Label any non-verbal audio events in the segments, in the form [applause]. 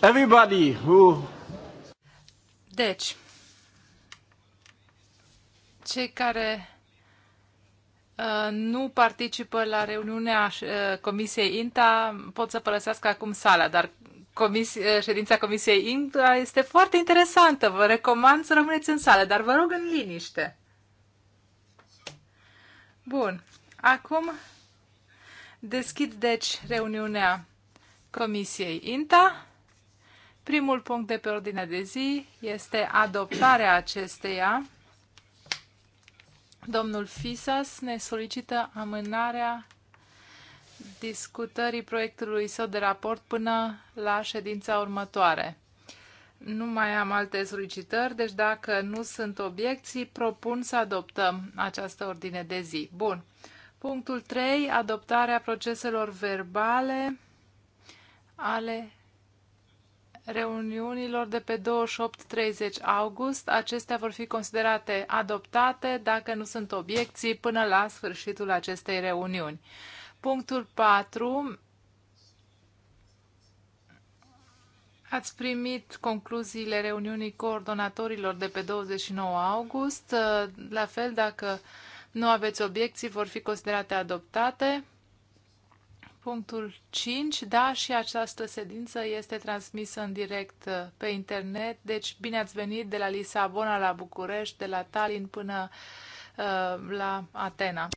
Everybody who... Deci, cei care uh, nu participă la reuniunea uh, Comisiei INTA pot să părăsească acum sala, dar uh, ședința Comisiei INTA este foarte interesantă. Vă recomand să rămâneți în sală, dar vă rog în liniște. Bun. Acum deschid, deci, reuniunea Comisiei INTA. Primul punct de pe ordinea de zi este adoptarea acesteia. Domnul Fisas ne solicită amânarea discutării proiectului său de raport până la ședința următoare. Nu mai am alte solicitări, deci dacă nu sunt obiecții, propun să adoptăm această ordine de zi. Bun. Punctul 3. Adoptarea proceselor verbale ale reuniunilor de pe 28-30 august. Acestea vor fi considerate adoptate dacă nu sunt obiecții până la sfârșitul acestei reuniuni. Punctul 4. Ați primit concluziile reuniunii coordonatorilor de pe 29 august. La fel, dacă nu aveți obiecții, vor fi considerate adoptate punctul 5. Da, și această sedință este transmisă în direct uh, pe internet. Deci, bine ați venit de la Lisabona la București, de la Tallinn până uh, la Atena.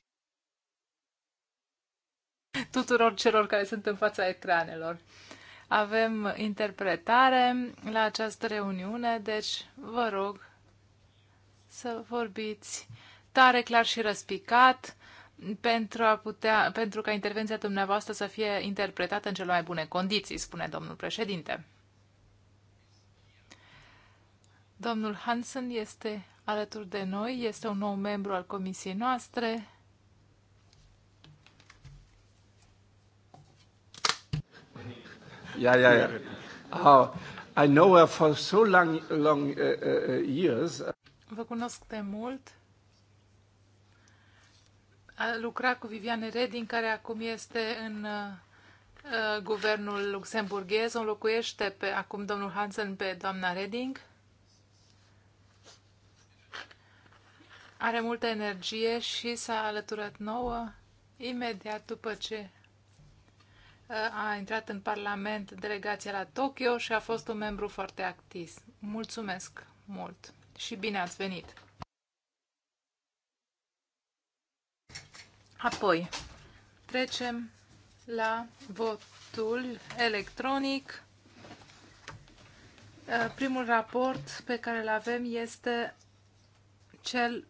Tuturor celor care sunt în fața ecranelor. Avem interpretare la această reuniune, deci vă rog să vorbiți tare, clar și răspicat pentru, a putea, pentru ca intervenția dumneavoastră să fie interpretată în cele mai bune condiții, spune domnul președinte. Domnul Hansen este alături de noi, este un nou membru al comisiei noastre. Yeah, yeah, yeah. Oh, I know her for so long, long uh, uh, uh years. Vă cunosc de mult a lucrat cu Viviane Redin, care acum este în uh, uh guvernul luxemburghez, o locuiește pe, acum domnul Hansen pe doamna Reding. Are multă energie și s-a alăturat nouă imediat după ce uh, a intrat în Parlament delegația la Tokyo și a fost un membru foarte activ. Mulțumesc mult și bine ați venit! Apoi, trecem la votul electronic. Uh, primul raport pe care îl avem este cel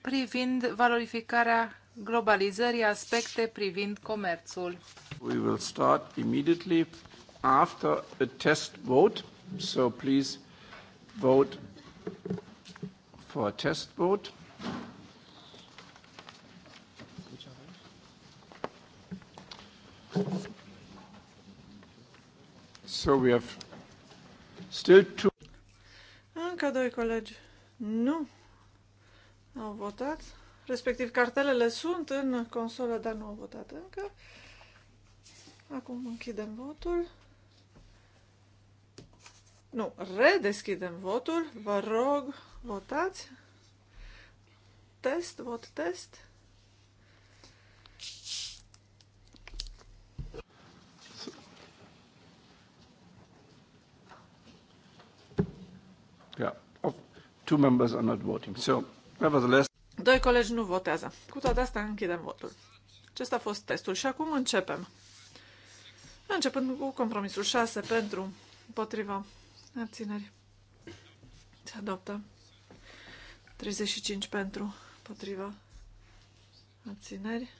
privind valorificarea globalizării, aspecte privind comerțul. We will start immediately after a test vote, so please vote for a test vote. So we have still two... Încă doi colegi nu au votat, respectiv cartelele sunt în consolă, dar nu au votat încă. Acum închidem votul. Nu, redeschidem votul. Vă rog, votați. Test, vot, test. Two members are not voting. So, nevertheless... Doi colegi nu votează. Cu toate astea închidem votul. Acesta a fost testul și acum începem. Începând cu compromisul 6 pentru împotriva abțineri. Se adoptă. 35 pentru împotriva abțineri.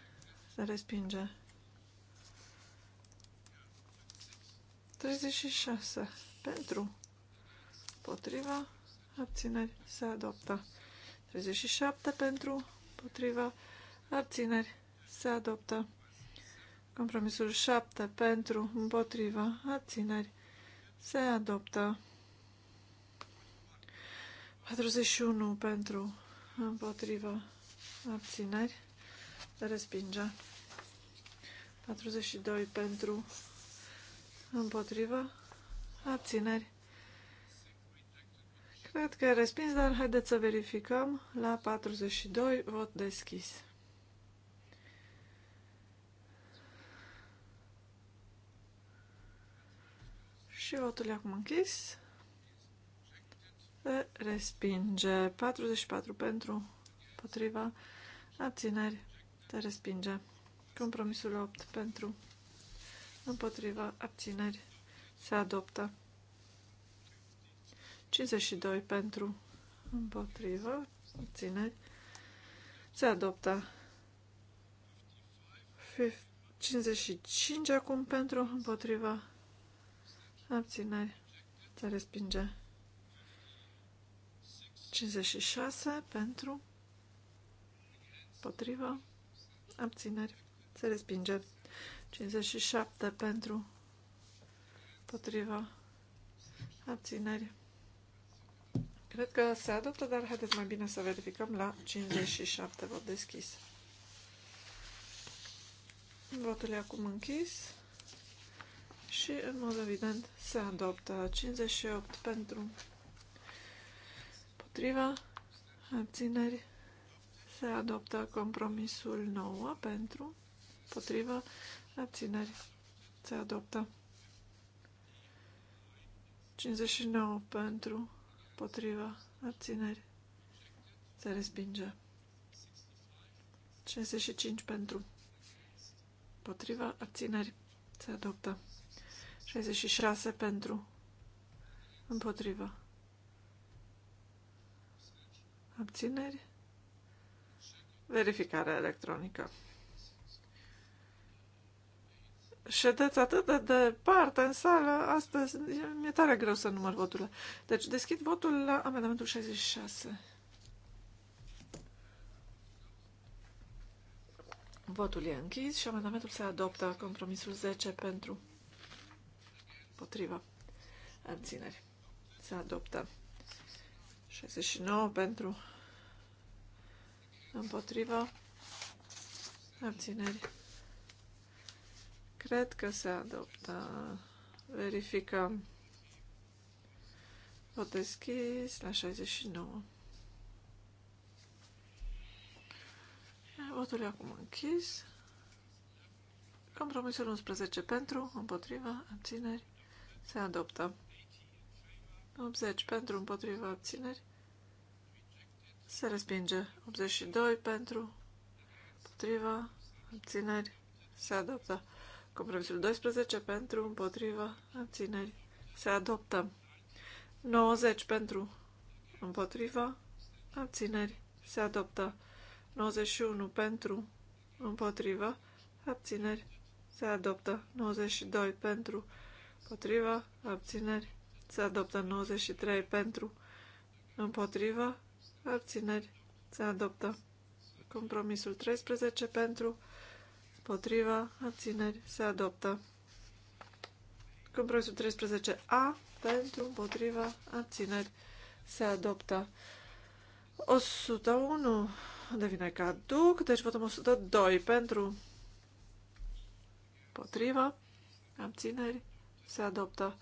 Se respinge. 36 pentru împotriva abțineri se adoptă. 37 pentru, potriva, abțineri se adoptă. Compromisul 7 pentru, împotriva, abțineri se adoptă. 41 pentru, împotriva, abțineri se respinge. 42 pentru, împotriva, abțineri Cred că e respins, dar haideți să verificăm la 42, vot deschis. Și votul e acum închis. Se respinge. 44 pentru, potriva, abțineri, se respinge. Compromisul 8 pentru, împotriva, abțineri, se adoptă. 52 pentru împotrivă, ține, se adoptă 55 acum pentru împotriva abțineri, se respinge 56 pentru împotriva abțineri, se respinge 57 pentru împotriva abțineri Cred că se adoptă, dar haideți mai bine să verificăm la 57 vot deschis. Votul e acum închis și, în mod evident, se adoptă 58 pentru potriva abțineri. Se adoptă compromisul 9 pentru potriva abțineri. Se adoptă 59 pentru împotriva, abțineri, se respinge. 65 pentru, împotriva, abțineri, se adoptă. 66 pentru, împotriva, abțineri, Verificarea electronică ședeți atât de departe în sală, astăzi mi-e tare greu să număr voturile. Deci deschid votul la amendamentul 66. Votul e închis și amendamentul se adoptă. Compromisul 10 pentru potriva abțineri. Se adoptă. 69 pentru împotriva abțineri Cred că se adoptă. Verificăm. Vot deschis la 69. Votul e acum închis. Compromisul 11 pentru, împotriva, abțineri, se adoptă. 80 pentru, împotriva, abțineri, se respinge. 82 pentru, împotriva, abțineri, se adoptă. Compromisul 12 pentru, împotriva, abțineri. Se adoptă. 90 pentru, împotriva, abțineri. Se adoptă. 91 pentru, împotriva, abțineri. Se adoptă. 92 pentru, împotriva, abțineri. Se adoptă. 93 pentru, împotriva, abțineri. Se adoptă. Compromisul 13 pentru, împotriva, abțineri, se adoptă. Compromisul 13A, pentru, împotriva, abțineri, se adoptă. 101 devine caduc, deci votăm 102 pentru, împotriva, abțineri, se adoptă.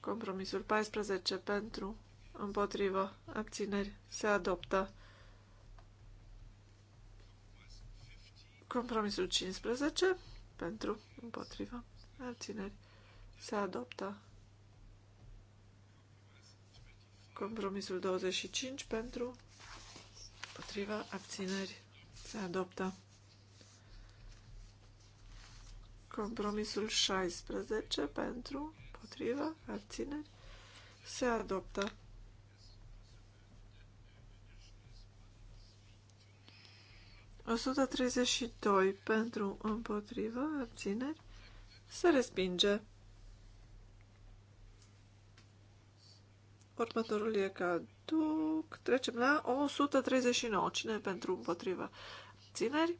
Compromisul 14 pentru, împotriva, abțineri, se adoptă. Compromisul 15 pentru împotriva abțineri se adoptă. Compromisul 25 pentru împotriva abțineri se adoptă. Compromisul 16 pentru împotriva abțineri se adoptă. 132 pentru împotrivă, abțineri, se respinge. Următorul e caduc. Trecem la 139. Cine pentru împotrivă? Țineri?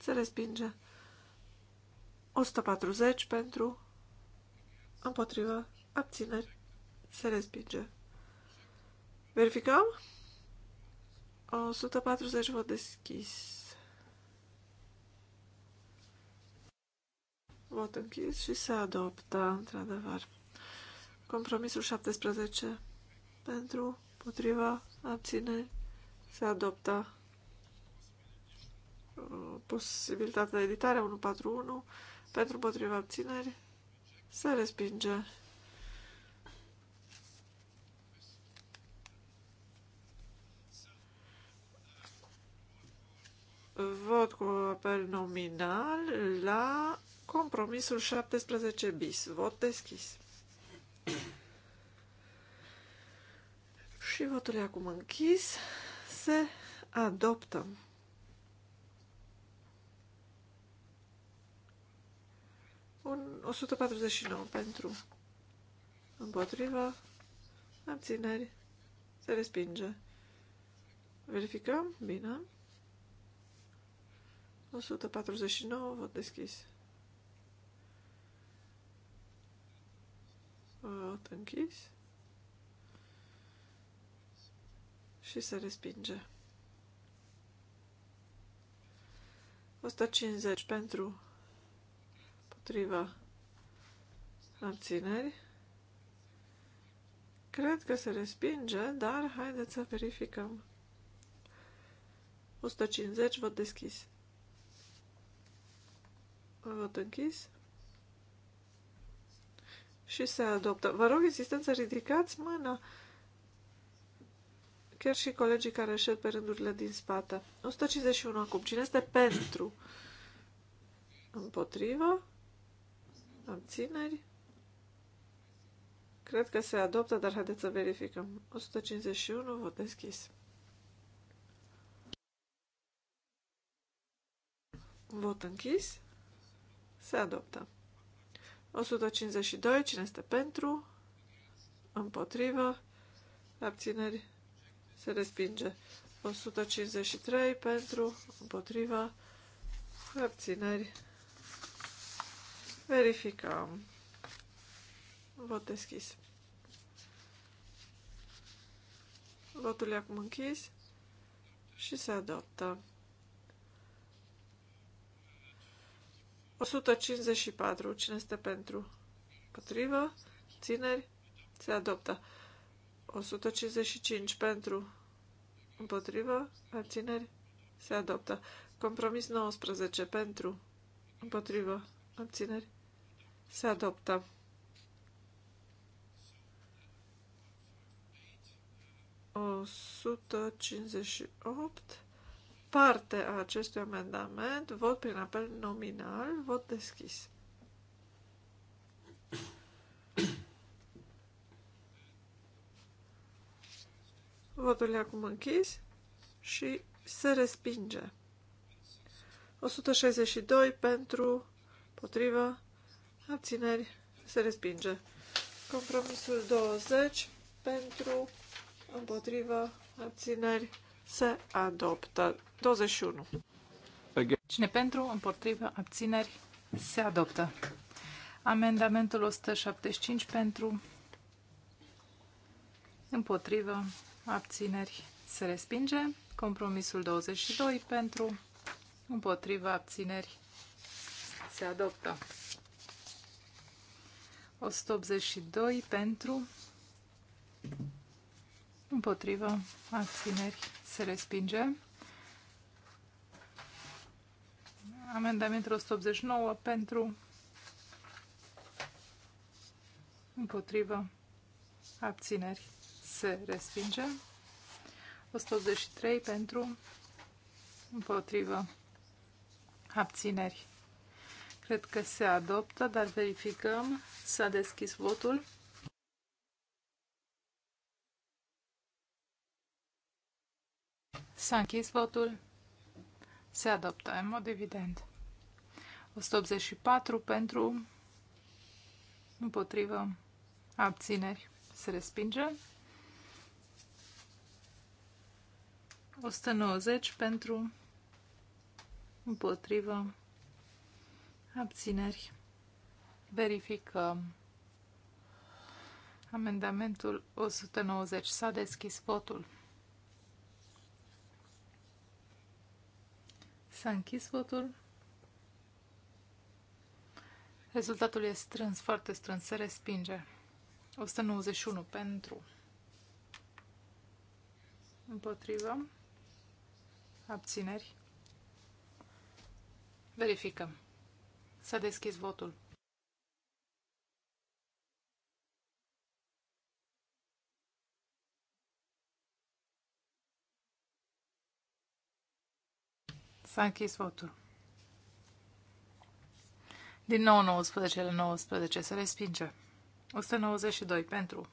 Se respinge. 140 pentru împotrivă. Abțineri? Se respinge. Verificăm? 140 vă deschis. Vot închis și se adoptă, într-adevăr. Compromisul 17 pentru, potriva, abține, se adoptă posibilitatea de editare 141 pentru potriva abțineri se respinge. Vot cu apel nominal la Compromisul 17 bis. Vot deschis. Și votul e acum închis. Se adoptă. Un 149 pentru împotriva abțineri. Se respinge. Verificăm. Bine. 149, vot deschis. Vot închis. Și se respinge. 150 pentru potriva abțineri. Cred că se respinge, dar haideți să verificăm. 150, vot deschis. Vot închis și se adoptă. Vă rog, insistență, ridicați mâna. Chiar și colegii care șed pe rândurile din spate. 151 acum. Cine este pentru? Împotrivă? Abțineri? Cred că se adoptă, dar haideți să verificăm. 151, vot deschis. Vot închis. Se adoptă. 152. Cine este pentru? Împotrivă. Abțineri. Se respinge. 153 pentru, împotriva, abțineri. Verificăm. Vot deschis. Votul e acum închis și se adoptă. 154. Cine este pentru? Potrivă? Țineri? Se adoptă. 155. Pentru? Împotrivă? Abțineri? Se adoptă. Compromis 19. Pentru? Împotrivă? Abțineri? Se adoptă. O 158 parte a acestui amendament, vot prin apel nominal, vot deschis. Votul e acum închis și se respinge. 162 pentru, potrivă, abțineri, se respinge. Compromisul 20 pentru, împotrivă, abțineri, se adoptă. 21. Cine pentru, împotrivă, abțineri, se adoptă. Amendamentul 175 pentru, împotrivă, abțineri, se respinge. Compromisul 22 pentru, împotrivă, abțineri, se adoptă. 182 pentru, împotrivă, abțineri, se respinge. Amendamentul 189 pentru, împotrivă, abțineri se respinge. 183 pentru, împotrivă, abțineri. Cred că se adoptă, dar verificăm. S-a deschis votul. S-a închis votul. Se adoptă, în mod evident. 184 pentru, împotrivă, abțineri. Se respinge. 190 pentru, împotrivă, abțineri. Verificăm. Amendamentul 190. S-a deschis votul. S-a închis votul. Rezultatul e strâns, foarte strâns, se respinge. 191 pentru. Împotrivă. Abțineri. Verificăm. S-a deschis votul. S-a închis votul. Din nou 19 la 19 se respinge. 192 pentru.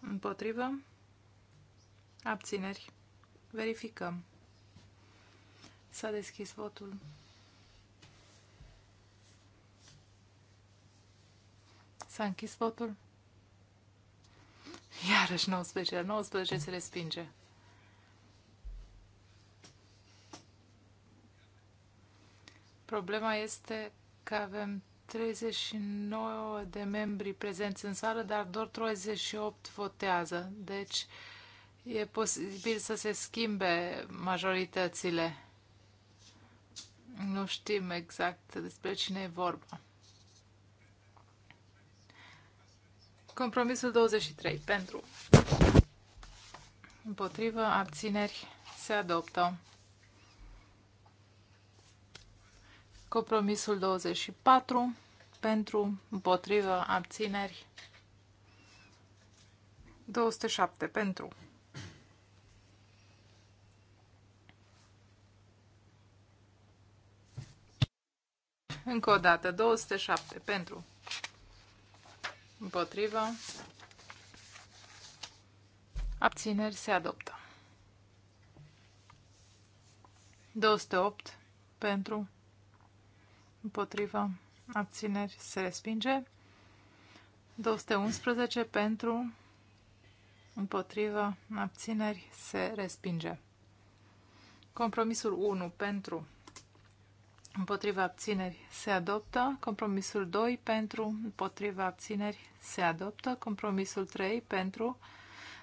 Împotrivă. Abțineri. Verificăm. S-a deschis votul. S-a închis votul. Iarăși 19 la 19 se respinge. Problema este că avem 39 de membri prezenți în sală, dar doar 38 votează. Deci e posibil să se schimbe majoritățile. Nu știm exact despre cine e vorba. Compromisul 23. Pentru. Împotrivă. Abțineri. Se adoptă. Compromisul 24 pentru, împotrivă, abțineri. 207 pentru. Încă o dată, 207 pentru. Împotrivă. Abțineri se adoptă. 208 pentru împotriva abțineri se respinge. 211 pentru împotriva abțineri se respinge. Compromisul 1 pentru împotriva abțineri se adoptă. Compromisul 2 pentru împotriva abțineri se adoptă. Compromisul 3 pentru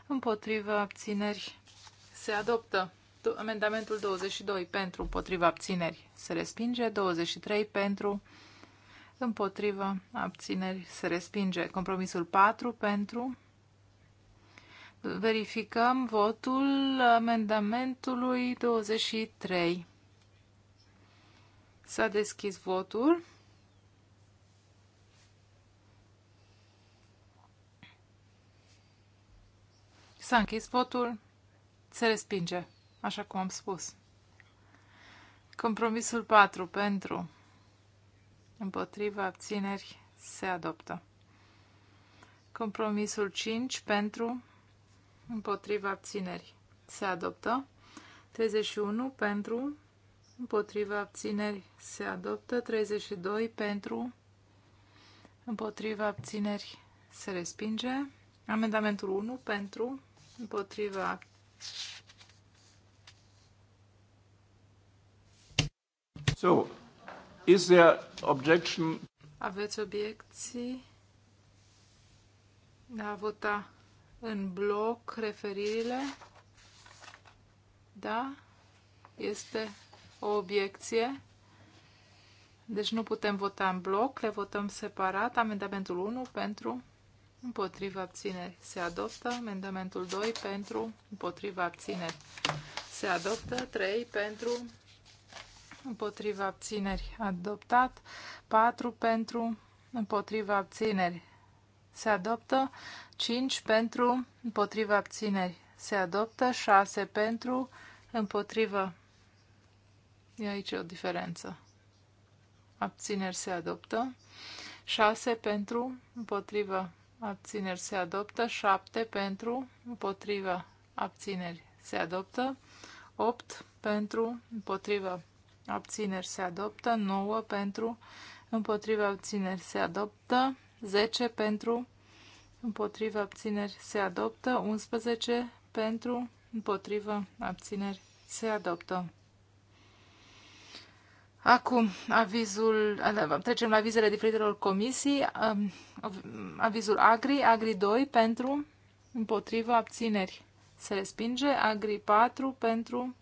împotriva abțineri se adoptă. Amendamentul 22 pentru împotriva abțineri se respinge. 23 pentru împotriva abțineri se respinge. Compromisul 4 pentru verificăm votul amendamentului 23. S-a deschis votul. S-a închis votul. Se respinge așa cum am spus. Compromisul 4 pentru împotriva abțineri se adoptă. Compromisul 5 pentru împotriva abțineri se adoptă. 31 pentru împotriva abțineri se adoptă. 32 pentru împotriva abțineri se respinge. Amendamentul 1 pentru împotriva So, is there objection? Aveți obiecții? De a vota în bloc referirile? Da? Este o obiecție? Deci nu putem vota în bloc, le votăm separat. Amendamentul 1 pentru, împotriva abțineri se adoptă. Amendamentul 2 pentru, împotriva abțineri se adoptă. 3 pentru, împotriva abțineri adoptat, 4 pentru, împotriva abțineri se adoptă, 5 pentru, împotriva abțineri se adoptă, 6 pentru, împotriva, e aici o diferență, abțineri se adoptă, 6 pentru, împotriva abțineri se adoptă, 7 pentru, împotriva abțineri se adoptă, 8 pentru, împotriva abțineri se adoptă, 9 pentru, împotriva abțineri se adoptă, 10 pentru, împotriva abțineri se adoptă, 11 pentru, împotriva abțineri se adoptă. Acum, avizul, trecem la avizele diferitelor comisii. Avizul Agri, Agri 2 pentru, împotriva abțineri. Se respinge Agri 4 pentru,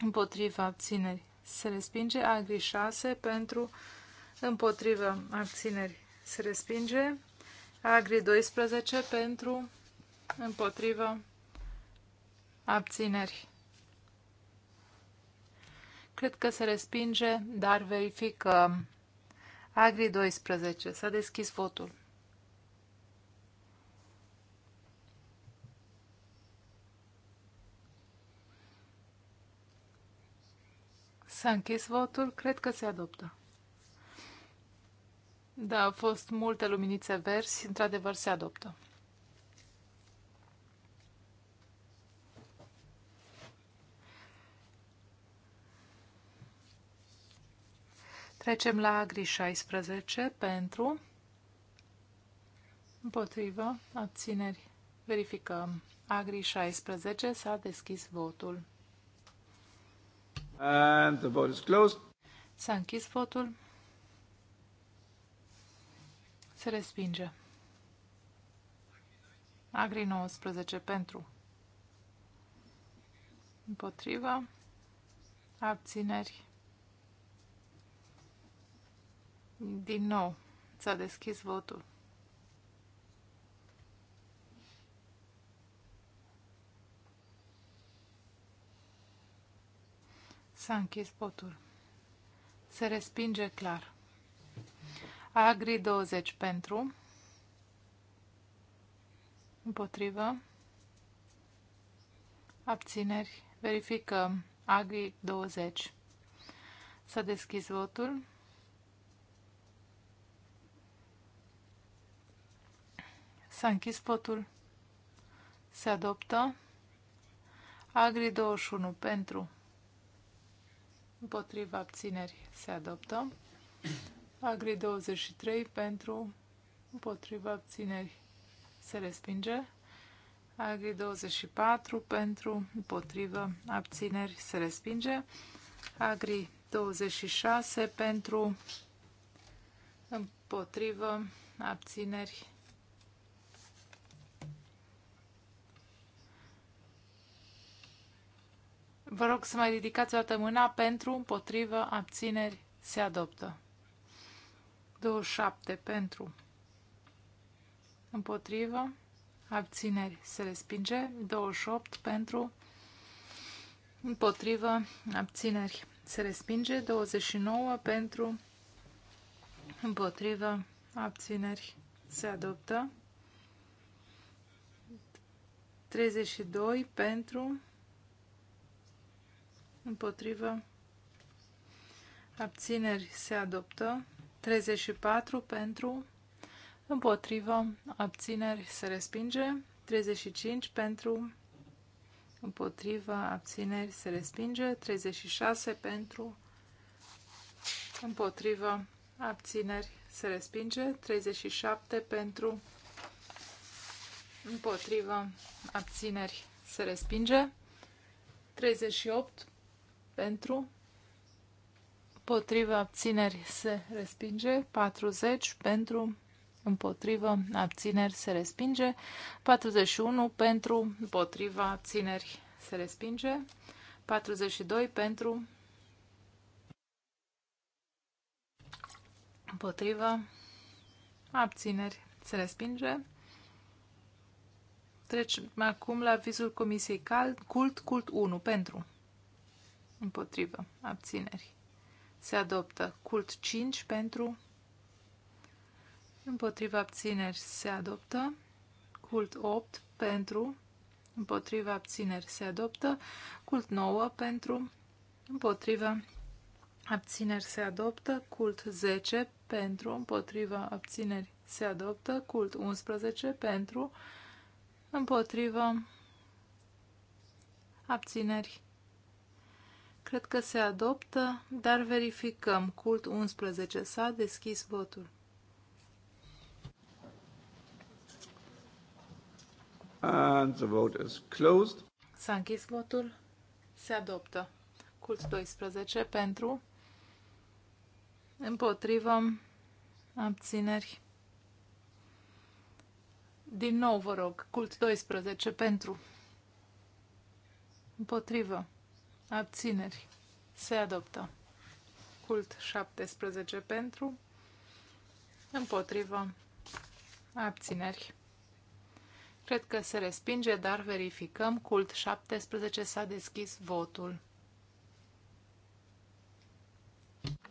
împotriva abțineri se respinge, agri 6 pentru împotrivă abțineri se respinge, agri 12 pentru împotrivă abțineri. Cred că se respinge, dar verificăm. Agri 12. S-a deschis votul. S-a închis votul, cred că se adoptă. Da, au fost multe luminițe verzi, într-adevăr se adoptă. Trecem la Agri 16 pentru împotrivă abțineri. Verificăm. Agri 16 s-a deschis votul. And the vote is closed. S-a închis votul. Se respinge. Agri 19 pentru. Împotriva. Abțineri. Din nou s-a deschis votul. S-a închis potul. Se respinge clar. Agri 20 pentru. Împotrivă. Abțineri. Verifică Agri 20. S-a deschis votul. S-a închis potul. Se adoptă. Agri 21 pentru împotriva abțineri se adoptă. Agri 23 pentru împotriva abțineri se respinge. Agri 24 pentru împotriva abțineri se respinge. Agri 26 pentru Împotriva abțineri Vă rog să mai ridicați o dată mâna pentru, împotrivă, abțineri, se adoptă. 27 pentru, împotrivă, abțineri, se respinge. 28 pentru, împotrivă, abțineri, se respinge. 29 pentru, împotrivă, abțineri, se adoptă. 32 pentru, împotrivă, abțineri se adoptă, 34 pentru, împotrivă, abțineri se respinge, 35 pentru, împotrivă, abțineri se respinge, 36 pentru, împotrivă, abțineri se respinge, 37 pentru, împotrivă, abțineri se respinge, 38 pentru, împotriva abțineri se respinge, 40 pentru, împotriva abțineri se respinge, 41 pentru, împotriva abțineri se respinge, 42 pentru, împotriva abțineri se respinge. Trecem acum la vizul Comisiei Cult, Cult 1 pentru Împotrivă. Abțineri. Se adoptă. Cult 5 pentru. Împotriva abțineri se adoptă. Cult 8 pentru. Împotriva abțineri se adoptă. Cult 9 pentru. Împotriva abțineri se adoptă. Cult 10 pentru. Împotriva abțineri se adoptă. Cult 11 pentru. Împotriva abțineri Cred că se adoptă, dar verificăm. Cult 11. S-a deschis votul. And the vote is closed. S-a închis votul. Se adoptă. Cult 12 pentru. Împotrivă. Abțineri. Din nou vă rog. Cult 12 pentru. Împotrivă abțineri, se adoptă. Cult 17 pentru, împotrivă, abțineri. Cred că se respinge, dar verificăm. Cult 17 s-a deschis votul.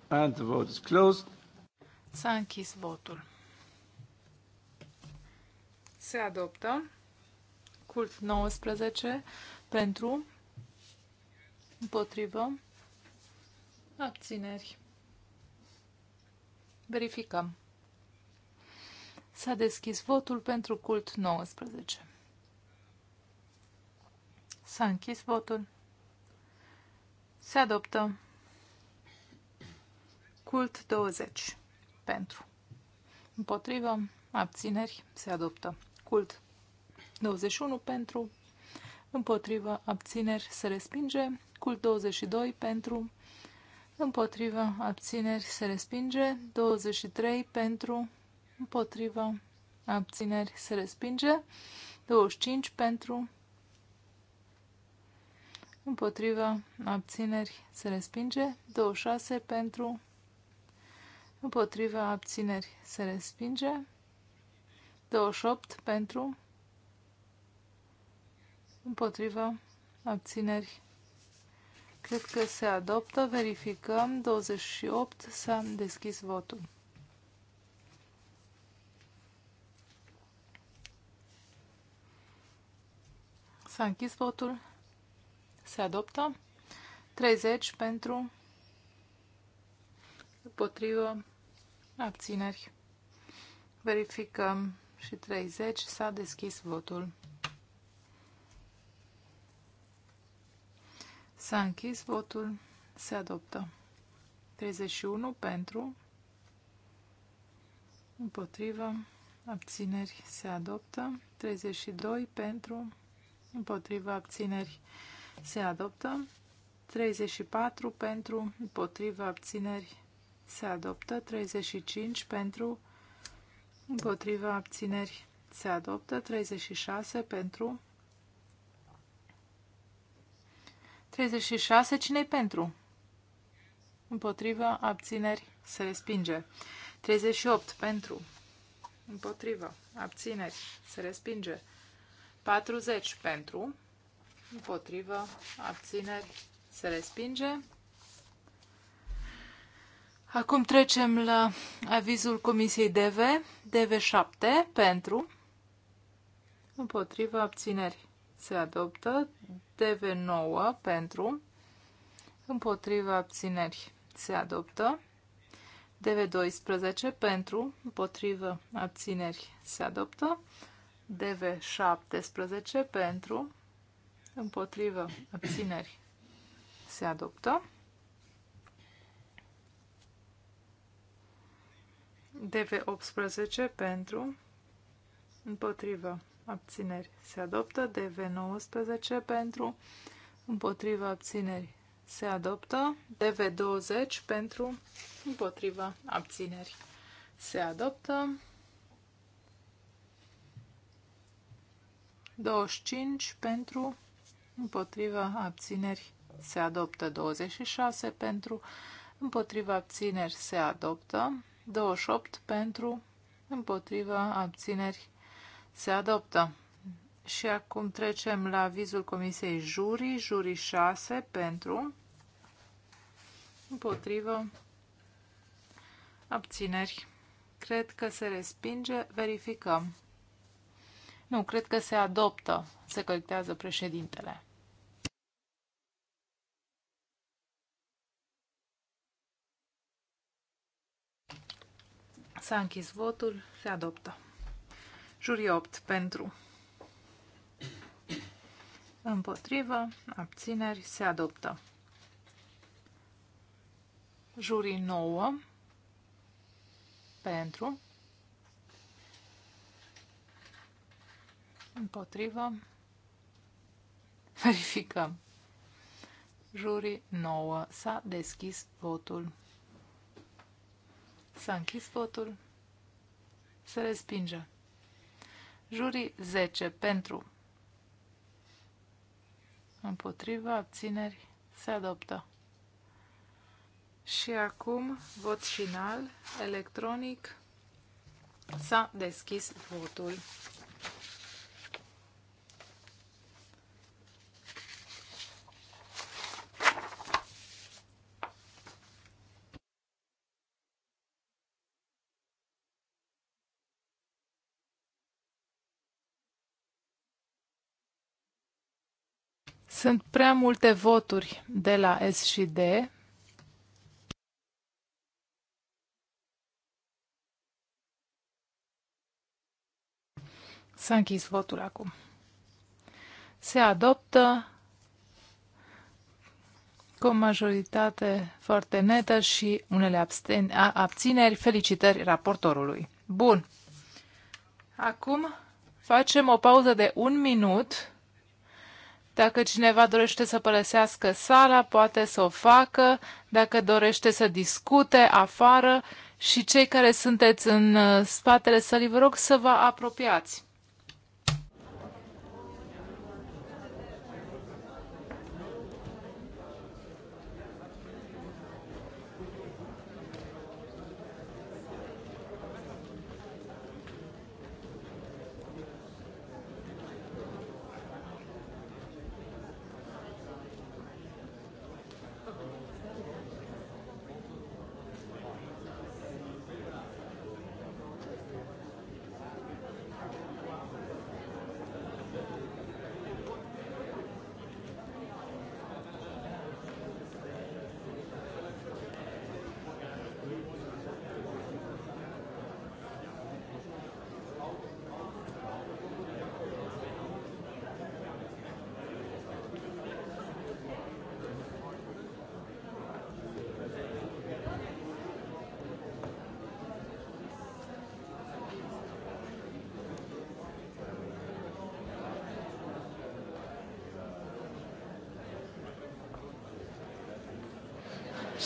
And the vote is closed. S-a închis votul. Se adoptă. Cult 19 pentru, Împotrivă. Abțineri. Verificăm. S-a deschis votul pentru cult 19. S-a închis votul. Se adoptă cult 20 pentru. Împotrivă, abțineri, se adoptă cult 21 pentru. Împotrivă, abțineri, se respinge Cult 22 pentru, împotrivă, abțineri, se respinge. 23 pentru, împotrivă, abțineri, se respinge. 25 pentru, împotrivă, abțineri, se respinge. 26 pentru, împotrivă, abțineri, se respinge. 28 pentru, împotrivă, abțineri, Cred că se adoptă. Verificăm. 28. S-a deschis votul. S-a închis votul. Se adoptă. 30 pentru Potrivă. abțineri. Verificăm și 30. S-a deschis votul. S-a închis votul. Se adoptă. 31 pentru. Împotrivă. Abțineri. Se adoptă. 32 pentru. Împotrivă. Abțineri. Se adoptă. 34 pentru. Împotrivă. Abțineri. Se adoptă. 35 pentru. Împotrivă. Abțineri. Se adoptă. 36 pentru 36. Cine-i pentru? Împotrivă, abțineri, se respinge. 38. Pentru. Împotrivă, abțineri, se respinge. 40. Pentru. Împotrivă, abțineri, se respinge. Acum trecem la avizul Comisiei DV, DV7, pentru, împotrivă, abțineri, se adoptă. DV9 pentru, împotriva abțineri se adoptă. DV12 pentru, împotriva abțineri se adoptă. DV17 pentru, împotriva abțineri se adoptă. DV18 pentru, împotriva abțineri se adoptă, DV19 pentru, împotriva abțineri se adoptă, DV20 pentru, împotriva abțineri se adoptă, 25 pentru, împotriva abțineri se adoptă, 26 pentru, împotriva abțineri se adoptă, 28 pentru, împotriva abțineri se adoptă. Și acum trecem la avizul Comisiei Jurii, Jurii 6, pentru, împotrivă, abțineri. Cred că se respinge, verificăm. Nu, cred că se adoptă, se colectează președintele. S-a închis votul, se adoptă. Jurii 8 pentru. Împotrivă, abțineri, se adoptă. Jurii 9 pentru. Împotrivă. Verificăm. Jurii 9 s-a deschis votul. S-a închis votul. Se respinge. Jurii 10 pentru. Împotriva abțineri se adoptă. Și acum vot final electronic. S-a deschis votul. Sunt prea multe voturi de la S și D. S-a închis votul acum. Se adoptă cu o majoritate foarte netă și unele abțineri. Felicitări raportorului. Bun. Acum facem o pauză de un minut dacă cineva dorește să părăsească sala, poate să o facă. Dacă dorește să discute afară și cei care sunteți în uh, spatele sălii, vă rog să vă apropiați.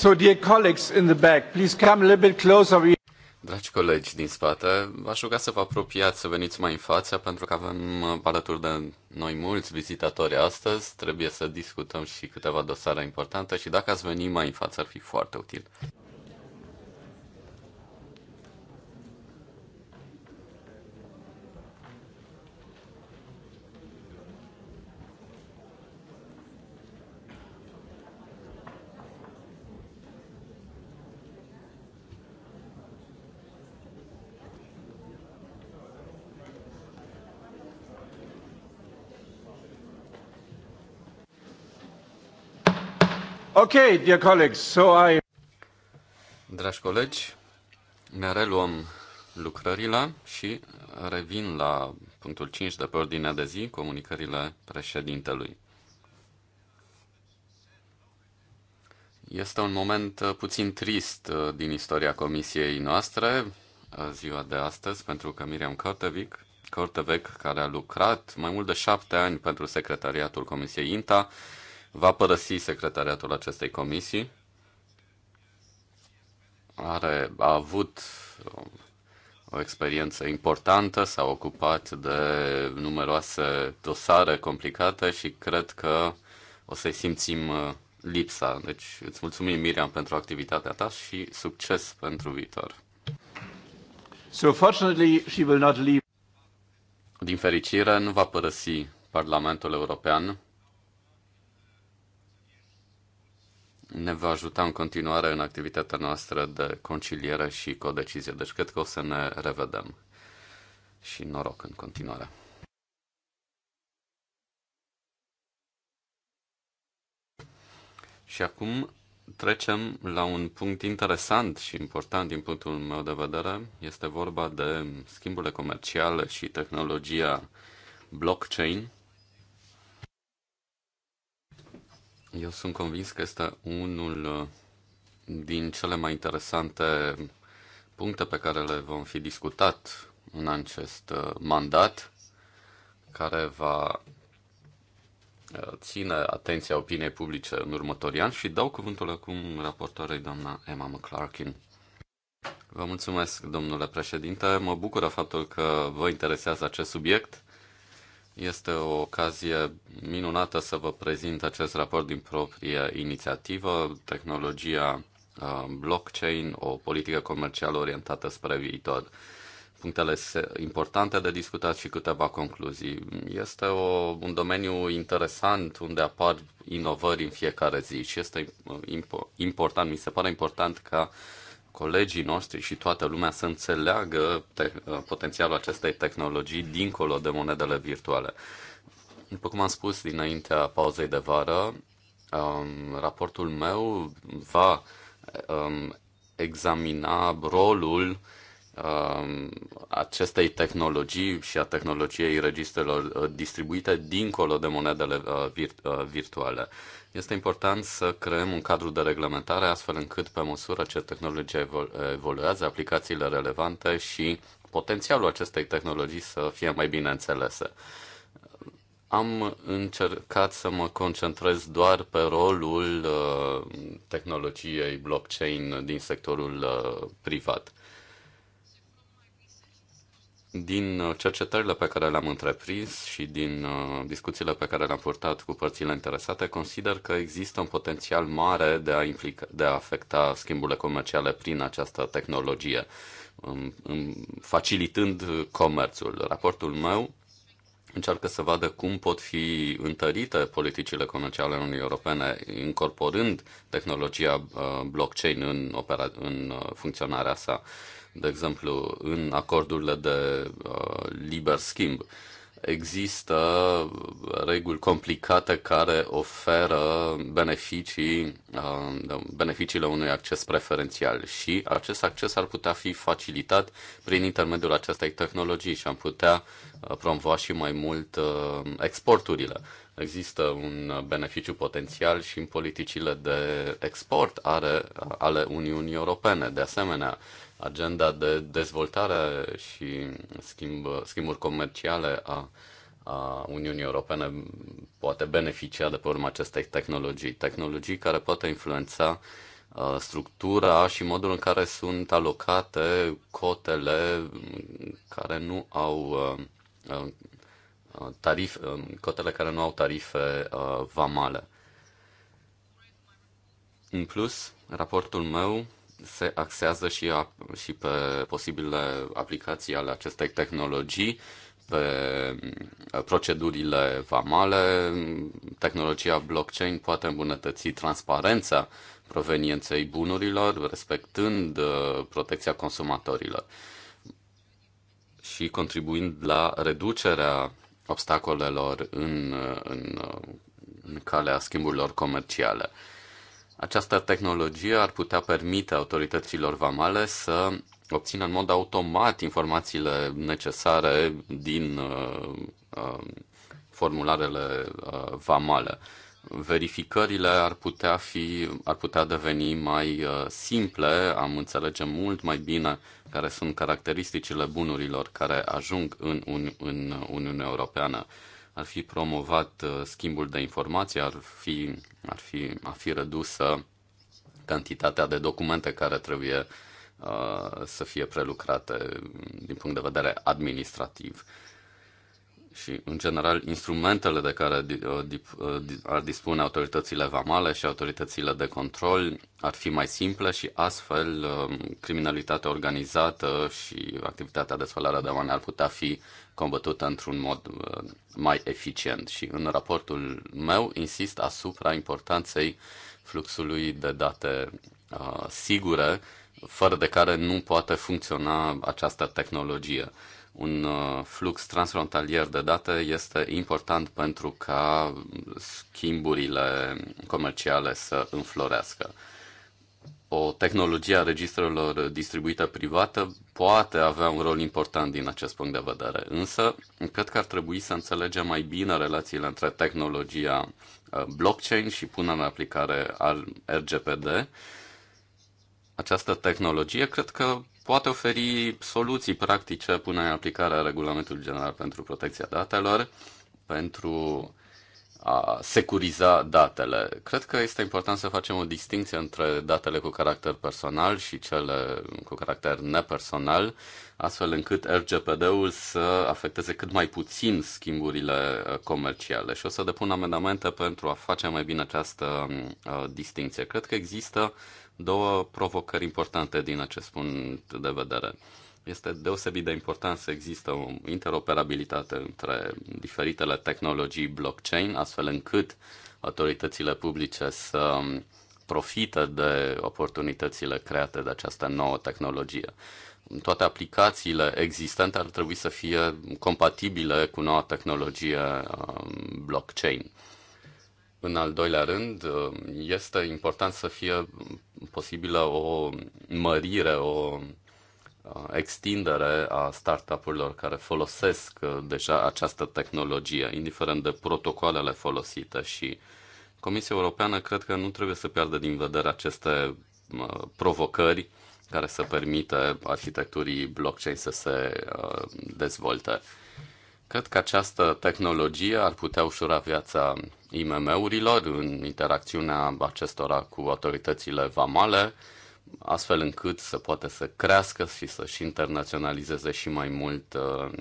So, dear colleagues in the back, please come a little bit closer. Dragi colegi din spate, v-aș ruga să vă apropiați, să veniți mai în față, pentru că avem alături de noi mulți vizitatori astăzi. Trebuie să discutăm și câteva dosare importante și dacă ați veni mai în față ar fi foarte util. Okay, dear colleagues, so I... Dragi colegi, ne reluăm lucrările și revin la punctul 5 de pe ordinea de zi, comunicările președintelui. Este un moment uh, puțin trist uh, din istoria comisiei noastre, uh, ziua de astăzi, pentru că Miriam Cortevic, Cortevec, care a lucrat mai mult de șapte ani pentru secretariatul Comisiei INTA, va părăsi secretariatul acestei comisii. Are, a avut o experiență importantă, s-a ocupat de numeroase dosare complicate și cred că o să-i simțim uh, lipsa. Deci îți mulțumim, Miriam, pentru activitatea ta și succes pentru viitor. So fortunately, she will not leave. Din fericire, nu va părăsi Parlamentul European ne va ajuta în continuare în activitatea noastră de conciliere și codecizie. Deci cred că o să ne revedem și noroc în continuare. Și acum trecem la un punct interesant și important din punctul meu de vedere. Este vorba de schimburile comerciale și tehnologia blockchain. Eu sunt convins că este unul uh, din cele mai interesante puncte pe care le vom fi discutat în acest uh, mandat, care va uh, ține atenția opiniei publice în următorii ani și dau cuvântul acum raportoarei doamna Emma McClarkin. Vă mulțumesc, domnule președinte. Mă bucură faptul că vă interesează acest subiect este o ocazie minunată să vă prezint acest raport din proprie inițiativă, tehnologia uh, blockchain, o politică comercială orientată spre viitor. Punctele importante de discutat și câteva concluzii. Este o, un domeniu interesant unde apar inovări în fiecare zi și este uh, impo- important, mi se pare important ca uh, colegii noștri și toată lumea să înțeleagă te- uh, potențialul acestei tehnologii dincolo de monedele virtuale. După cum am spus dinaintea pauzei de vară, um, raportul meu va um, examina rolul uh, Um, acestei tehnologii și a tehnologiei registrelor uh, distribuite dincolo de monedele uh, uh, virtuale. Este important să creăm un cadru de reglementare astfel încât, pe măsură ce tehnologia evoluează, aplicațiile relevante și potențialul acestei tehnologii să fie mai bine înțelese. Am încercat să mă concentrez doar pe rolul tehnologiei blockchain din sectorul privat din uh, cercetările pe care le-am întreprins și din uh, discuțiile pe care le-am purtat cu părțile interesate, consider că există un potențial mare de a, implica, de a afecta schimburile comerciale prin această tehnologie, um, um, facilitând comerțul. Raportul meu încearcă să vadă cum pot fi întărite politicile comerciale în Uniunii Europene, incorporând tehnologia uh, blockchain în, opera- în funcționarea sa de exemplu, în acordurile de uh, liber schimb. Există uh, reguli complicate care oferă beneficii, uh, beneficiile unui acces preferențial și acest acces ar putea fi facilitat prin intermediul acestei tehnologii și am putea uh, promova și mai mult uh, exporturile. Există un beneficiu potențial și în politicile de export are, ale Uniunii Europene. De asemenea, uh, agenda de dezvoltare și schimb, schimburi comerciale a, a Uniunii Europene poate beneficia de pe urma acestei tehnologii. Tehnologii care poate influența structura și modul în care sunt alocate cotele care nu au tarif, cotele care nu au tarife vamale. În plus, raportul meu se axează și, a, și pe posibile aplicații ale acestei tehnologii, pe mm, procedurile vamale. Tehnologia blockchain poate îmbunătăți transparența provenienței bunurilor, respectând uh, protecția consumatorilor și contribuind la reducerea obstacolelor în, uh, în, uh, în calea schimburilor comerciale. Această tehnologie ar putea permite autorităților vamale să obțină în mod automat informațiile necesare din uh, uh, formularele uh, vamale. Verificările ar putea, fi, ar putea deveni mai uh, simple, am înțelege mult mai bine care sunt caracteristicile bunurilor care ajung în, un, în Uniunea Europeană. Uh, ar fi promovat uh, schimbul de informații, ar fi, ar fi, ar fi redusă cantitatea de documente care trebuie uh, să fie prelucrate din punct de vedere administrativ. Și, în general, instrumentele de care uh, ar dispune autoritățile vamale și autoritățile de control ar fi mai simple și, astfel, um, criminalitatea organizată și activitatea de spălare de bani ar putea fi combătută într-un mod uh, mai eficient. Și în raportul meu insist asupra importanței fluxului de date uh, sigure, fără de care nu poate funcționa această tehnologie. Un uh, flux transfrontalier de date este important pentru ca schimburile comerciale să înflorească o tehnologie a registrelor distribuită privată poate avea un rol important din acest punct de vedere, însă cred că ar trebui să înțelegem mai bine relațiile între tehnologia uh, blockchain și punerea în aplicare al RGPD. Această tehnologie cred că poate oferi soluții practice până în aplicarea regulamentului general pentru protecția datelor, pentru a securiza datele. Cred că este important să facem o distinție între datele cu caracter personal și cele cu caracter nepersonal, astfel încât RGPD-ul să afecteze cât mai puțin schimburile uh, comerciale. Și o să depun amendamente pentru a face mai bine această uh, distinție. Cred că există două provocări importante din acest punct de vedere. Este deosebit de important să există o interoperabilitate între diferitele tehnologii blockchain, astfel încât autoritățile publice să profită de oportunitățile create de această nouă tehnologie. Toate aplicațiile existente ar trebui să fie compatibile cu noua tehnologie um, blockchain. În al doilea rând, um, este important să fie posibilă o mărire, o Uh, extindere a startup-urilor care folosesc uh, deja această tehnologie, indiferent de protocoalele folosite și Comisia Europeană cred că nu trebuie să piardă din vedere aceste uh, provocări care să permită arhitecturii blockchain să se dezvolte. Cred că această tehnologie ar putea ușura viața IMM-urilor în interacțiunea acestora cu autoritățile vamale, astfel încât să poată să crească și să-și internaționalizeze și mai mult uh,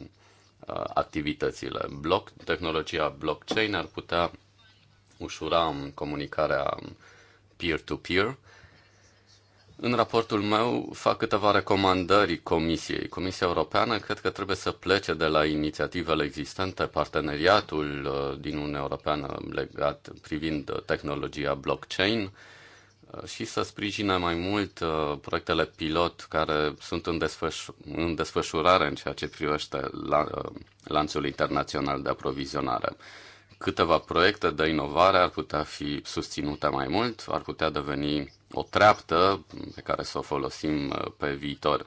uh activitățile. Block, tehnologia blockchain ar putea ușura um, comunicarea um, peer-to-peer. -peer. În raportul meu fac câteva recomandări Comisiei. Comisia Europeană cred că trebuie să plece de la inițiativele existente, parteneriatul uh, din Uniunea Europeană legat privind uh, tehnologia blockchain, Uh, și să sprijine mai mult uh, proiectele pilot care sunt în, desfăș- în desfășurare în ceea ce privește la, uh, lanțul internațional de aprovizionare. Câteva proiecte de inovare ar putea fi susținute mai mult, ar putea deveni o treaptă pe care să o folosim pe viitor.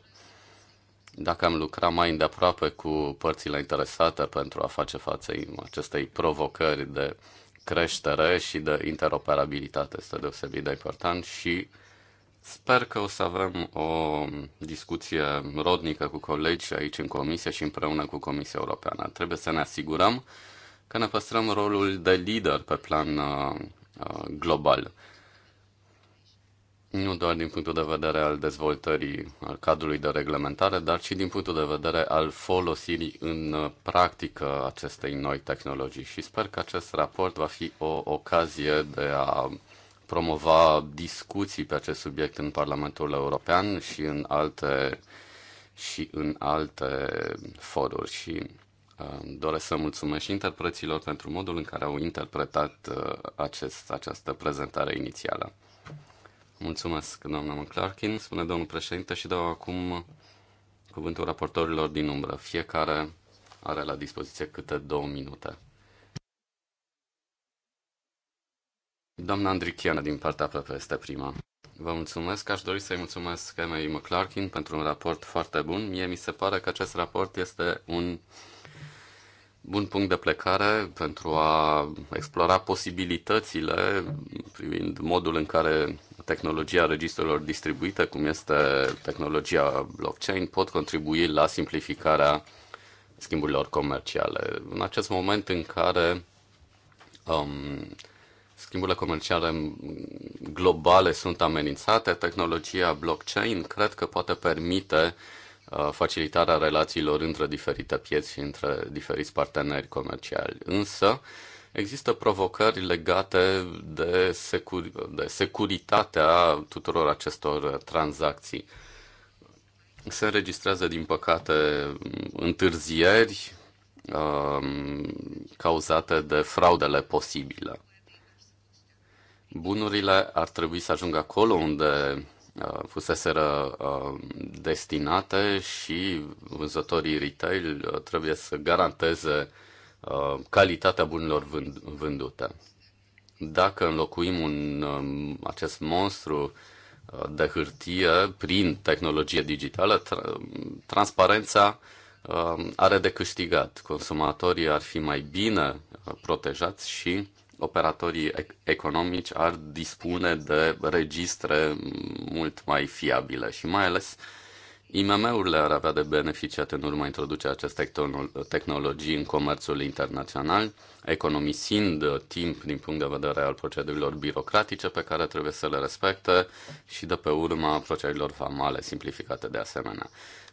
Dacă am lucrat mai îndeaproape cu părțile interesate pentru a face față acestei provocări de creștere și de interoperabilitate este deosebit de important și sper că o să avem o discuție rodnică cu colegi aici în comisie și împreună cu Comisia Europeană. Trebuie să ne asigurăm că ne păstrăm rolul de lider pe plan uh, uh, global nu doar din punctul de vedere al dezvoltării al cadrului de reglementare, dar și din punctul de vedere al folosirii în uh, practică acestei noi tehnologii. Și sper că acest raport va fi o ocazie de a promova discuții pe acest subiect în Parlamentul European și în alte și în alte foruri și uh, Doresc să mulțumesc și interpreților pentru modul în care au interpretat uh, acest, această prezentare inițială. Mulțumesc, doamna McClarkin. Spune domnul președinte și dau acum cuvântul raportorilor din umbră. Fiecare are la dispoziție câte două minute. Doamna Andrichiana din partea PP este prima. Vă mulțumesc. Aș dori să-i mulțumesc Emily McClarkin pentru un raport foarte bun. Mie mi se pare că acest raport este un bun punct de plecare pentru a explora posibilitățile privind modul în care tehnologia registrelor distribuite, cum este tehnologia blockchain, pot contribui la simplificarea schimburilor comerciale. În acest moment în care um, schimburile comerciale globale sunt amenințate, tehnologia blockchain cred că poate permite uh, facilitarea relațiilor între diferite pieți și între diferiți parteneri comerciali. Însă, uh, Există provocări legate de, securi- de securitatea tuturor acestor tranzacții. Se înregistrează, din păcate, întârzieri um, cauzate de fraudele posibile. Bunurile ar trebui să ajungă acolo unde uh, fuseseră uh, destinate și vânzătorii retail uh, trebuie să garanteze Uh, calitatea vând- vândute. Dacă înlocuim un, um, acest monstru uh, de hârtie prin tehnologie digitală, tra- transparența um, are de câștigat. Consumatorii ar fi mai bine uh, protejați și operatorii economici ar dispune de registre mult mai fiabile și mai ales uh, IMM-urile ar avea de beneficiat în urma introducerea acestei tehnologii în comerțul internațional, economisind uh, timp din punct de vedere al procedurilor birocratice pe care trebuie să le respecte și de pe urma procedurilor famale simplificate de asemenea.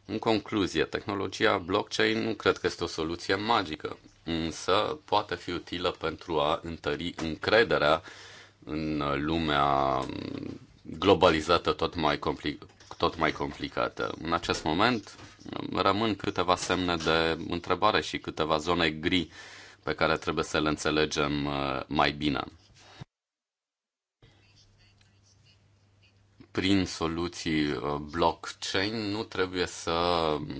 În concluzie, tehnologia blockchain nu cred că este o soluție magică, însă poate fi utilă pentru a întări încrederea în lumea mm, globalizată tot mai complicată tot mai complicată. În acest moment rămân câteva semne de întrebare și câteva zone gri pe care trebuie să le înțelegem uh, mai bine. Prin soluții uh, blockchain nu trebuie să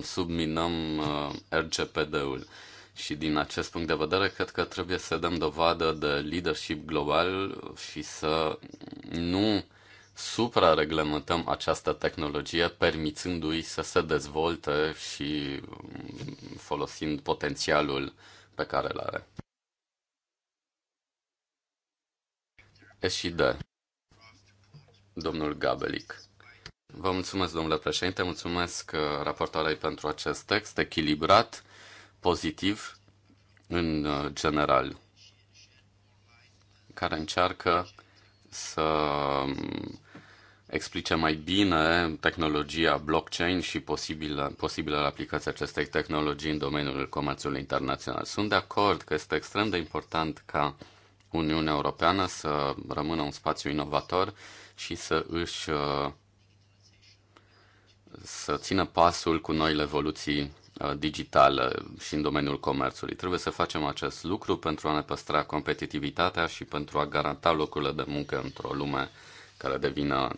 subminăm uh, RGPD-ul. Și din acest punct de vedere, cred că trebuie să dăm dovadă de leadership global și să nu suprareglementăm această tehnologie, permițându-i să se dezvolte și mm, folosind potențialul pe care îl are. E și de domnul Gabelic. Vă mulțumesc, domnule președinte, mulțumesc uh, raportoarei pentru acest text echilibrat, pozitiv, în uh, general, care încearcă să mm, explice mai bine tehnologia blockchain și posibilă, posibilă aplicația acestei tehnologii în domeniul comerțului internațional. Sunt de acord că este extrem de important ca Uniunea Europeană să rămână un spațiu inovator și să își uh, să țină pasul cu noile evoluții uh, digitale și în domeniul comerțului. Trebuie să facem acest lucru pentru a ne păstra competitivitatea și pentru a garanta locurile de muncă într-o lume uh, care devină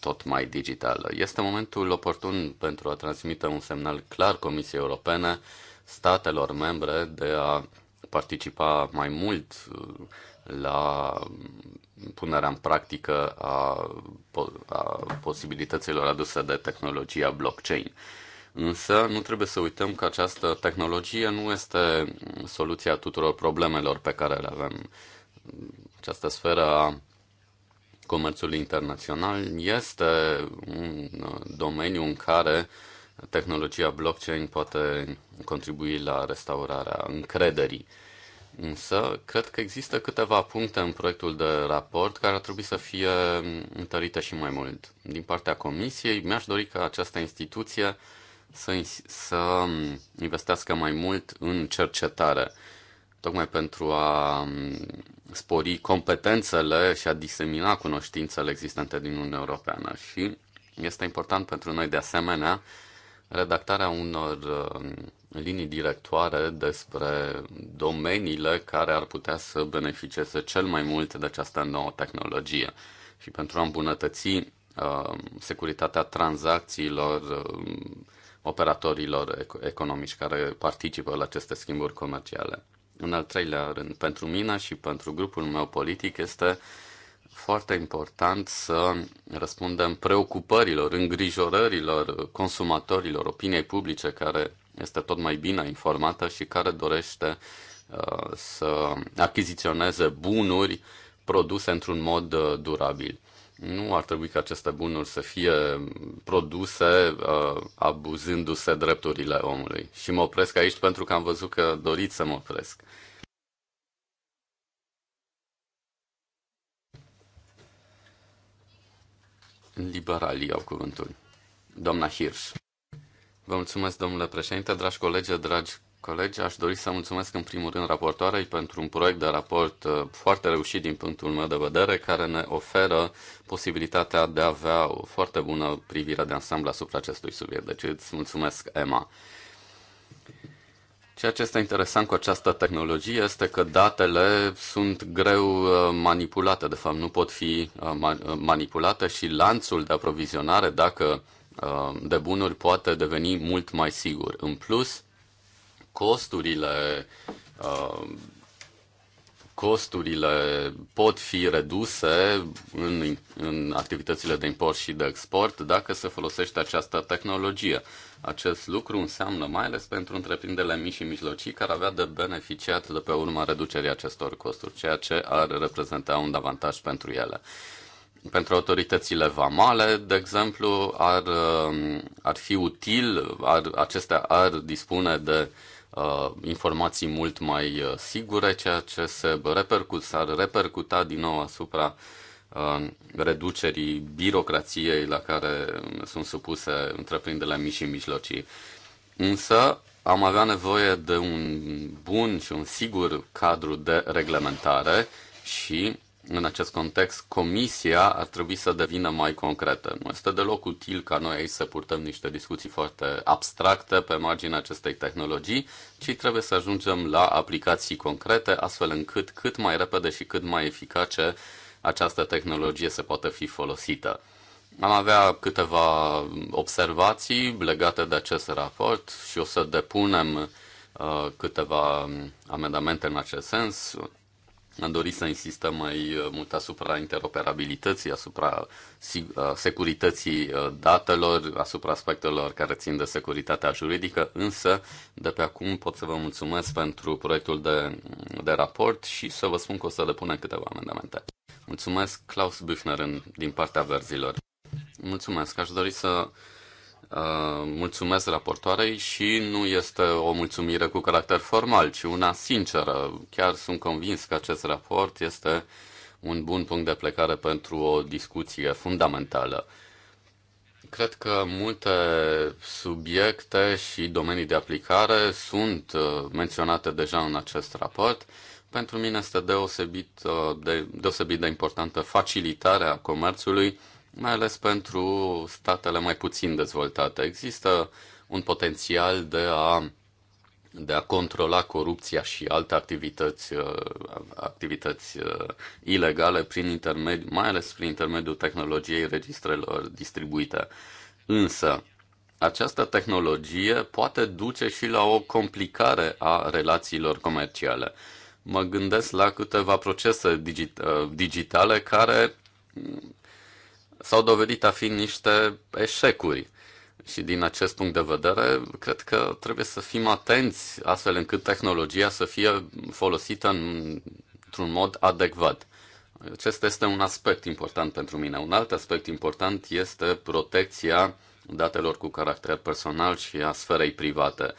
tot mai digitală. Este momentul oportun pentru a transmite un semnal clar Comisiei Europene, statelor membre, de a participa mai mult uh, la punerea în practică a, a posibilităților aduse de tehnologia blockchain. Însă nu trebuie să uităm că această tehnologie nu este soluția tuturor problemelor pe care le avem. Această sferă a comerțul internațional este un uh, domeniu în care tehnologia blockchain poate contribui la restaurarea încrederii. Însă, cred că există câteva puncte în proiectul de raport care ar trebui să fie întărite și mai mult. Din partea Comisiei, mi-aș dori ca această instituție să, să um, investească mai mult în cercetare tocmai pentru a spori competențele și a disemina cunoștințele existente din Uniunea Europeană. Și este important pentru noi, de asemenea, redactarea unor linii directoare despre domeniile care ar putea să beneficieze cel mai mult de această nouă tehnologie. Și pentru a îmbunătăți securitatea tranzacțiilor operatorilor economici care participă la aceste schimburi comerciale. În al treilea rând, pentru mine și pentru grupul meu politic este foarte important să răspundem preocupărilor, îngrijorărilor consumatorilor, opiniei publice care este tot mai bine informată și care dorește uh, să achiziționeze bunuri produse într-un mod uh, durabil. Nu ar trebui ca aceste bunuri să fie produse uh, abuzându-se drepturile omului. Și mă opresc aici pentru că am văzut că doriți să mă opresc. Liberalii au cuvântul. Doamna Hirsch. Vă mulțumesc, domnule președinte, dragi colegi, dragi colegi, aș dori să mulțumesc în primul rând raportoarei pentru un proiect de raport uh, foarte reușit din punctul meu de vedere, care ne oferă posibilitatea de a avea o foarte bună privire de ansamblu asupra acestui subiect. Deci îți mulțumesc, Emma. Ceea ce este interesant cu această tehnologie este că datele sunt greu uh, manipulate, de fapt nu pot fi uh, manipulate și lanțul de aprovizionare, dacă de bunuri, poate deveni mult mai sigur. În plus, costurile uh, costurile pot fi reduse în, în activitățile de import și de export dacă se folosește această tehnologie. Acest lucru înseamnă mai ales pentru întreprinderile mici și mijlocii care avea de beneficiat de pe urma reducerii acestor costuri, ceea ce ar reprezenta un avantaj pentru ele. Pentru autoritățile vamale, de exemplu, ar, um, ar fi util, ar, acestea ar dispune de uh, uh, informații mult mai uh, sigure, ceea ce se repercut, s-ar repercuta din nou asupra uh, reducerii birocrației la care sunt supuse întreprinderile mici și mijlocii. Însă am avea nevoie de un bun și un sigur cadru de reglementare și în acest context, comisia ar trebui să devină mai concretă. Nu este deloc util ca noi aici să purtăm niște discuții foarte abstracte pe marginea acestei tehnologii, ci trebuie să ajungem la aplicații concrete, astfel încât cât mai repede și cât mai eficace această tehnologie se poate fi folosită. Am avea câteva observații legate de acest raport și o să depunem uh, câteva um, amendamente în acest sens. Am dorit să insistăm mai uh, mult asupra interoperabilității, asupra uh, securității uh, datelor, asupra aspectelor care țin de securitatea juridică, însă de pe acum pot să vă mulțumesc pentru proiectul de, de raport și să vă spun că o să depunem câteva amendamente. Mulțumesc, Klaus Büchner, din partea verzilor. Mulțumesc, aș dori să Uh, mulțumesc raportoarei și nu este o mulțumire cu caracter formal, ci una sinceră. Chiar sunt convins că acest raport este un bun punct de plecare pentru o discuție fundamentală. Cred că multe subiecte și domenii de aplicare sunt uh, menționate deja în acest raport. Pentru mine este deosebit uh, de, deosebit de importantă facilitarea comerțului mai ales pentru statele mai puțin dezvoltate. Există un potențial de a, de a controla corupția și alte activități, uh, activități uh, ilegale, prin intermediul, mai ales prin intermediul tehnologiei registrelor distribuite. Însă, această tehnologie poate duce și la o complicare a relațiilor comerciale. Mă gândesc la câteva procese uh, digitale care s-au dovedit a fi niște eșecuri. Și din acest punct de vedere, cred că trebuie să fim atenți astfel încât tehnologia să fie folosită în, într-un mod adecvat. Acesta este un aspect important pentru mine. Un alt aspect important este protecția datelor cu caracter personal și a sferei private.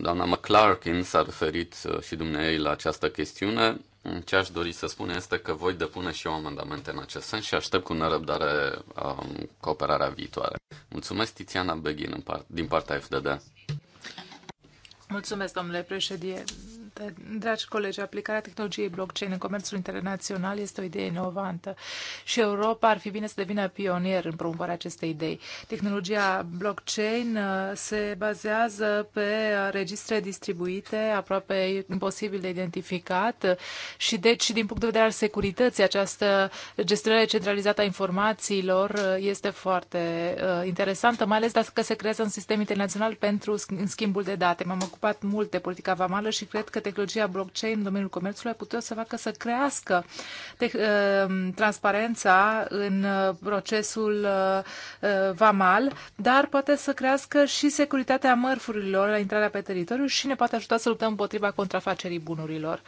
Doamna McClarkin s-a referit uh, și dumneavoastră la această chestiune. Ce aș dori să spun este că voi depune și eu amendamente în acest sens și aștept cu nerăbdare um, cooperarea viitoare. Mulțumesc, Tiziana Beghin, part, din partea FDD. Mulțumesc, domnule președinte președinte. Dragi colegi, aplicarea tehnologiei blockchain în comerțul internațional este o idee inovantă și Europa ar fi bine să devină pionier în promovarea acestei idei. Tehnologia blockchain uh, se bazează pe registre distribuite, aproape imposibil de identificat și deci, din punct de vedere al securității, această gestionare centralizată a informațiilor uh, este foarte uh, interesantă, mai ales dacă se creează un sistem internațional pentru schimbul de date. M-am ocupat mult de politica vamală și cred că tehnologia blockchain în domeniul comerțului ar putea să facă să crească uh, transparența în uh, procesul uh, vamal, dar poate să crească și securitatea mărfurilor la intrarea pe teritoriu și ne poate ajuta să luptăm împotriva contrafacerii bunurilor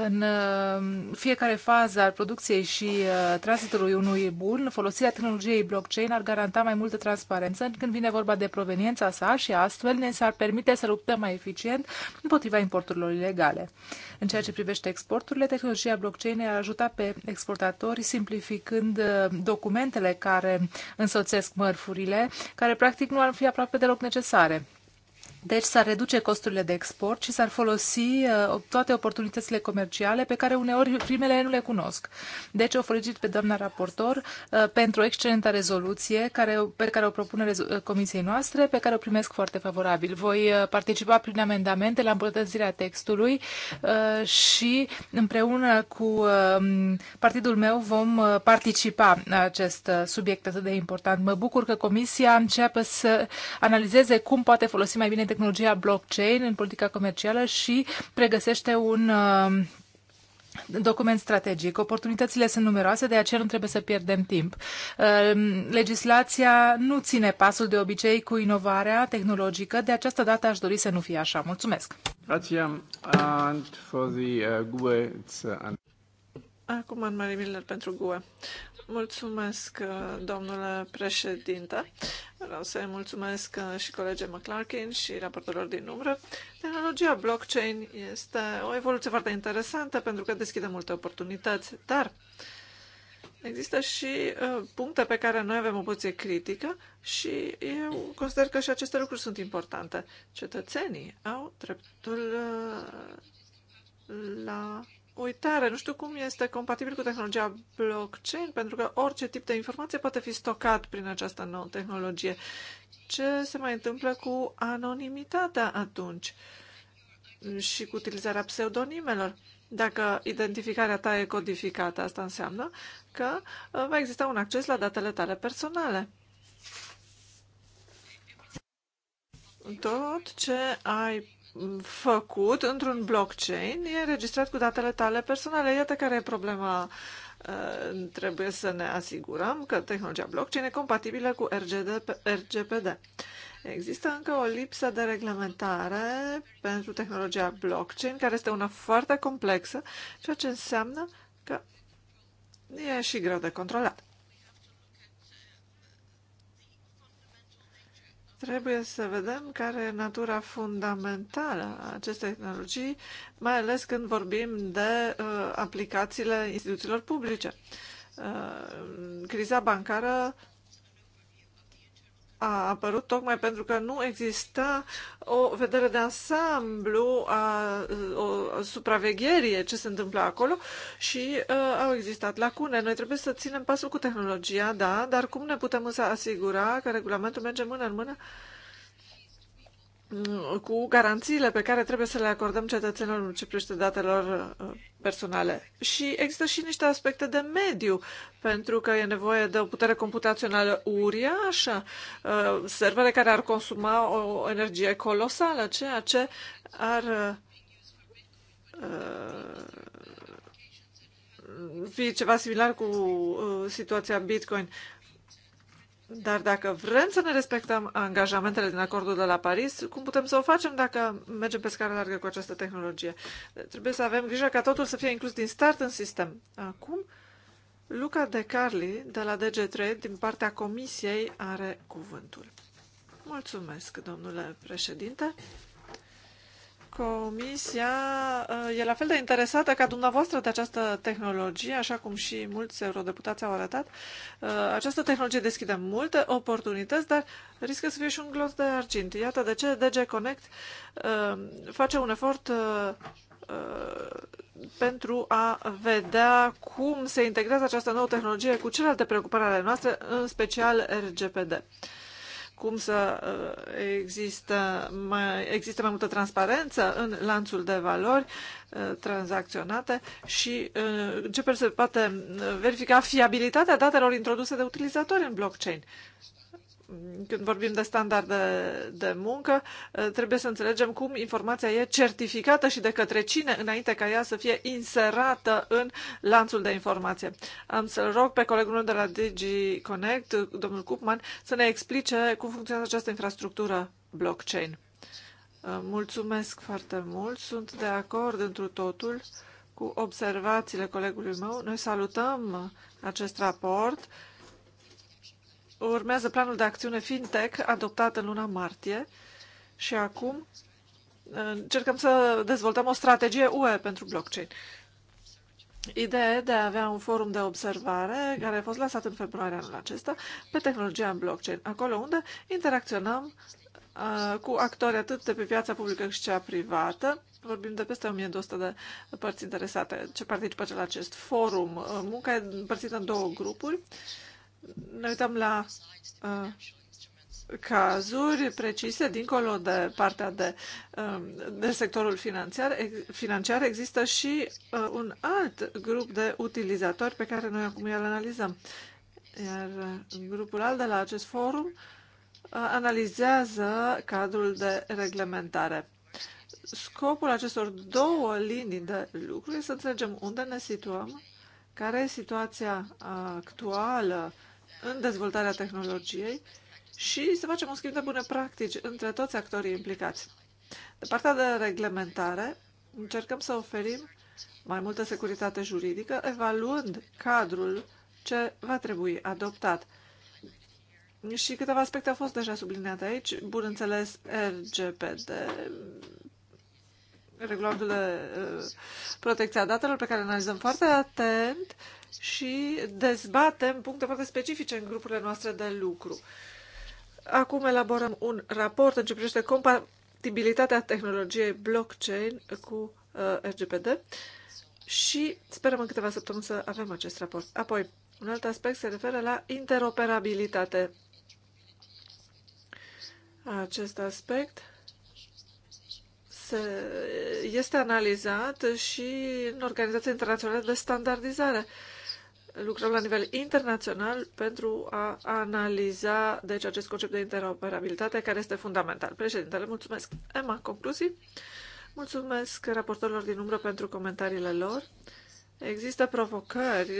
în uh, fiecare fază al producției și uh, tranzitului unui bun, folosirea tehnologiei blockchain ar garanta mai multă transparență când vine vorba de proveniența sa și astfel ne s-ar permite să luptăm mai eficient împotriva importurilor ilegale. În ceea ce privește exporturile, tehnologia blockchain ar ajuta pe exportatori simplificând uh, documentele care însoțesc mărfurile, care practic nu ar fi aproape deloc necesare. Deci s-ar reduce costurile de export și s-ar folosi uh, toate oportunitățile comerciale pe care uneori primele nu le cunosc. Deci o felicit pe doamna raportor uh, pentru excelenta rezoluție care, pe care o propune uh, comisiei noastre, pe care o primesc foarte favorabil. Voi participa prin amendamente la îmbunătățirea textului și împreună cu um, partidul meu vom participa la acest subiect atât de important. Mă bucur că comisia începe să analizeze cum poate folosi mai bine de tehnologia blockchain în politica comercială și pregăsește un uh, document strategic. Oportunitățile sunt numeroase, de aceea nu trebuie să pierdem timp. Uh, legislația nu ține pasul de obicei cu inovarea tehnologică, de această dată aș dori să nu fie așa. Mulțumesc! Uh, Acum în Mary Miller pentru GUE. Mulțumesc, uh, domnule președinte. Vreau să-i mulțumesc uh, și colegii McClarkin și raportorilor din umbră. Tehnologia blockchain este o evoluție foarte interesantă pentru că deschide multe oportunități, dar Există și uh, puncte pe care noi avem o poziție critică și eu consider că și aceste lucruri sunt importante. Cetățenii au dreptul la uitare. Nu știu cum este compatibil cu tehnologia blockchain, pentru că orice tip de informație poate fi stocat prin această nouă tehnologie. Ce se mai întâmplă cu anonimitatea atunci și cu utilizarea pseudonimelor? Dacă identificarea ta e codificată, asta înseamnă că uh, va exista un acces la datele tale personale. Tot ce ai făcut într-un blockchain e înregistrat cu datele tale personale. Iată care e problema. Uh, trebuie să ne asigurăm că tehnologia blockchain e compatibilă cu RGPD. Există încă o lipsă de reglementare pentru tehnologia blockchain, care este una foarte complexă, ceea ce înseamnă că e și greu de controlat. Trebuie să vedem care e natura fundamentală a acestei tehnologii, mai ales când vorbim de uh, aplicațiile instituțiilor publice. Uh, criza bancară a apărut tocmai pentru că nu exista o vedere de ansamblu a, o supravegherie ce se întâmplă acolo și uh, au existat lacune. Noi trebuie să ținem pasul cu tehnologia, da, dar cum ne putem însă asigura că regulamentul merge mână în mână uh, Mm, cu garanțiile pe care trebuie să le acordăm cetățenilor în ce privește datelor uh, personale. Și există și niște aspecte de mediu, pentru că e nevoie de o putere computațională uriașă, uh, servere care ar consuma o energie colosală, ceea ce ar uh, fi ceva similar cu situația Bitcoin. Dar dacă vrem să ne respectăm angajamentele din acordul de la Paris, cum putem să o facem dacă mergem pe scară largă cu această tehnologie? Trebuie să avem grijă ca totul să fie inclus din start în sistem. Acum, Luca De Carli, de la DG3, din partea Comisiei, are cuvântul. Mulțumesc, domnule președinte. Comisia uh, e la fel de interesată ca dumneavoastră de această tehnologie, așa cum și mulți eurodeputați au arătat. Uh, această tehnologie deschide multe oportunități, dar riscă să fie și un glos de argint. Iată de ce DG Connect uh, face un efort pentru a vedea cum se integrează această nouă tehnologie cu celelalte preocupări ale noastre, în special RGPD cum să uh, există mai, există mai multă transparență în lanțul de valori uh, tranzacționate și uh, începe să poate verifica fiabilitatea datelor introduse de utilizatori în blockchain când vorbim de standarde de muncă, eh, trebuie să înțelegem cum informația e certificată și de către cine înainte ca ea să fie inserată în lanțul de informație. Am să rog pe colegul meu de la Digi Connect, domnul Cupman, să ne explice cum funcționează această infrastructură blockchain. Eh, mulțumesc foarte mult, sunt de acord întru totul cu observațiile colegului meu. Noi salutăm acest raport urmează planul de acțiune FinTech adoptat în luna martie și acum uh, încercăm să dezvoltăm o strategie UE pentru blockchain. Ideea de a avea un forum de observare care a fost lansat în februarie anul acesta pe tehnologia în blockchain, acolo unde interacționăm uh, cu actori atât de pe piața publică cât și cea privată. Vorbim de peste 1200 de părți interesate ce participă la acest forum. Uh, munca e împărțită în două grupuri. Uh, ne uităm la uh, cazuri precise, dincolo de partea de, um, de sectorul financiar, financiar, există și uh, un alt grup de utilizatori pe care noi acum îl analizăm. Iar uh, grupul al de la acest forum uh, analizează cadrul de reglementare. Scopul acestor două linii de lucru este să înțelegem unde ne situăm, care e situația actuală în dezvoltarea tehnologiei și să facem un schimb de bune practici între toți actorii implicați. De partea de reglementare, încercăm să oferim mai multă securitate juridică, evaluând cadrul ce va trebui adoptat. Și câteva aspecte au fost deja subliniate aici. Bun înțeles, RGPD, regulamentul de uh, protecția datelor, pe care analizăm foarte atent și dezbatem puncte foarte specifice în grupurile noastre de lucru. Acum elaborăm un raport în ce privește compatibilitatea tehnologiei blockchain cu uh, RGPD și sperăm în câteva săptămâni să avem acest raport. Apoi, un alt aspect se referă la interoperabilitate. Acest aspect se, este analizat și în Organizația Internațională de Standardizare. Uh, lucrăm la nivel internațional pentru a analiza deci, acest concept de interoperabilitate care este fundamental. Președintele, mulțumesc. Emma, concluzii? Mulțumesc raportorilor din umbră pentru comentariile lor. Există provocări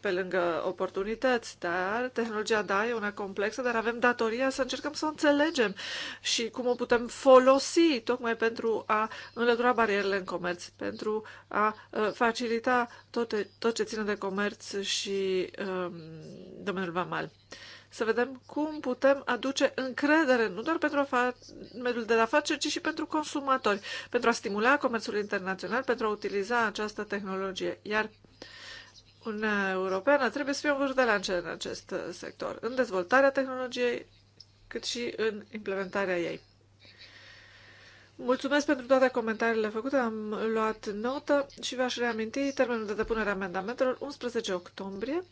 pe lângă oportunități, dar tehnologia da e una complexă, dar avem datoria să încercăm să o înțelegem și cum o putem folosi tocmai pentru a înlătura barierele în comerț, pentru a facilita tot, tot ce ține de comerț și um, domeniul vamal să vedem cum putem aduce încredere, nu doar pentru mediul de afaceri, ci și pentru consumatori, pentru a stimula comerțul internațional, pentru a utiliza această tehnologie. Iar Uniunea Europeană trebuie să fie un vârf de lance în acest uh, sector, în dezvoltarea tehnologiei, cât și în implementarea ei. Mulțumesc pentru toate comentariile făcute, am luat notă și v-aș reaminti termenul de depunere a amendamentelor 11 octombrie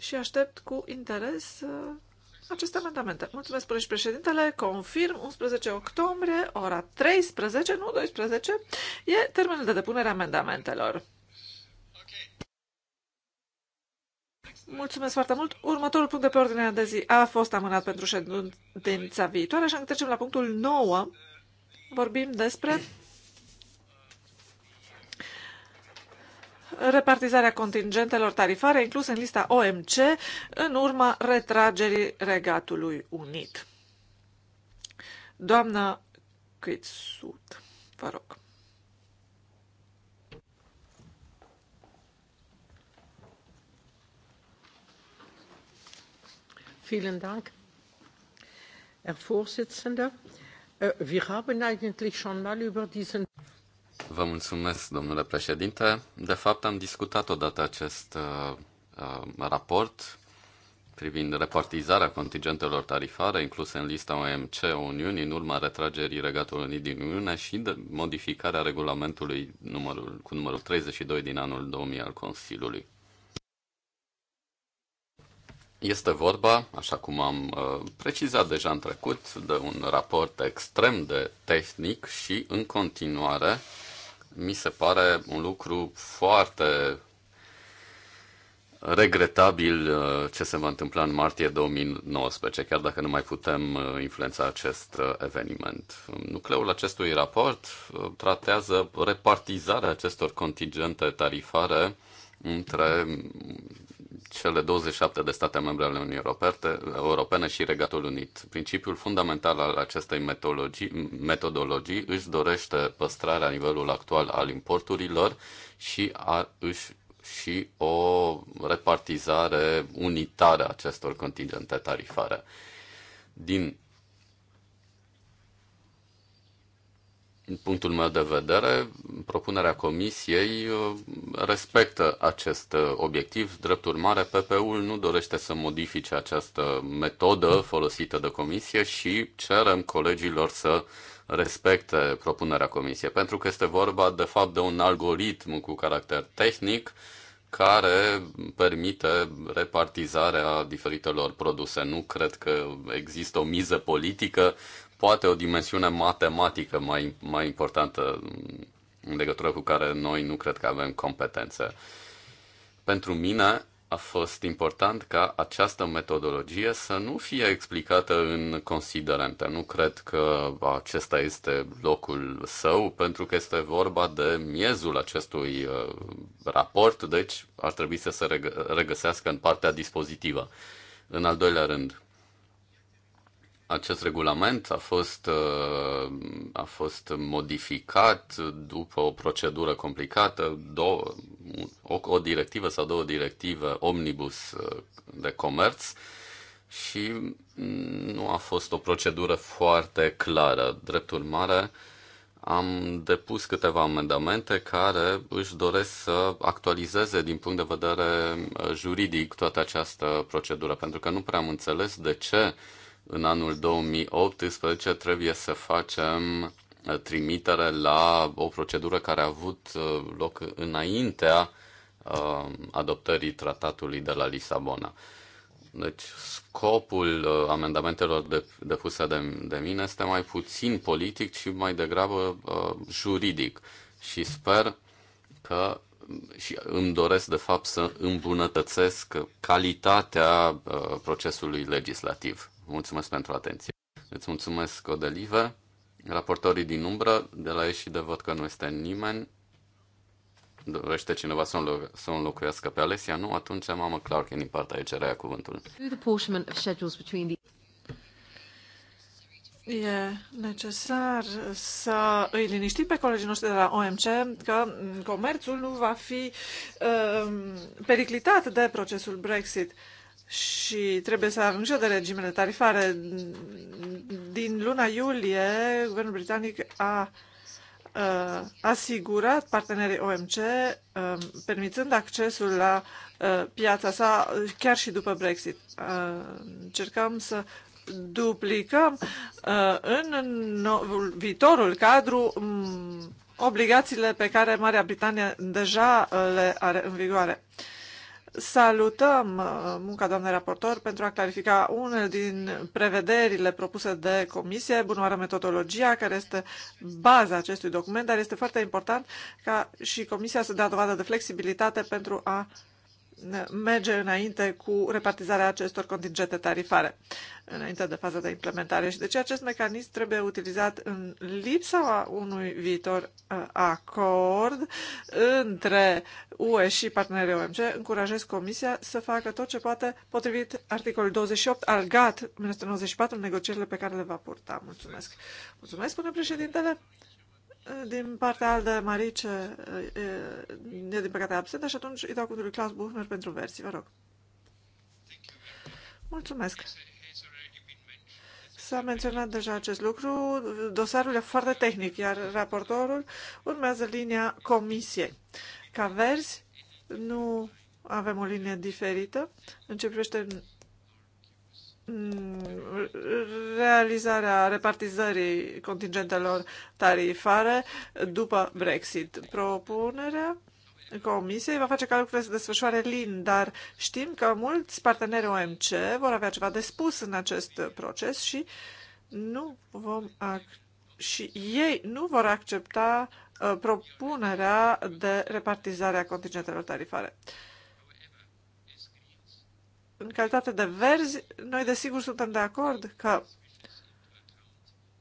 și aștept cu interes uh, aceste amendamente. Mulțumesc, spune și președintele. Confirm, 11 octombrie, ora 13, nu 12, e termenul de depunere a amendamentelor. Mulțumesc foarte mult. Următorul punct de pe ordinea de zi a fost amânat pentru ședința viitoare, așa că trecem la punctul 9. Vorbim despre repartizarea contingentelor tarifare incluse în lista OMC în urma retragerii Regatului Unit. Doamna Kitsut, vă rog. Vielen Dank, Herr Vorsitzender. Äh, wir haben eigentlich schon mal über diesen Vă mulțumesc, domnule președinte. De fapt, am discutat odată acest uh, uh raport privind repartizarea contingentelor tarifare incluse în lista OMC a Uniunii în urma retragerii Regatului Unit din Uniune și de modificarea regulamentului numărul, cu numărul 32 din anul 2000 al Consiliului. Este vorba, așa cum am uh, precizat deja în trecut, de un raport extrem de tehnic și în continuare mi se pare un lucru foarte regretabil uh, ce se va întâmpla în martie 2019, chiar dacă nu mai putem uh, influența acest uh, eveniment. Nucleul acestui raport tratează repartizarea acestor contingente tarifare între cele 27 de state membre ale Uniunii Europene și Regatul Unit. Principiul fundamental al acestei metodologii, metodologii își dorește păstrarea nivelul actual al importurilor și, a, își, și o repartizare unitară a acestor contingente tarifare. Din Din punctul meu de vedere, propunerea Comisiei uh, respectă acest uh, obiectiv. Drept urmare, ppu ul nu dorește să modifice această metodă folosită de Comisie și cerem colegilor să respecte propunerea Comisiei, pentru că este vorba, de fapt, de un algoritm cu caracter tehnic care permite repartizarea diferitelor produse. Nu cred că există o miză politică poate o dimensiune matematică mai, mai importantă în legătură cu care noi nu cred că avem competențe. Pentru mine a fost important ca această metodologie să nu fie explicată în considerente. Nu cred că acesta este locul său, pentru că este vorba de miezul acestui uh, raport, deci ar trebui să se regăsească în partea dispozitivă. În al doilea rând, acest regulament a fost, uh, a fost modificat după o procedură complicată, două, o, o directivă sau două directive omnibus uh, de comerț și nu a fost o procedură foarte clară. Drept urmare, am depus câteva amendamente care își doresc să actualizeze din punct de vedere uh, juridic toată această procedură, pentru că nu prea am înțeles de ce uh, în anul 2018 trebuie să facem uh, trimitere la o procedură care a avut uh, loc înaintea uh, adoptării tratatului de la Lisabona. Deci scopul amendamentelor depuse de, de mine este mai puțin politic și mai degrabă juridic și sper că și îmi doresc de fapt să îmbunătățesc calitatea procesului legislativ. Mulțumesc pentru atenție. Îți mulțumesc, Codelive. Raportorii din umbră, de la ieșit, de văd că nu este nimeni. Dorește cineva să, înlo- să înlocuiască pe Alesia? Nu? Atunci mamă Clark că din partea aici, rea cuvântul. E necesar să îi liniștim pe colegii noștri de la OMC că comerțul nu va fi uh, periclitat de procesul Brexit. Uh, și trebuie să avem grijă de regimele tarifare. Din luna iulie, guvernul britanic a uh, asigurat partenerii OMC, uh, permițând accesul la uh, piața sa chiar și după Brexit. Uh, încercăm să duplicăm uh, în no- viitorul cadru um, obligațiile pe care Marea Britanie deja le are în vigoare. Uh, Salutăm uh, munca doamnei raportor pentru a clarifica unele din prevederile propuse de comisie, bunoară metodologia, care este baza acestui document, dar este foarte important ca și comisia să dea dovadă de flexibilitate pentru a uh, merge înainte cu repartizarea acestor contingente tarifare, înainte de faza de implementare. Și de deci ce acest mecanism trebuie utilizat în lipsa unui viitor uh, acord între UE și partenerii OMC? Încurajez Comisia să facă tot ce poate potrivit articolul 28 al GATT 1994 în negocierile pe care le va purta. Mulțumesc. Mulțumesc, spune președintele. Din partea al de Marice e din păcate absentă și atunci îi dau cuvântul lui Klaus Buchner pentru versi, vă rog. Mulțumesc. S-a menționat deja acest lucru. Dosarul e foarte tehnic, iar raportorul urmează linia comisiei. Ca verzi, nu avem o linie diferită. În ce privește Mm, realizarea repartizării contingentelor tarifare după Brexit. Propunerea Comisiei va face ca lucrurile să desfășoare lin, dar știm că mulți parteneri OMC vor avea ceva de spus în acest proces și nu vom și ei nu vor accepta uh, propunerea de repartizare a contingentelor tarifare în calitate de verzi, noi desigur suntem de acord că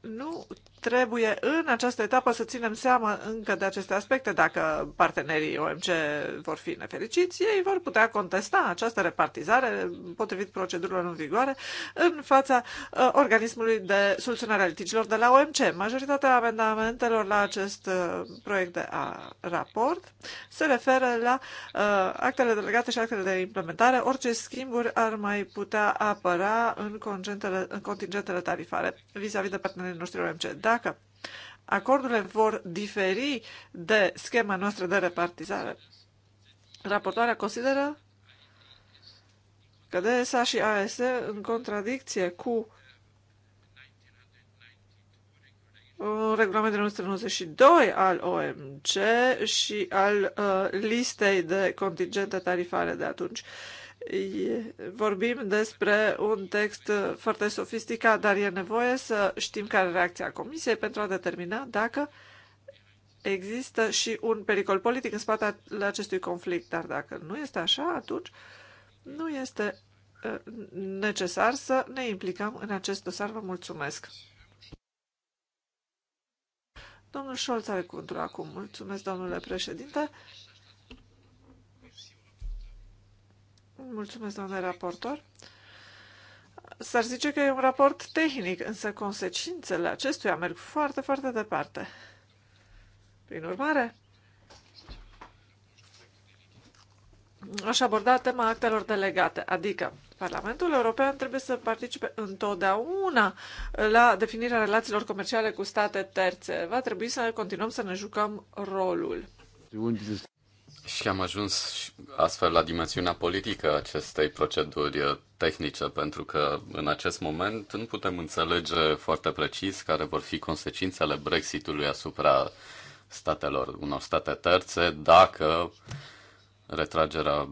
nu trebuie în această etapă să ținem seama încă de aceste aspecte. Dacă partenerii OMC vor fi nefericiți, ei vor putea contesta această repartizare potrivit procedurilor în vigoare în fața uh, organismului de soluționare a litigilor de la OMC. Majoritatea amendamentelor la acest uh, proiect de a, raport se referă la uh, actele delegate și actele de implementare. Orice schimburi ar mai putea apăra în contingentele tarifare vis-a-vis -vis de partenerii noștri OMC. Dacă dacă acordurile vor diferi de schema noastră de repartizare, raportoarea consideră că DSA și AS în contradicție cu regulamentul 1992 al OMC și al uh, listei de contingente tarifare de atunci. Uh, vorbim despre un text foarte sofisticat, dar e nevoie să știm care e reacția Comisiei pentru a determina dacă există și un pericol politic în spatele acestui conflict. Dar dacă nu este așa, atunci nu este necesar să ne implicăm în acest dosar. Vă mulțumesc! Domnul Scholz are cuvântul acum. Mulțumesc, domnule președinte. Mulțumesc, domnule raportor. S-ar zice că e un raport tehnic, însă consecințele acestuia merg foarte, foarte departe. Prin urmare, aș aborda tema actelor delegate, adică Parlamentul European trebuie să participe întotdeauna la definirea relațiilor comerciale cu state terțe. Va trebui să continuăm să ne jucăm rolul. Și am ajuns astfel la dimensiunea politică acestei proceduri uh, tehnice, pentru că în acest moment nu putem înțelege foarte precis care vor fi consecințele Brexitului asupra statelor, unor state terțe, dacă retragerea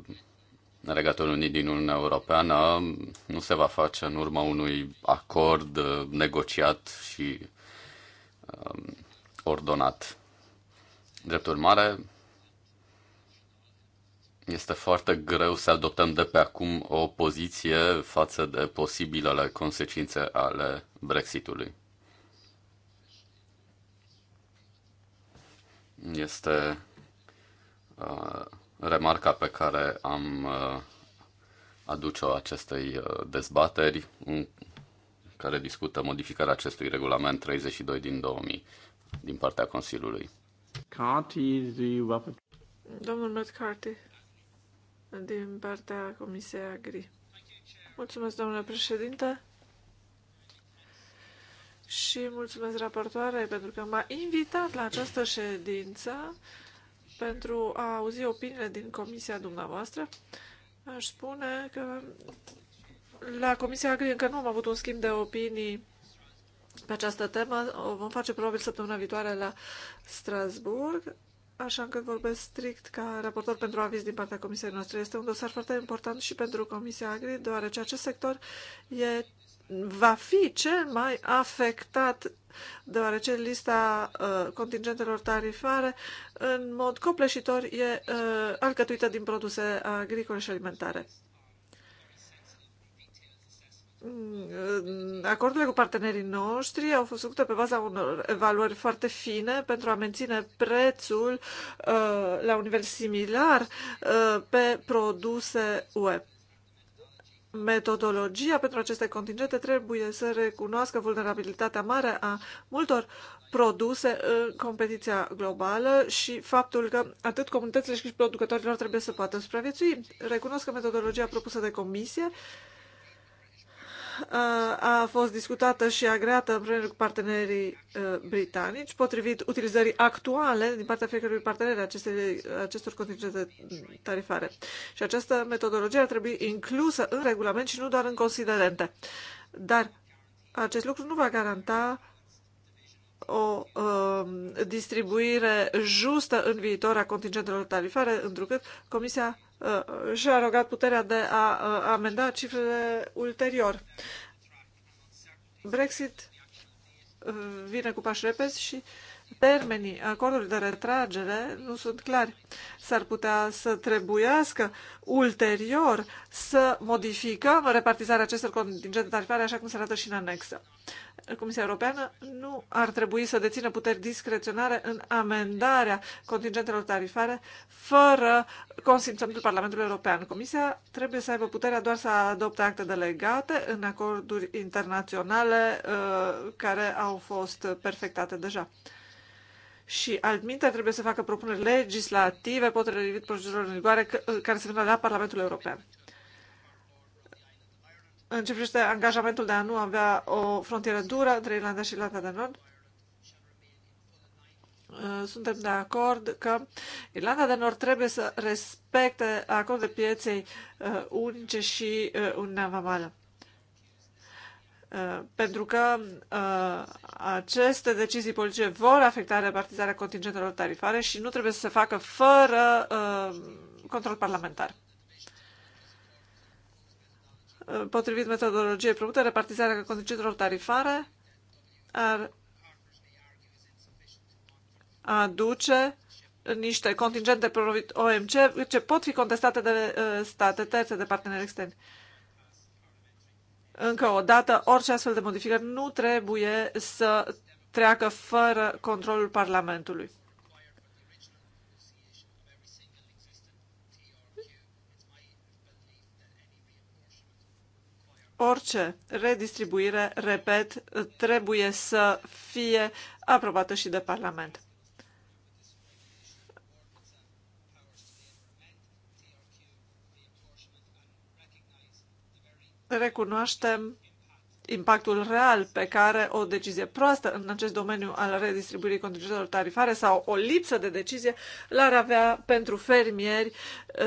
Regatului Unit din Uniunea Europeană nu se va face în urma unui acord uh, negociat și um, ordonat. Drept urmare, este foarte greu să adoptăm de pe acum o poziție față de posibilele consecințe ale Brexitului. Este uh, remarca pe care am uh, aduce-o acestei uh, dezbateri în care discută modificarea acestui regulament 32 din 2000 din partea Consiliului. Carty, the... Domnul McCarthy, din partea Comisiei Agri. Mulțumesc, domnule președinte, și mulțumesc raportoarei pentru că m-a invitat la această ședință pentru a auzi opiniile din comisia dumneavoastră. Aș spune că la Comisia Agri încă nu am avut un schimb de opinii pe această temă. O vom face probabil săptămâna viitoare la Strasburg așa că vorbesc strict ca raportor pentru aviz din partea comisiei noastre. Este un dosar foarte important și pentru Comisia Agri, deoarece acest sector e, va fi cel mai afectat, deoarece lista uh, contingentelor tarifare în mod copleșitor e uh, alcătuită din produse agricole și alimentare. Mm, acordurile cu partenerii noștri au fost făcute pe baza unor evaluări foarte fine pentru a menține prețul uh, la un nivel similar uh, pe produse web. Metodologia pentru aceste contingente trebuie să recunoască vulnerabilitatea mare a multor produse în competiția globală și faptul că atât comunitățile cât și producătorilor trebuie să poată supraviețui. Recunosc că metodologia propusă de comisie uh, a fost discutată și agreată împreună cu partenerii uh, britanici, potrivit utilizării actuale din partea fiecărui partener aceste, acestor contingente tarifare. Și această metodologie ar trebui inclusă în regulament și nu doar în considerente. Dar acest lucru nu va garanta o uh, distribuire justă în viitor a contingentelor tarifare, întrucât Comisia Uh, și-a rogat puterea de a uh, amenda cifrele ulterior. Brexit uh, vine cu pași repezi și uh, termenii acordului de retragere nu sunt clari. S-ar putea să trebuiască ulterior să modificăm repartizarea acestor contingente tarifare așa cum se arată și în anexă. Comisia Europeană nu ar trebui să dețină puteri discreționare în amendarea contingentelor tarifare fără consimțământul Parlamentului European. Comisia trebuie să aibă puterea doar să adopte acte delegate în acorduri internaționale uh, care au fost perfectate deja și altminte trebuie să facă propuneri legislative potrivit procedurilor în vigoare care se vină la Parlamentul European. În ce privește angajamentul de a nu avea o frontieră dură între Irlanda și Irlanda de Nord, ă, suntem de acord că Irlanda de Nord trebuie să respecte acordul pieței ă, unice și ă, Uniunea Vamală. Uh, pentru că uh, aceste decizii politice vor afecta repartizarea contingentelor tarifare și nu trebuie să se facă fără uh, control parlamentar. Uh, potrivit metodologiei propuse, repartizarea contingentelor tarifare ar aduce niște contingente OMC ce pot fi contestate de uh, state terțe, de parteneri externi. Uh, încă o dată, orice astfel de modificări nu trebuie să treacă fără controlul Parlamentului. orice redistribuire, repet, trebuie să fie aprobată și de Parlament. recunoaștem impactul real pe care o decizie proastă în acest domeniu al redistribuirii contribuțiilor tarifare sau o lipsă de decizie l-ar avea pentru fermieri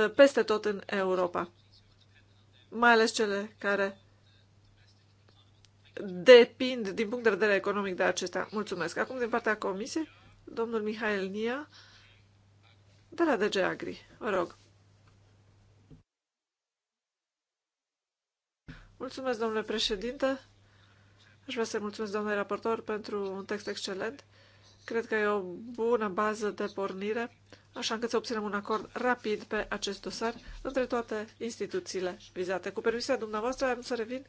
uh, peste tot în Europa. Mai ales cele care depind din punct de vedere economic de acestea. Mulțumesc. Acum din partea Comisiei, domnul Mihail Nia de la DG Agri. Vă rog. Mulțumesc, domnule președinte. Aș vrea să mulțumesc, domnule raportor, pentru un text excelent. Cred că e o bună bază de pornire, așa încât să obținem un acord rapid pe acest dosar între toate instituțiile vizate. Cu permisia dumneavoastră, am să revin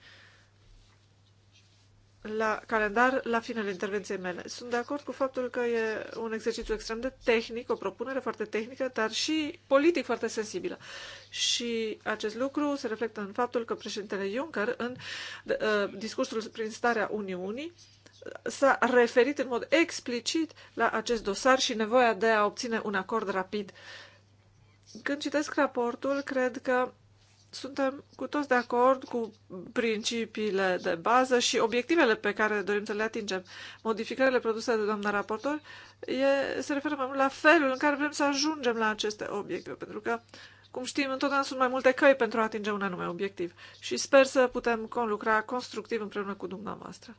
la calendar la finele intervenției mele. Sunt de acord cu faptul că e un exercițiu extrem de tehnic, o propunere foarte tehnică, dar și politic foarte sensibilă. Și acest lucru se reflectă în faptul că președintele Juncker, în uh, discursul prin starea Uniunii, s-a referit în mod explicit la acest dosar și nevoia de a obține un acord rapid. Când citesc raportul, cred că suntem cu toți de acord cu principiile de bază și obiectivele pe care dorim să le atingem. Modificările produse de doamna raportor e, se referă mai mult la felul în care vrem să ajungem la aceste obiective, pentru că, cum știm, întotdeauna sunt mai multe căi pentru a atinge un anume obiectiv și sper să putem conlucra constructiv împreună cu dumneavoastră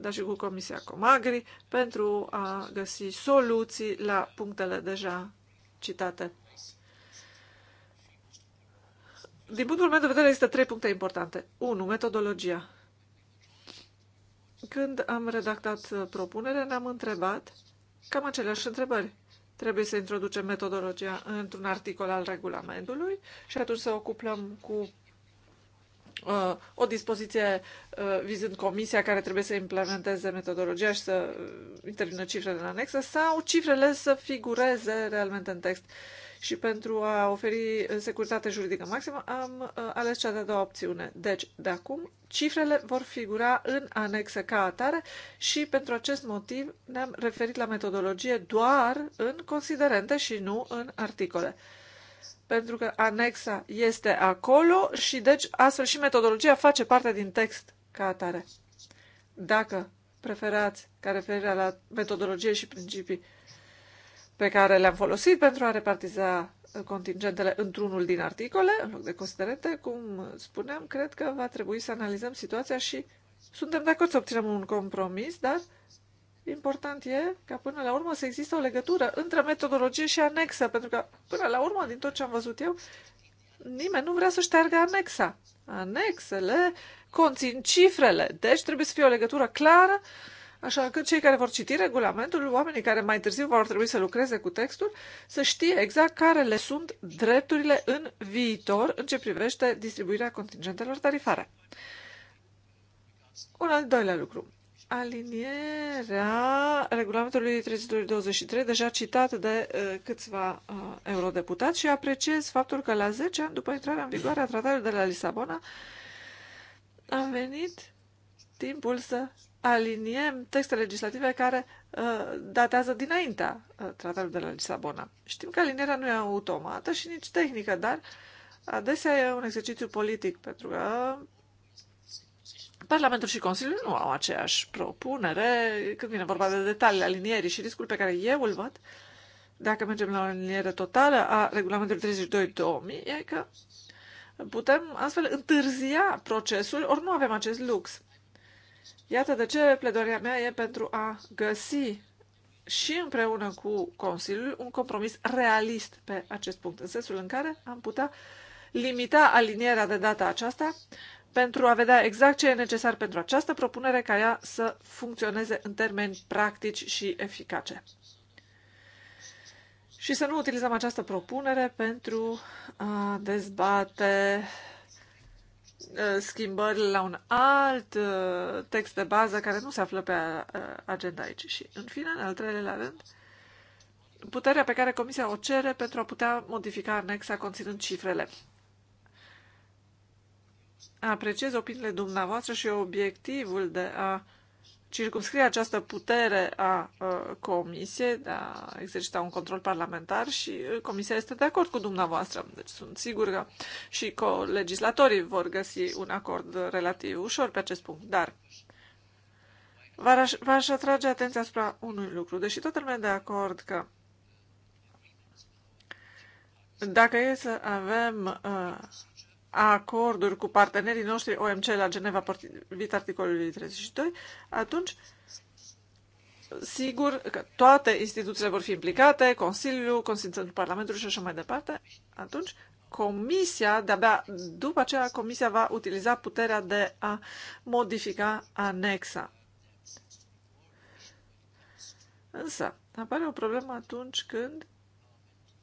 dar și cu Comisia Comagri pentru a găsi soluții la punctele deja citate. Din punctul meu de vedere, există trei puncte importante. 1. Metodologia. Când am redactat uh, propunerea, ne-am întrebat cam aceleași întrebări. Trebuie să introducem metodologia într-un articol al regulamentului și atunci să ocupăm cu uh, o dispoziție uh, vizând comisia care trebuie să implementeze metodologia și să uh, intervină cifrele în anexă sau cifrele să figureze realmente în text. Uh, și pentru a oferi uh, securitate juridică maximă, am uh, ales cea de-a doua opțiune. Deci, de acum, cifrele vor figura în anexă ca atare și pentru acest motiv ne-am referit la metodologie doar în considerente și nu în articole. Pentru că anexa este acolo și deci astfel și metodologia face parte din text ca atare. Dacă preferați ca referirea la metodologie și principii pe care le-am folosit pentru a repartiza uh, contingentele într-unul din articole, în loc de costerete, cum spuneam, cred că va trebui să analizăm situația și suntem de acord să obținem un compromis, dar important e ca până la urmă să există o legătură între metodologie și anexă, pentru că până la urmă, din tot ce am văzut eu, nimeni nu vrea să șteargă anexa. Anexele conțin cifrele, deci trebuie să fie o legătură clară uh, Așa că cei care vor citi regulamentul, oamenii care mai târziu vor trebui să lucreze cu textul, să știe exact care le sunt drepturile în viitor în ce privește distribuirea contingentelor tarifare. Un al doilea lucru. Alinierea regulamentului 323, deja citat de uh, câțiva uh, eurodeputați, și apreciez faptul că la 10 ani după intrarea în vigoare a tratatului de la Lisabona a venit timpul să aliniem texte legislative care uh, datează dinaintea uh, tratatului de la Lisabona. Știm că alinierea nu e automată și nici tehnică, dar adesea e un exercițiu politic, pentru că Parlamentul și Consiliul nu au aceeași propunere când vine vorba de detalii alinierii și riscul pe care eu îl văd dacă mergem la o aliniere totală a regulamentului 32-2000 e că putem astfel întârzia procesul, ori nu avem acest lux Iată de ce pledoarea mea e pentru a găsi și împreună cu Consiliul un compromis realist pe acest punct, în sensul în care am putea limita alinierea de data aceasta pentru a vedea exact ce e necesar pentru această propunere ca ea să funcționeze în termeni practici și eficace. Și să nu utilizăm această propunere pentru a dezbate Uh, schimbări la un alt uh, text de bază care nu se află pe uh, agenda aici. Și, în fine, în al treilea rând, puterea pe care Comisia o cere pentru a putea modifica anexa conținând cifrele. Apreciez opiniile dumneavoastră și obiectivul de a circumscrie această putere a uh, Comisiei de a exercita un control parlamentar și uh, Comisia este de acord cu dumneavoastră. Deci sunt sigur că și legislatorii vor găsi un acord relativ ușor pe acest punct. Dar v-aș atrage atenția asupra unui lucru. Deși toată lumea de acord că dacă e să avem uh, acorduri cu partenerii noștri OMC la Geneva, potrivit articolului 32, atunci sigur că toate instituțiile vor fi implicate, Consiliul, Consiliul Parlamentului și așa mai departe, atunci Comisia, de-abia după aceea, Comisia va utiliza puterea de a modifica anexa. Însă, apare o problemă atunci când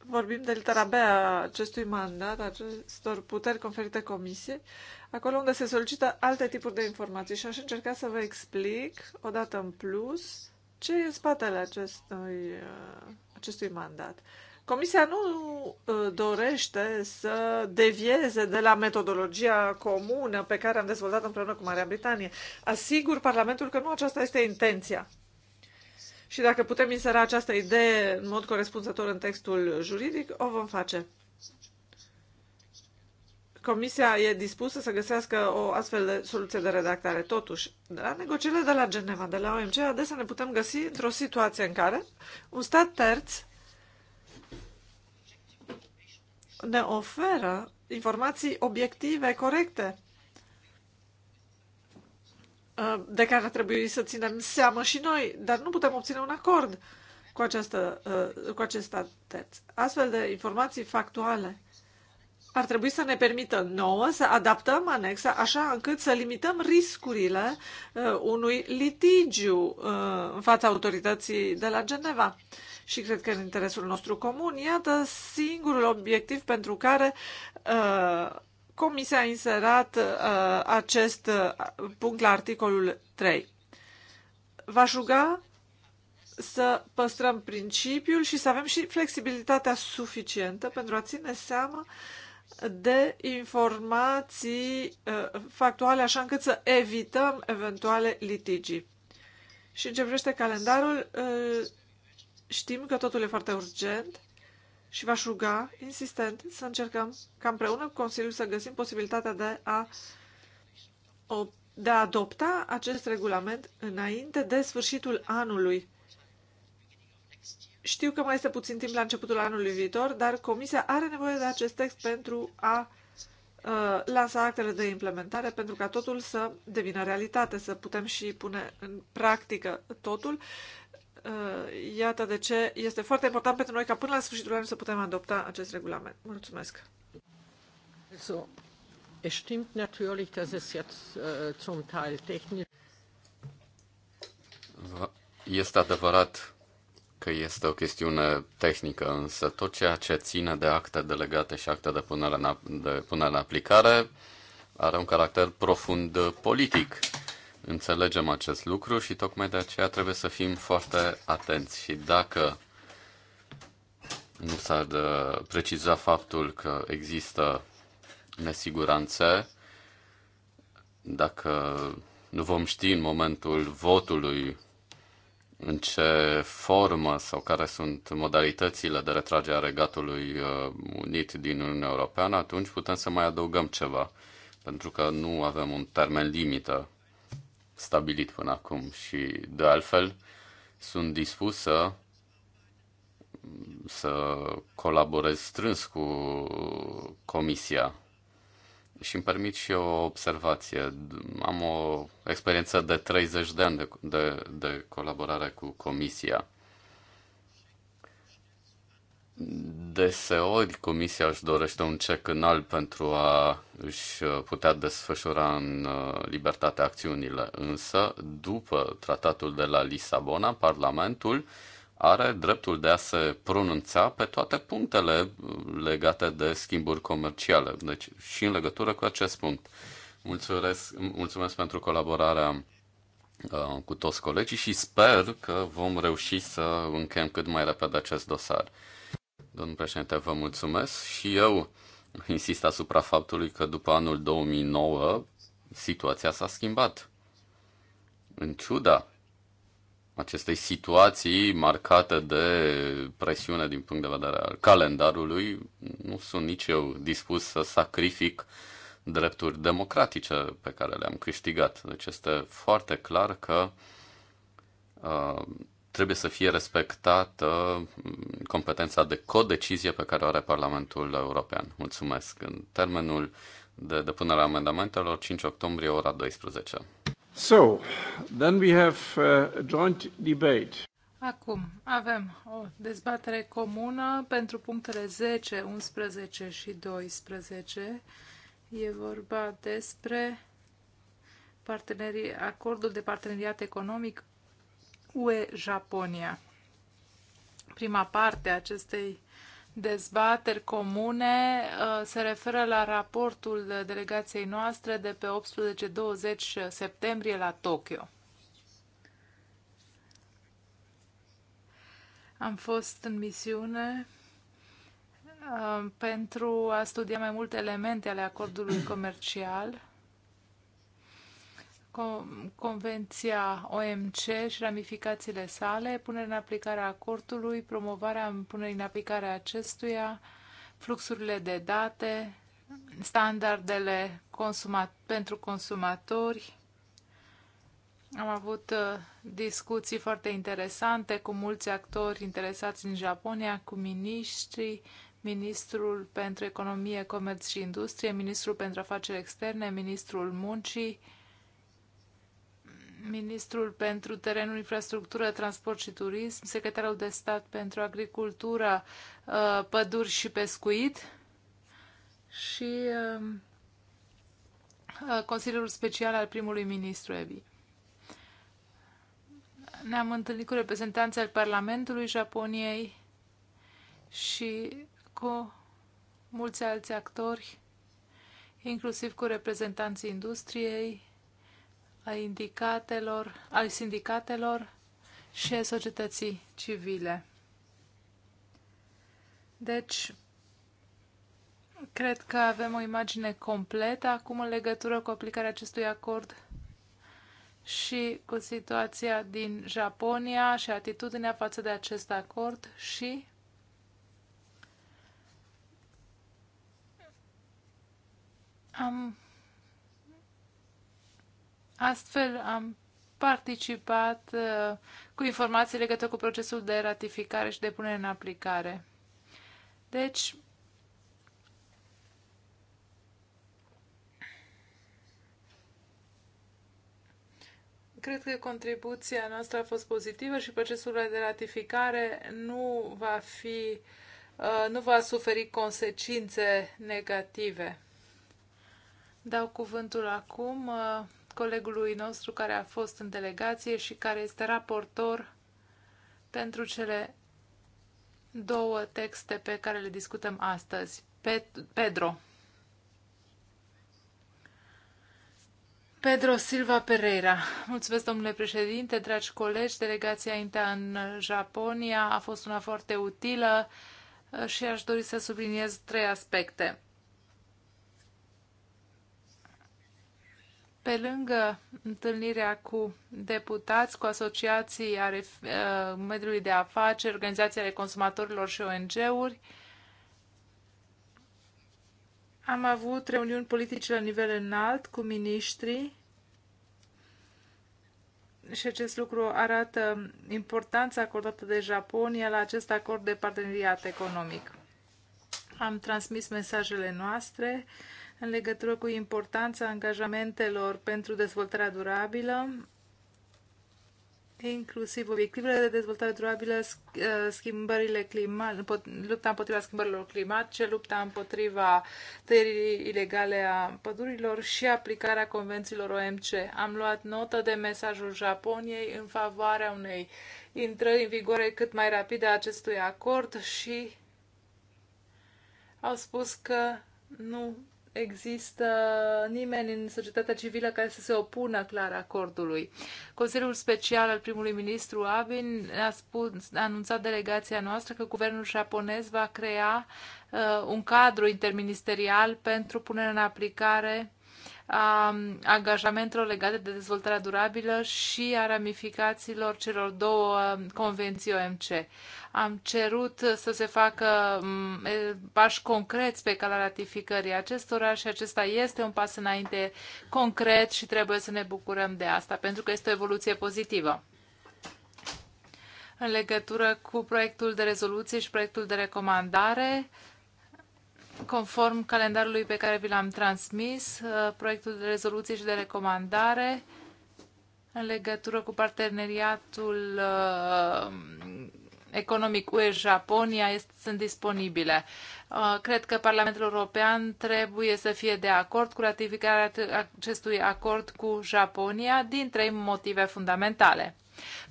vorbim de litera B a acestui mandat, a acestor puteri conferite comisiei, acolo unde se solicită alte tipuri de informații și aș încerca să vă explic odată în plus ce e în spatele acestui, uh, acestui mandat. Comisia nu uh, dorește să devieze de la metodologia comună pe care am dezvoltat împreună cu Marea Britanie. Asigur Parlamentul că nu aceasta este intenția. Și dacă putem insera această idee în mod corespunzător în textul juridic, o vom face. Comisia e dispusă să găsească o astfel de soluție de redactare. Totuși, de la negocierile de la Geneva, de la OMC, adesea ne putem găsi într-o situație în care un stat terț ne oferă informații obiective, corecte, Uh, de care trebuie să ținem seamă și noi, dar nu putem obține un acord cu, această, uh, cu acest atent. Astfel de informații factuale ar trebui să ne permită nouă să adaptăm anexa așa încât să limităm riscurile uh, unui litigiu în fața autorității de la Geneva. Și cred că în interesul nostru comun, iată singurul obiectiv pentru care uh, Comisia a inserat uh, acest uh, punct la articolul 3. V-aș ruga să păstrăm principiul și să avem și flexibilitatea suficientă pentru a ține seama de informații uh, factuale, așa încât să evităm eventuale litigii. Și în ce privește calendarul, uh, știm că totul e foarte urgent și v-aș ruga insistent să încercăm ca împreună cu Consiliul să găsim posibilitatea de a, de a adopta acest regulament înainte de sfârșitul anului. Știu că mai este puțin timp la începutul anului viitor, dar Comisia are nevoie de acest text pentru a uh, lansa actele de implementare, pentru ca totul să devină realitate, să putem și pune în practică totul Uh, iată de ce este foarte important pentru noi ca până la sfârșitul anului să putem adopta acest regulament. Mulțumesc! So, es stimmt natürlich, dass es jetzt uh, zum Teil technisch este adevărat că este o chestiune tehnică, însă tot ceea ce ține de acte delegate și acte de punere în, de punere în aplicare are un caracter profund politic. Înțelegem acest lucru și tocmai de aceea trebuie să fim foarte atenți. Și dacă nu s-ar uh, preciza faptul că există nesiguranțe, dacă nu vom ști în momentul votului în ce formă sau care sunt modalitățile de retragere a Regatului uh, Unit din Uniunea Europeană, atunci putem să mai adăugăm ceva, pentru că nu avem un termen limită stabilit până acum și, de altfel, sunt dispusă să colaborez strâns cu comisia și îmi permit și o observație. Am o experiență de 30 de ani de, de, de colaborare cu comisia Deseori comisia își dorește un cec în alb pentru a își putea desfășura în uh, libertate acțiunile, însă după tratatul de la Lisabona, Parlamentul are dreptul de a se pronunța pe toate punctele uh, legate de schimburi comerciale, deci și în legătură cu acest punct. Mulțumesc, mulțumesc pentru colaborarea uh, cu toți colegii și sper că vom reuși să încheiem cât mai repede acest dosar. Domnul președinte, vă mulțumesc și eu insist asupra faptului că după anul 2009 situația s-a schimbat. În ciuda acestei situații marcate de presiune din punct de vedere al calendarului, nu sunt nici eu dispus să sacrific drepturi democratice pe care le-am câștigat. Deci este foarte clar că uh, trebuie să fie respectată mm, competența de codecizie pe care o are Parlamentul European. Mulțumesc. În termenul de depunere a amendamentelor, 5 octombrie, ora 12. So, then we have uh, a joint debate. Acum avem o dezbatere comună pentru punctele 10, 11 și 12. E vorba despre partenerii, acordul de parteneriat economic UE-Japonia. Prima parte a acestei dezbateri comune uh, se referă la raportul delegației noastre de pe 18-20 septembrie la Tokyo. Am fost în misiune uh, pentru a studia mai multe elemente ale acordului comercial Convenția OMC și ramificațiile sale, punerea în aplicare a acordului, promovarea punerii în aplicare a acestuia, fluxurile de date, standardele consumat pentru consumatori. Am avut uh, discuții foarte interesante cu mulți actori interesați în Japonia, cu miniștri, ministrul pentru economie, comerț și industrie, ministrul pentru afaceri externe, ministrul muncii, ministrul pentru terenul, infrastructură, transport și turism, secretarul de stat pentru agricultura, uh, păduri și pescuit și um, uh, consilierul special al primului ministru EBI. Ne-am întâlnit cu reprezentanții al Parlamentului Japoniei și cu mulți alți actori, inclusiv cu reprezentanții industriei, a indicatelor, ai sindicatelor și a societății civile. Deci, cred că avem o imagine completă acum în legătură cu aplicarea acestui acord și cu situația din Japonia și atitudinea față de acest acord și am Astfel am participat uh, cu informații legate cu procesul de ratificare și de punere în aplicare. Deci, cred că contribuția noastră a fost pozitivă și procesul de ratificare nu va fi uh, nu va suferi consecințe negative. Dau cuvântul acum uh, colegului nostru care a fost în delegație și care este raportor pentru cele două texte pe care le discutăm astăzi. Pedro. Pedro Silva Pereira. Mulțumesc, domnule președinte, dragi colegi. Delegația INTA în Japonia a fost una foarte utilă și aș dori să subliniez trei aspecte. pe lângă întâlnirea cu deputați, cu asociații ale uh, mediului de afaceri, organizații ale consumatorilor și ONG-uri, am avut reuniuni politice la nivel înalt cu miniștrii și acest lucru arată importanța acordată de Japonia la acest acord de parteneriat economic. Am transmis mesajele noastre în legătură cu importanța angajamentelor pentru dezvoltarea durabilă, inclusiv obiectivele de dezvoltare durabilă, uh, schimbările climatice, lupta împotriva schimbărilor climatice, lupta împotriva tăierii ilegale a pădurilor și aplicarea convențiilor OMC. Am luat notă de mesajul Japoniei în favoarea unei intrări în vigoare cât mai rapide a acestui acord și au spus că nu există nimeni în societatea civilă care să se opună clar acordului. Consiliul Special al primului ministru Abin a, spus, a anunțat delegația noastră că guvernul japonez va crea uh, un cadru interministerial pentru punerea în aplicare a angajamentelor legate de dezvoltarea durabilă și a ramificațiilor celor două um, convenții OMC. Am cerut să se facă um, pași concreți pe calea ratificării acestora și acesta este un pas înainte concret și trebuie să ne bucurăm de asta, pentru că este o evoluție pozitivă în legătură cu proiectul de rezoluție și proiectul de recomandare. Conform calendarului pe care vi l-am transmis, uh, proiectul de rezoluție și de recomandare în legătură cu parteneriatul uh, economic UE-Japonia sunt disponibile. Uh, cred că Parlamentul European trebuie să fie de acord cu ratificarea acestui acord cu Japonia din trei motive fundamentale.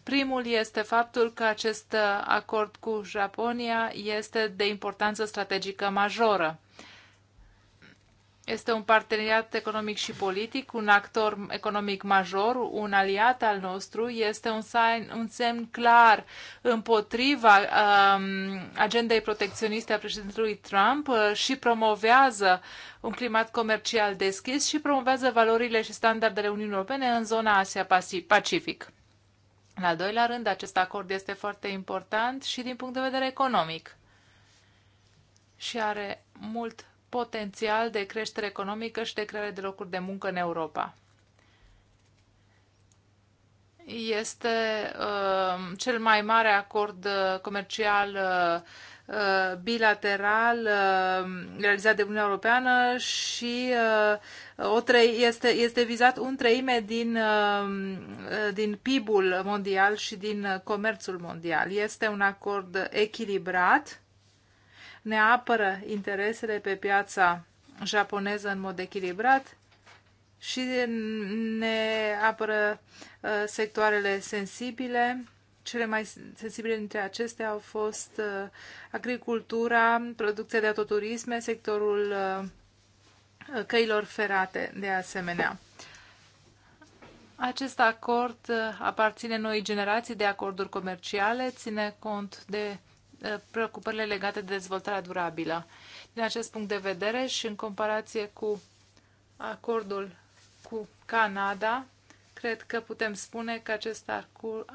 Primul este faptul că acest acord cu Japonia este de importanță strategică majoră. Este un parteneriat economic și politic, un actor economic major, un aliat al nostru, este un, sign, un semn clar împotriva um, agendei protecționiste a președintelui Trump uh, și promovează un climat comercial deschis și promovează valorile și standardele Uniunii Europene în zona Asia-Pacific. În al doilea rând, acest acord este foarte important și din punct de vedere economic și are mult potențial de creștere economică și de creare de locuri de muncă în Europa. Este uh, cel mai mare acord uh, comercial uh, Uh, bilateral uh, realizat de Uniunea Europeană și uh, o trei, este, este vizat un treime din, din PIB-ul mondial și din comerțul mondial. Este un acord echilibrat, ne apără interesele pe piața japoneză în mod echilibrat și ne apără sectoarele sensibile cele mai sensibile dintre acestea au fost uh, agricultura, producția de autoturisme, sectorul uh, uh, căilor ferate de asemenea. Acest acord aparține noi generații de acorduri comerciale, ține cont de preocupările legate de dezvoltarea durabilă. Din acest punct de vedere și în comparație cu acordul cu Canada, cred că putem spune că acest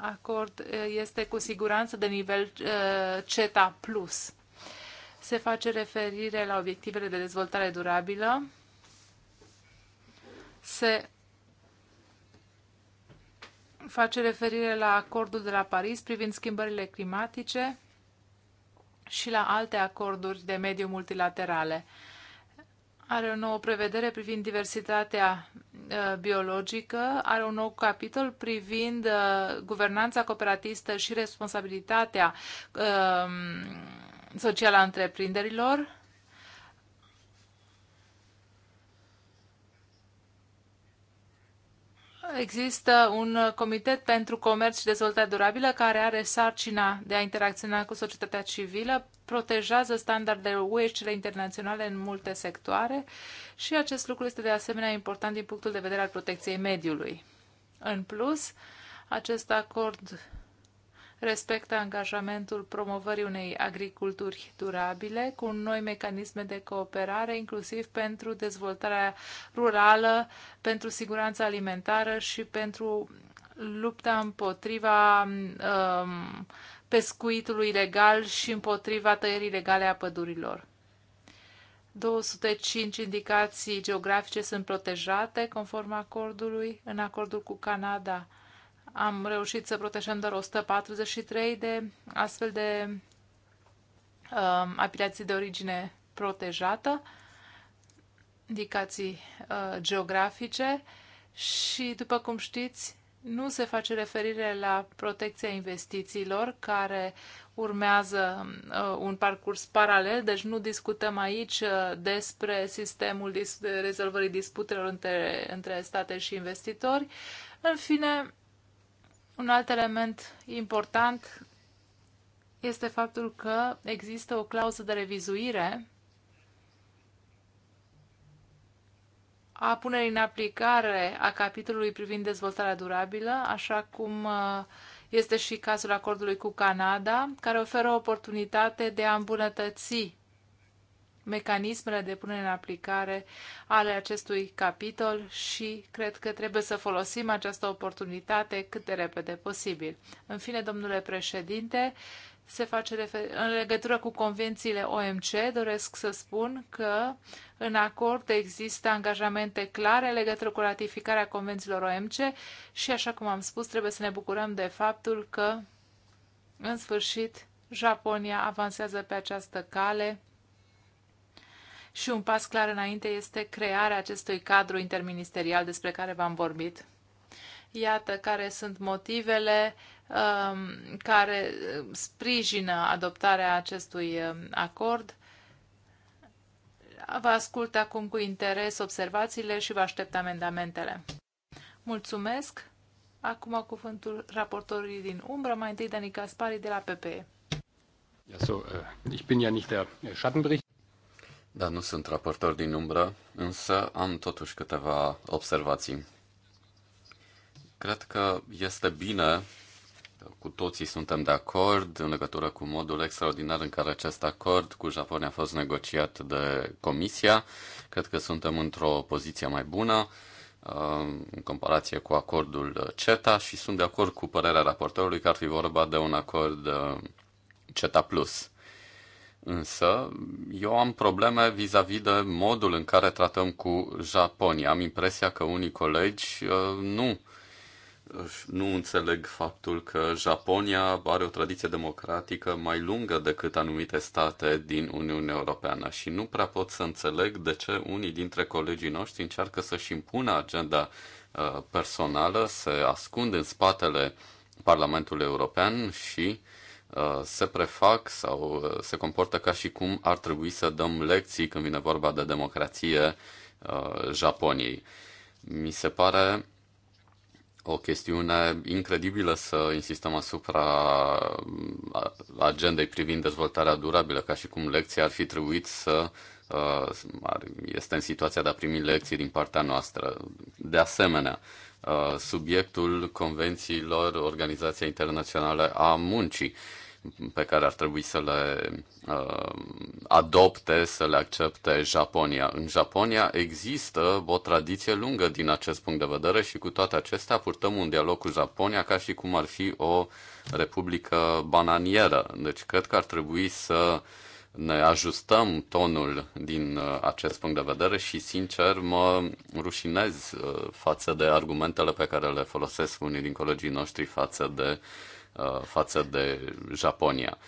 acord este cu siguranță de nivel CETA+. Se face referire la obiectivele de dezvoltare durabilă. Se face referire la acordul de la Paris privind schimbările climatice și la alte acorduri de mediu multilaterale are o nouă prevedere privind diversitatea uh, biologică, are un nou capitol privind uh, guvernanța cooperatistă și responsabilitatea um, socială a întreprinderilor. Există un uh, comitet pentru comerț și dezvoltare durabilă care are sarcina de a interacționa cu societatea civilă protejează standardele UE și cele internaționale în multe sectoare și acest lucru este de asemenea important din punctul de vedere al protecției mediului. În plus, acest acord respectă angajamentul promovării unei agriculturi durabile cu noi mecanisme de cooperare, inclusiv pentru dezvoltarea rurală, pentru siguranța alimentară și pentru lupta împotriva um, pescuitului ilegal și împotriva tăierii ilegale a pădurilor. 205 indicații geografice sunt protejate conform acordului. În acordul cu Canada am reușit să protejăm doar 143 de astfel de uh, um, apilații de origine protejată, indicații uh, geografice și, după cum știți, nu se face referire la protecția investițiilor care urmează uh, un parcurs paralel, deci nu discutăm aici uh, despre sistemul dis- de rezolvării disputelor între, între state și investitori. În fine, un alt element important este faptul că există o clauză de revizuire a punerii în aplicare a capitolului privind dezvoltarea durabilă, așa cum uh, este și cazul acordului cu Canada, care oferă oportunitate de a îmbunătăți mecanismele de punere în aplicare ale acestui capitol și cred că trebuie să folosim această oportunitate cât de repede posibil. În fine, domnule președinte, se face refer- în legătură cu convențiile OMC, doresc să spun că în acord există angajamente clare în legătură cu ratificarea convențiilor OMC și, așa cum am spus, trebuie să ne bucurăm de faptul că, în sfârșit, Japonia avansează pe această cale și un pas clar înainte este crearea acestui cadru interministerial despre care v-am vorbit. Iată care sunt motivele Um, care sprijină adoptarea acestui um, acord. Vă ascult acum cu interes observațiile și vă aștept amendamentele. Mulțumesc! Acum cuvântul raportorului din umbră, mai întâi Dani Caspari de la PPE. Ja, so, uh, ich bin ja nicht der Schattenbericht. Da, nu sunt raportor din umbră, însă am totuși câteva observații. Cred că este bine cu toții suntem de acord în legătură cu modul extraordinar în care acest acord cu Japonia a fost negociat de Comisia. Cred că suntem într-o poziție mai bună um, în comparație cu acordul CETA și sunt de acord cu părerea raportorului că ar fi vorba de un acord um, CETA+. Plus. Însă, eu am probleme vis-a-vis -vis de modul în care tratăm cu Japonia. Am impresia că unii colegi uh, nu nu înțeleg faptul că Japonia are o tradiție democratică mai lungă decât anumite state din Uniunea Europeană și nu prea pot să înțeleg de ce unii dintre colegii noștri încearcă să-și impună agenda uh, personală, se ascund în spatele Parlamentului European și uh, se prefac sau uh, se comportă ca și cum ar trebui să dăm lecții când vine vorba de democrație Japoniei. Mi se pare o chestiune incredibilă să insistăm asupra agendei privind dezvoltarea durabilă, ca și cum lecția ar fi trebuit să este în situația de a primi lecții din partea noastră. De asemenea, subiectul convențiilor Organizației Internaționale a Muncii pe care ar trebui să le uh, adopte, să le accepte Japonia. În Japonia există o tradiție lungă din acest punct de vedere și cu toate acestea purtăm un dialog cu Japonia ca și cum ar fi o republică bananieră. Deci cred că ar trebui să ne ajustăm tonul din uh, acest punct de vedere și, sincer, mă rușinez uh, față de argumentele pe care le folosesc unii din colegii noștri față de uh, Uh, față de Japonia.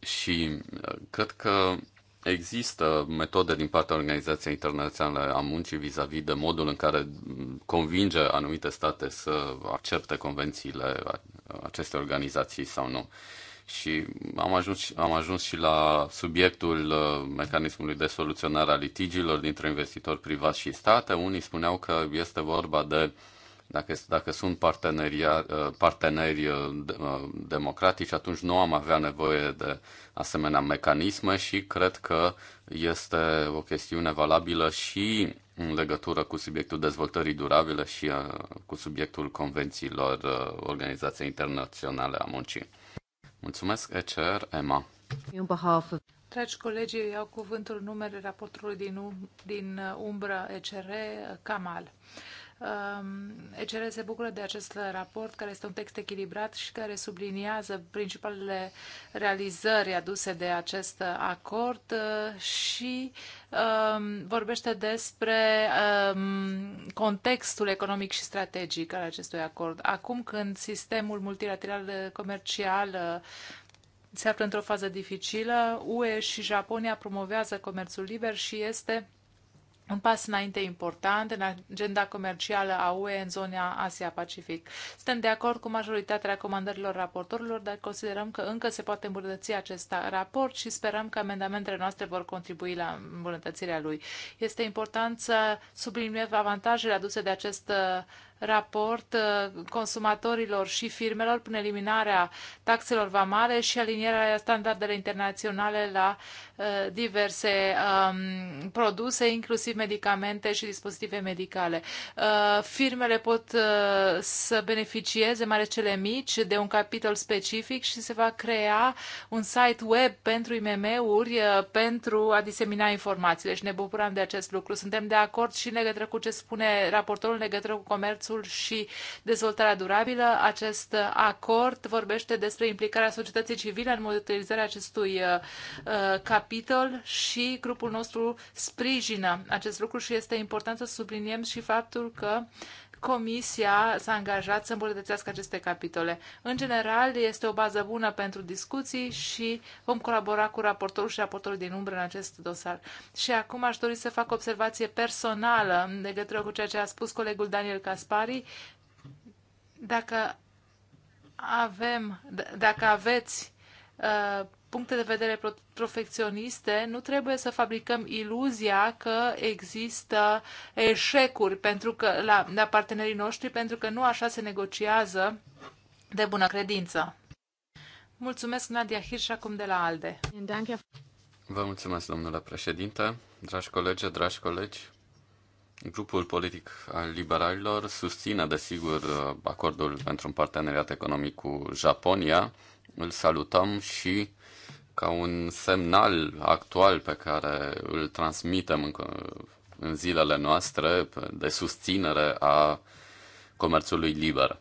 Și uh, cred că Există metode din partea Organizației Internaționale a Muncii vis-a-vis -vis de modul în care convinge anumite state să accepte convențiile acestei organizații sau nu. Și am ajuns, am ajuns și la subiectul uh, mecanismului de soluționare a litigiilor dintre investitori privați și state. Unii spuneau că este vorba de uh, dacă, dacă sunt parteneria, uh, parteneri uh, uh, democratici, atunci nu am avea nevoie de asemenea mecanisme și cred că este o chestiune valabilă și în legătură cu subiectul dezvoltării durabile și cu subiectul convențiilor Organizației Internaționale a Muncii. Mulțumesc, ECR, Emma. Dragi colegi, iau cuvântul numele raportului din, din umbra ECR, Kamal. Um, ECR se bucură de acest raport, care este un text echilibrat și care subliniază principalele realizări aduse de acest acord uh, și um, vorbește despre um, contextul economic și strategic al acestui acord. Acum când sistemul multilateral comercial uh, se află într-o fază dificilă, UE și Japonia promovează comerțul liber și este un pas înainte important în agenda comercială a UE în zona Asia-Pacific. Suntem de acord cu majoritatea recomandărilor raportorilor, dar considerăm că încă se poate îmbunătăți acest raport și sperăm că amendamentele noastre vor contribui la îmbunătățirea lui. Este important să subliniem avantajele aduse de acest raport uh, consumatorilor și firmelor prin eliminarea taxelor vamale și alinierea standardele internaționale la uh, diverse um, produse, inclusiv medicamente și dispozitive medicale. Uh, firmele pot uh, să beneficieze, mai ales cele mici, de un capitol specific și se va crea un site web pentru IMM-uri uh, pentru a disemina informațiile și ne bucurăm de acest lucru. Suntem de acord și în legătură cu ce spune raportorul în legătură cu comerțul comerțul și dezvoltarea durabilă. Acest acord vorbește despre implicarea societății civile în monitorizarea acestui uh, uh, capitol și grupul nostru sprijină acest lucru și este important să subliniem și faptul că Comisia s-a angajat să îmbunătățească aceste capitole. În general, este o bază bună pentru discuții și vom colabora cu raportorul și raportorul din umbră în acest dosar. Și acum aș dori să fac observație personală în legătură cu ceea ce a spus colegul Daniel Caspari. Dacă avem, dacă aveți uh, puncte de vedere profecționiste, nu trebuie să fabricăm iluzia că există eșecuri pentru că, la, la partenerii noștri, pentru că nu așa se negociază de bună credință. Mulțumesc, Nadia Hirsch, acum de la ALDE. Vă mulțumesc, domnule președinte, dragi colegi, dragi colegi. Grupul politic al liberalilor susține, desigur, acordul pentru un parteneriat economic cu Japonia. Îl salutăm și uh, ca un semnal actual pe care îl transmitem în, în zilele noastre de susținere a comerțului liber.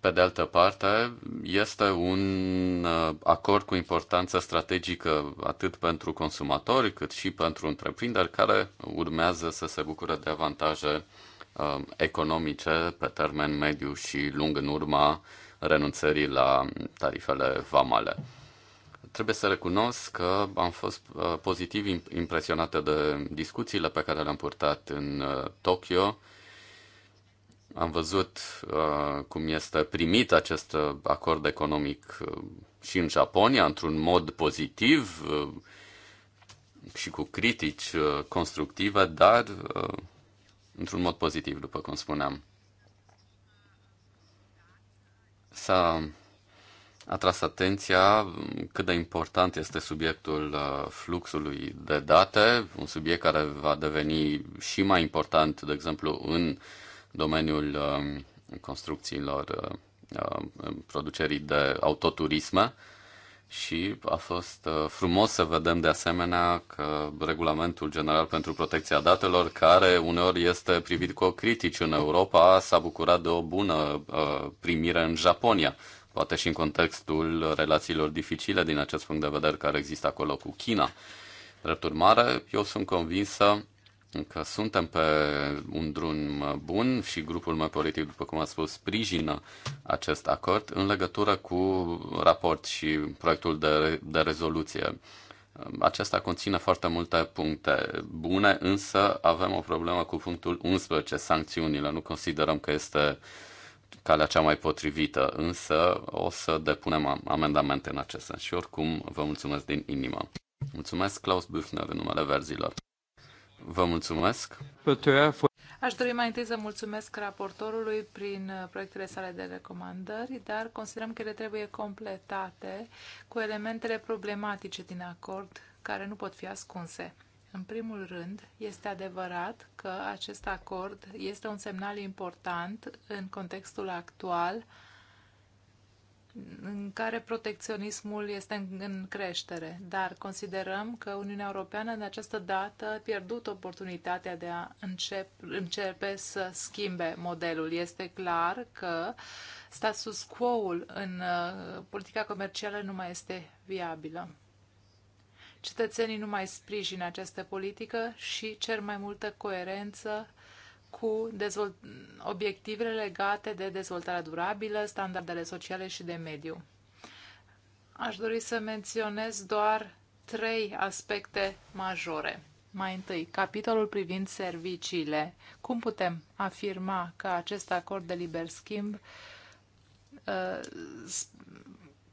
Pe de altă parte, este un uh, acord cu importanță strategică atât pentru consumatori cât și pentru întreprinderi care urmează să se bucure de avantaje uh, economice pe termen mediu și lung în urma renunțării la tarifele vamale. Trebuie să recunosc că am fost uh, pozitiv impresionată de discuțiile pe care le-am purtat în uh, Tokyo. Am văzut uh, cum este primit acest acord economic și în Japonia, într-un mod pozitiv și cu critici constructive, dar într-un mod pozitiv, după cum spuneam. s-a atras atenția cât de important este subiectul uh, fluxului de date, un subiect care va deveni și mai important, de exemplu, în domeniul um, construcțiilor, uh, uh, producerii de autoturisme și a fost uh, frumos să vedem de asemenea că regulamentul general pentru protecția datelor, care uneori este privit cu o critici în Europa, s-a bucurat de o bună uh, primire în Japonia, poate și în contextul relațiilor dificile din acest punct de vedere care există acolo cu China. Drept urmare, eu sunt convinsă că suntem pe un drum bun și grupul meu politic, după cum a spus, sprijină acest acord în legătură cu raport și proiectul de, de rezoluție. Acesta conține foarte multe puncte bune, însă avem o problemă cu punctul 11, sancțiunile. Nu considerăm că este calea cea mai potrivită, însă o să depunem amendamente în acest sens. Și oricum, vă mulțumesc din inimă. Mulțumesc, Klaus Büchner, în numele verzilor. Vă mulțumesc. Aș dori mai întâi să mulțumesc raportorului prin uh, proiectele sale de recomandări, dar considerăm că ele trebuie completate cu elementele problematice din acord care nu pot fi ascunse. În primul rând, este adevărat că acest acord este un semnal important în contextul actual în care protecționismul este în, în creștere, dar considerăm că Uniunea Europeană în această dată a pierdut oportunitatea de a încep, începe să schimbe modelul. Este clar că status quo-ul în uh, politica comercială nu mai este viabilă. Cetățenii nu mai sprijină această politică și cer mai multă coerență cu obiectivele legate de dezvoltarea durabilă, standardele sociale și de mediu. Aș dori să menționez doar trei aspecte majore. Mai întâi, capitolul privind serviciile. Cum putem afirma că acest acord de liber schimb uh,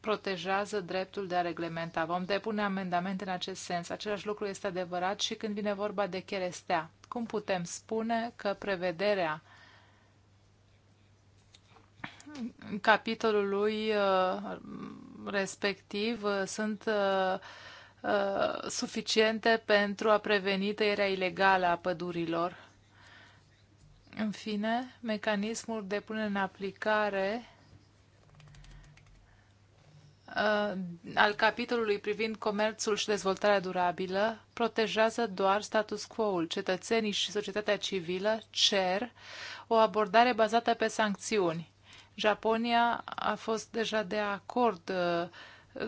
protejează dreptul de a reglementa. Vom depune amendamente în acest sens. Același lucru este adevărat și când vine vorba de cherestea. Cum putem spune că prevederea capitolului uh, respectiv uh, sunt uh, suficiente pentru a preveni tăierea ilegală a pădurilor. În fine, mecanismul de punere în aplicare Uh, al capitolului privind comerțul și dezvoltarea durabilă protejează doar status quo-ul. Cetățenii și societatea civilă cer o abordare bazată pe sancțiuni. Japonia a fost deja de acord uh,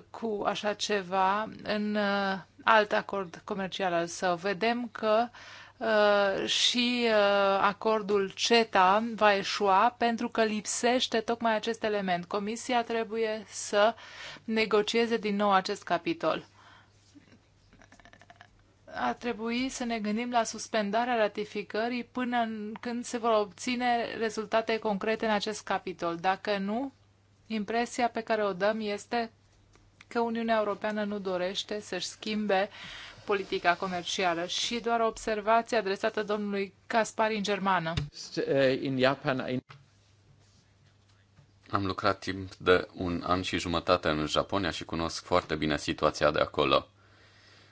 cu așa ceva în uh, alt acord comercial al său. Vedem că uh, Uh, și uh, acordul CETA va eșua pentru că lipsește tocmai acest element. Comisia trebuie să negocieze din nou acest capitol. Ar trebui să ne gândim la suspendarea ratificării până când se vor obține rezultate concrete în acest capitol. Dacă nu, impresia pe care o dăm este că Uniunea Europeană nu dorește să-și schimbe politica comercială și doar o observație adresată domnului Caspari în germană. Eh, in Japan, Am lucrat timp de un an și jumătate în Japonia și cunosc foarte bine situația de acolo.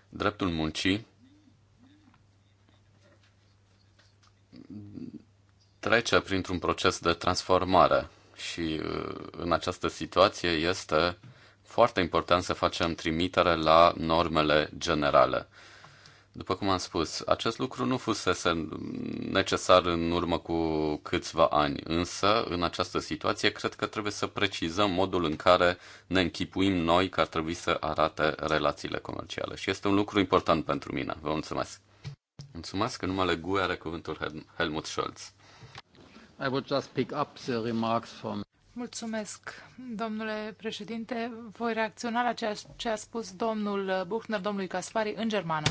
Dreptul muncii trece printr-un proces de transformare și eh, în această situație este uh, foarte important să facem trimitere la normele generale. După cum am spus, acest lucru nu fusese necesar în urmă cu câțiva ani, însă în această situație cred că trebuie să precizăm modul în care ne închipuim noi că ar trebui să arate relațiile comerciale. Și este un lucru important pentru mine. Vă mulțumesc. Mulțumesc. că numele GUE are cuvântul Helmut Scholz. I would just pick up the remarks from Mulțumesc, domnule președinte. Voi reacționa la ceea ce a spus domnul Buchner, domnului Caspari, în germană.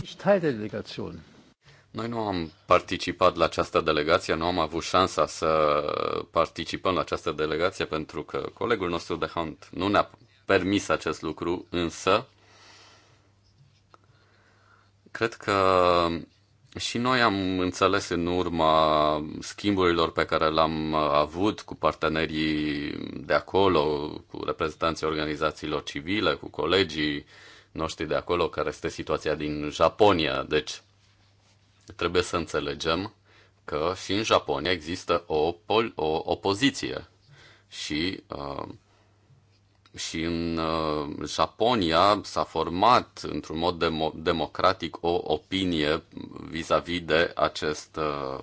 Noi nu am participat la această delegație, nu am avut șansa să participăm la această delegație pentru că colegul nostru de Hunt nu ne-a permis acest lucru, însă cred că și noi am înțeles în urma schimburilor pe care le-am uh, avut cu partenerii de acolo, cu reprezentanții organizațiilor civile, cu colegii noștri de acolo, care este situația din Japonia. Deci, trebuie să înțelegem că și în Japonia există o, o opoziție și uh, și în uh, Japonia s-a format într-un mod demo- democratic o opinie vis-a-vis -vis de acest uh,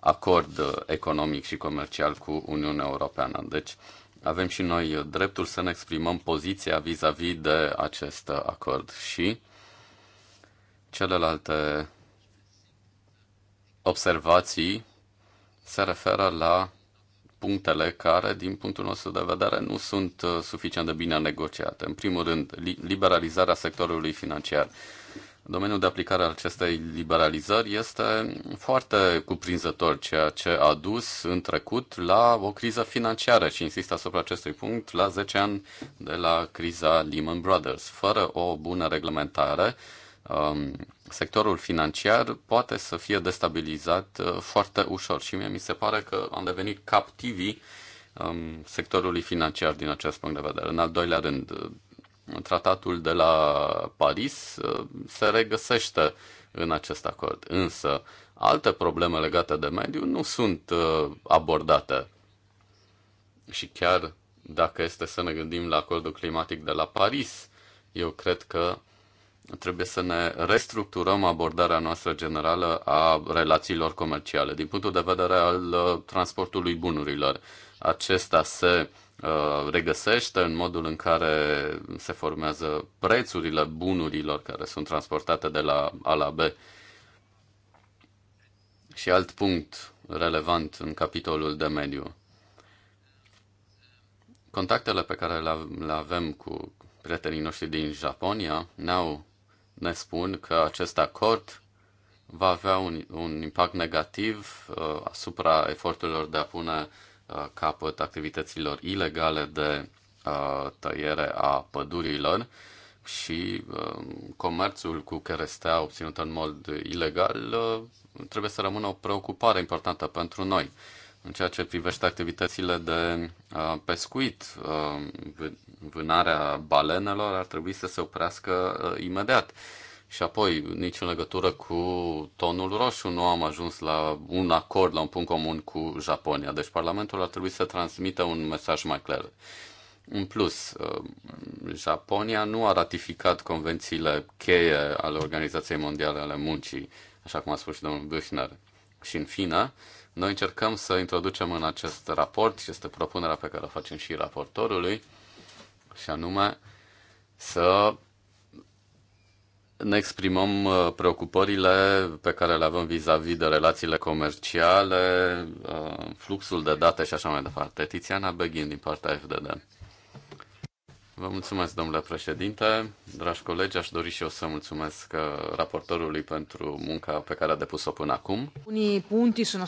acord economic și comercial cu Uniunea Europeană. Deci avem și noi dreptul să ne exprimăm poziția vis-a-vis -vis de acest acord și celelalte observații se referă la punctele care, din punctul nostru de vedere, nu sunt uh, suficient de bine negociate. În primul rând, liberalizarea sectorului financiar. Domeniul de aplicare al acestei liberalizări este foarte cuprinzător, ceea ce a dus în trecut la o criză financiară și insist asupra acestui punct la 10 ani de la criza Lehman Brothers. Fără o bună reglementare, um, sectorul financiar poate să fie destabilizat uh, foarte ușor și mie mi se pare că am devenit captivi um, sectorului financiar din acest punct de vedere. În al doilea rând, uh, tratatul de la Paris uh, se regăsește în acest acord, însă alte probleme legate de mediu nu sunt abordate. Și chiar dacă este să ne gândim la acordul climatic de la Paris, eu cred că trebuie să ne restructurăm abordarea noastră generală a relațiilor comerciale din punctul de vedere al uh, transportului bunurilor. Acesta se uh, regăsește în modul în care se formează prețurile bunurilor care sunt transportate de la A la B. Și alt punct relevant în capitolul de mediu. Contactele pe care le avem cu prietenii noștri din Japonia ne-au ne spun că acest acord va avea un, un impact negativ uh, asupra eforturilor de a pune uh, capăt activităților ilegale de uh, tăiere a pădurilor și uh, comerțul cu cherestea obținută în mod ilegal uh, trebuie să rămână o preocupare importantă pentru noi. Uh, în ceea ce privește activitățile de uh, pescuit, uh, vânarea balenelor ar trebui să se oprească uh, imediat. Și apoi, nici în legătură cu tonul roșu, nu am ajuns la un acord, la un punct comun cu Japonia. Deci Parlamentul ar trebui să transmită un mesaj mai clar. În plus, Japonia nu a ratificat convențiile cheie ale Organizației Mondiale ale Muncii, așa cum a spus și domnul Büchner. Și în fine, noi încercăm să introducem în acest raport, și este propunerea pe care o facem și raportorului, și anume să ne exprimăm uh, preocupările pe care le avem vis-a-vis -vis de relațiile comerciale, uh, fluxul de date și așa mai departe. Tiziana Beghin din partea FDD. Vă mulțumesc, domnule președinte. Dragi colegi, aș dori și eu să mulțumesc uh, raportorului pentru munca pe care a depus-o până acum. Unii punti sunt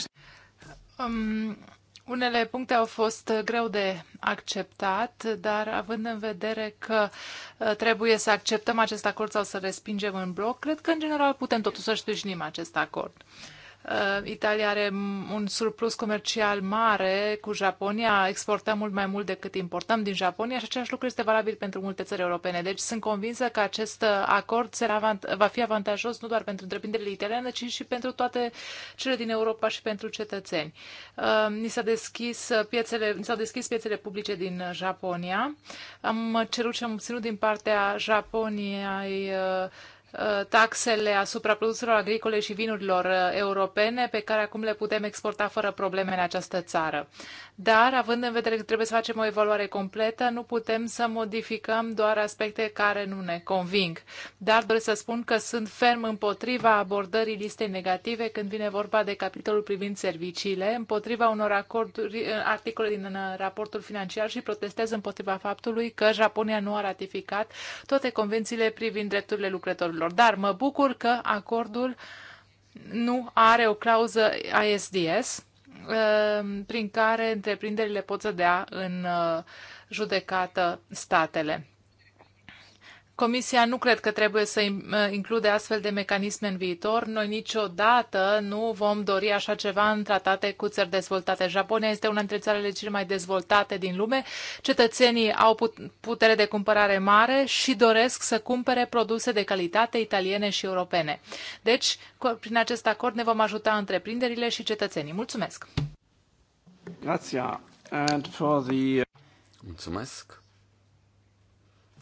Um, unele puncte au fost greu de acceptat, dar având în vedere că uh, trebuie să acceptăm acest acord sau să respingem în bloc, cred că în general putem totuși să sprijinim acest acord. Uh, Uh, Italia are un surplus comercial mare cu Japonia, exportăm mult mai mult decât importăm din Japonia și același lucru este valabil pentru multe țări europene. Deci sunt convinsă că acest acord va fi avantajos nu doar pentru întreprinderile italiane, ci și pentru toate cele din Europa și pentru cetățeni. Uh, ni s-au deschis piețele, ni s-au deschis piețele publice din Japonia. Am cerut și am obținut din partea Japoniei uh, Uh, taxele asupra produselor agricole și vinurilor uh, europene pe care acum le putem exporta fără probleme în această țară. Dar, având în vedere că trebuie să facem o evaluare completă, nu putem să modificăm doar aspecte care nu ne conving. Dar doresc să spun că sunt ferm împotriva abordării listei negative când vine vorba de capitolul privind serviciile, împotriva unor acorduri, uh, articole din raportul financiar și protestez împotriva faptului că Japonia nu a ratificat toate convențiile privind drepturile lucrătorilor acordurilor, dar mă bucur că acordul nu are o clauză ISDS uh, prin care întreprinderile pot să dea în uh, judecată statele. Comisia nu cred că trebuie să uh, include astfel de mecanisme în viitor. Noi niciodată nu vom dori așa ceva în tratate cu țări dezvoltate. Japonia este una dintre țările cele mai dezvoltate din lume. Cetățenii au putere de cumpărare mare și doresc să cumpere produse de calitate italiene și europene. Deci, prin acest acord ne vom ajuta întreprinderile și cetățenii. Mulțumesc! Grazie. And for the... Mulțumesc!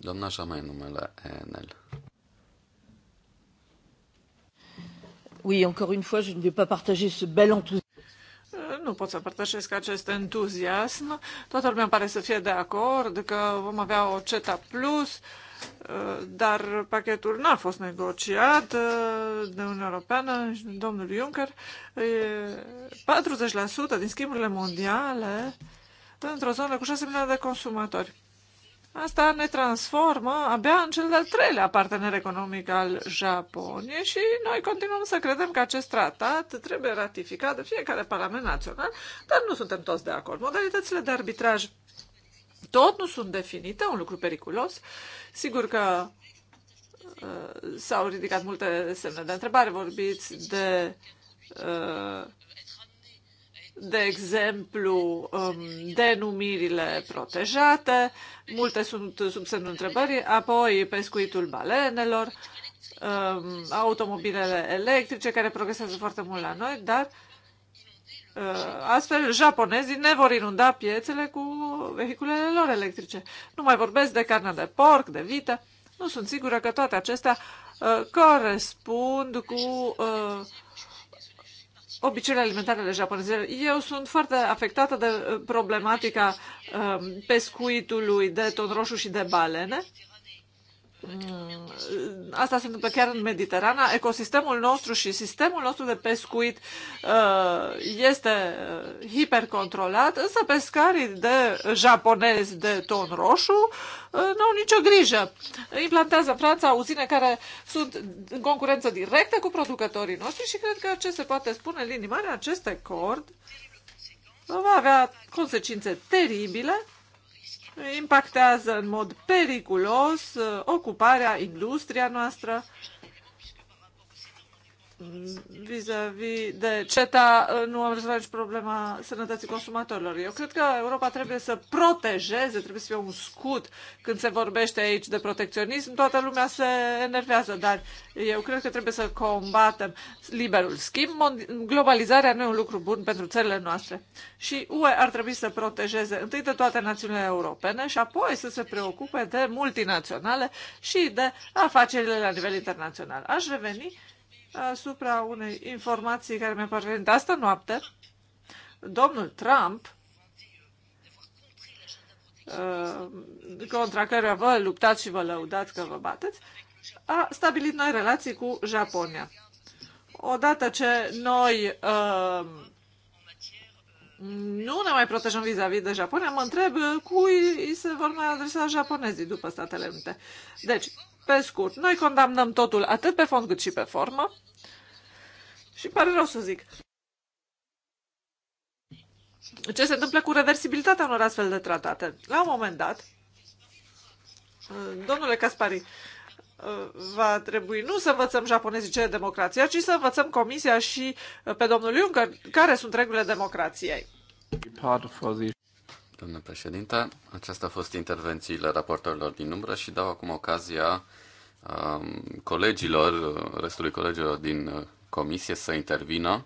Doamna Șamai, numele ENL. Oui, encore une fois, je ne vais pas partager ce bel enthousiasme. Nu pot să părtășesc acest entuziasm. Toată lumea pare să fie de acord că vom avea o CETA Plus, dar pachetul n-a fost negociat de Uniunea Europeană și domnul Juncker. 40% din schimburile mondiale într-o zonă cu 6 milioane de consumatori. Asta ne transformă abia în cel de-al treilea partener economic al Japoniei și noi continuăm să credem că acest tratat trebuie ratificat de fiecare Parlament Național, dar nu suntem toți de acord. Modalitățile de arbitraj tot nu sunt definite, un lucru periculos. Sigur că uh, s-au ridicat multe semne de întrebare, vorbiți de uh, de exemplu, um, denumirile protejate, multe sunt sub semnul întrebării, apoi pescuitul balenelor, um, automobilele electrice, care progresează foarte mult la noi, dar uh, astfel japonezii ne vor inunda piețele cu vehiculele lor electrice. Nu mai vorbesc de carne de porc, de vită. Nu sunt sigură că toate acestea uh, corespund cu uh, obiceiurile alimentare ale japonezilor. Eu sunt foarte afectată de uh, problematica um, pescuitului de ton roșu și de balene Mm, asta se întâmplă chiar în Mediterana, ecosistemul nostru și sistemul nostru de pescuit uh, este uh, hipercontrolat, însă pescarii de japonezi de ton roșu uh, nu au nicio grijă. Implantează în Franța uzine care sunt în concurență directă cu producătorii noștri și cred că ce se poate spune în linii mari, acest acord va avea consecințe teribile impactează în mod periculos uh, ocuparea, industria noastră vis-a-vis de CETA uh, nu am rezolvat nici problema sănătății consumatorilor. Eu cred că Europa trebuie să protejeze, trebuie să fie un scut când se vorbește aici de protecționism. Toată lumea se enervează, dar eu cred că trebuie să combatem liberul schimb. Globalizarea nu e un lucru bun pentru țările noastre. Și UE ar trebui să protejeze întâi de toate națiunile europene și apoi să se preocupe de multinaționale și de afacerile la nivel internațional. Aș reveni asupra unei informații care mi-a parvenit asta noapte. Domnul Trump, uh, contra căruia vă luptați și vă lăudați că vă bateți, a stabilit noi relații cu Japonia. Odată ce noi uh, nu ne mai protejăm vis-a-vis -vis de Japonia, mă întreb cui se vor mai adresa japonezii după Statele Unite. Deci, pe scurt, noi condamnăm totul atât pe fond cât și pe formă și pare rău să zic. Ce se întâmplă cu reversibilitatea unor astfel de tratate? La un moment dat, domnule Caspari, va trebui nu să învățăm japonezii ce e democrația, ci să învățăm Comisia și pe domnul Juncker care sunt regulile democrației. Domnule președinte, aceasta a fost intervențiile raportorilor din umbră și dau acum ocazia um, colegilor, restului colegilor din uh, comisie să intervină.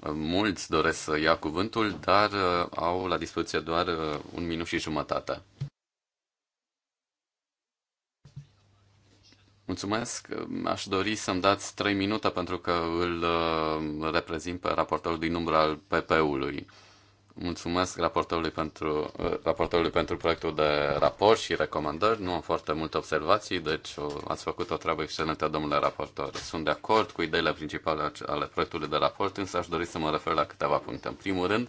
Uh, mulți doresc să ia cuvântul, dar uh, au la dispoziție doar un minut și jumătate. Mulțumesc. Aș dori să-mi dați trei minute pentru că îl reprezint pe raportorul din umbră al PP-ului. Mulțumesc raportorului pentru, uh, raportorului pentru proiectul de raport și recomandări. Nu am foarte multe observații, deci ați făcut o treabă excelentă, domnule raportor. Sunt de acord cu ideile principale ale proiectului de raport, însă aș dori să mă refer la câteva puncte. În primul rând,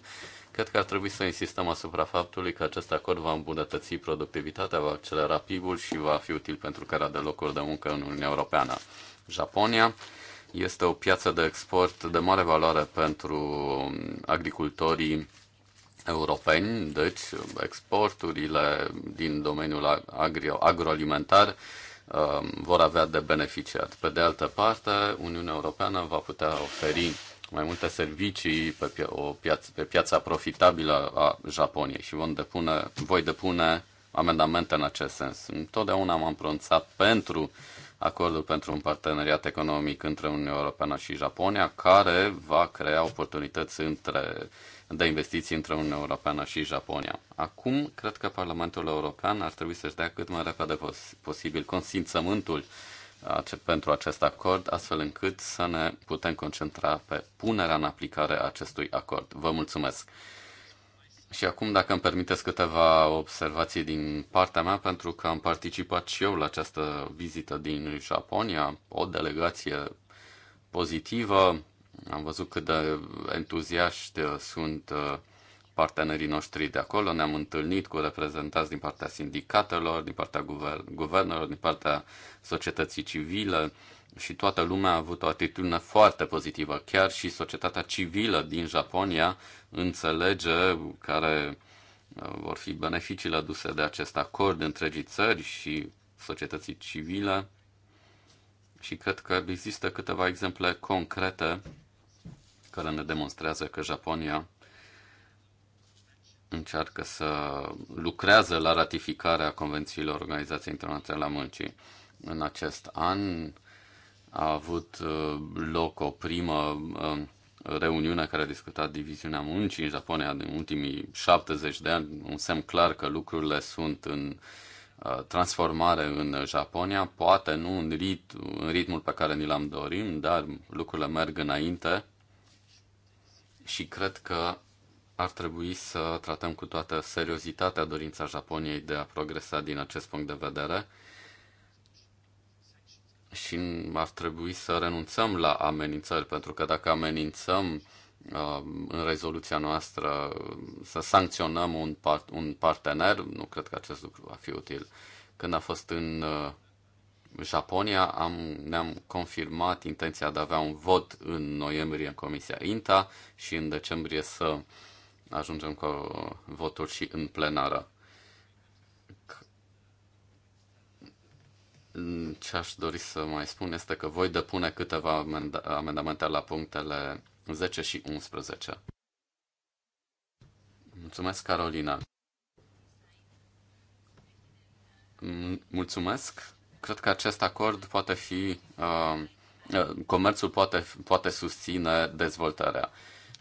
cred că ar trebui să insistăm asupra faptului că acest acord va îmbunătăți productivitatea, va accelera PIB-ul și va fi util pentru crearea de locuri de muncă în Uniunea Europeană. Japonia este o piață de export de mare valoare pentru agricultorii europeni, deci exporturile din domeniul agri- agroalimentar um, vor avea de beneficiat. Pe de altă parte, Uniunea Europeană va putea oferi mai multe servicii pe, pia- o piață, pe piața profitabilă a Japoniei și vom depune, voi depune amendamente în acest sens. Întotdeauna m-am pronunțat pentru acordul pentru un parteneriat economic între Uniunea Europeană și Japonia, care va crea oportunități între de investiții între Uniunea Europeană și Japonia. Acum, cred că Parlamentul European ar trebui să-și dea cât mai repede pos- posibil consimțământul pentru acest acord, astfel încât să ne putem concentra pe punerea în aplicare a acestui acord. Vă mulțumesc! Și acum, dacă îmi permiteți câteva observații din partea mea, pentru că am participat și eu la această vizită din Japonia, o delegație pozitivă, am văzut cât de entuziaști uh, sunt uh, partenerii noștri de acolo. Ne-am întâlnit cu reprezentanți din partea sindicatelor, din partea guvernelor, din partea societății civile și toată lumea a avut o atitudine foarte pozitivă. Chiar și societatea civilă din Japonia înțelege care uh, vor fi beneficiile aduse de acest acord întregii țări și societății civile. Și cred că există câteva exemple concrete care ne demonstrează că Japonia încearcă să lucrează la ratificarea convențiilor Organizației Internaționale a Muncii. În acest an a avut uh, loc o primă uh, reuniune care a discutat diviziunea muncii în Japonia din ultimii 70 de ani, un semn clar că lucrurile sunt în uh, transformare în Japonia, poate nu în, rit- în ritmul pe care ni l-am dorim, dar lucrurile merg înainte și cred că ar trebui să tratăm cu toată seriozitatea dorința Japoniei de a progresa din acest punct de vedere și ar trebui să renunțăm la amenințări, pentru că dacă amenințăm uh, în rezoluția noastră să sancționăm un, part, un partener, nu cred că acest lucru va fi util. Când a fost în uh, Japonia am, ne-am confirmat intenția de a avea un vot în noiembrie în Comisia INTA și în decembrie să ajungem cu votul și în plenară. Ce aș dori să mai spun este că voi depune câteva amend- amendamente la punctele 10 și 11. Mulțumesc, Carolina. Mulțumesc Cred că acest acord poate fi, uh, uh, comerțul poate, poate susține dezvoltarea.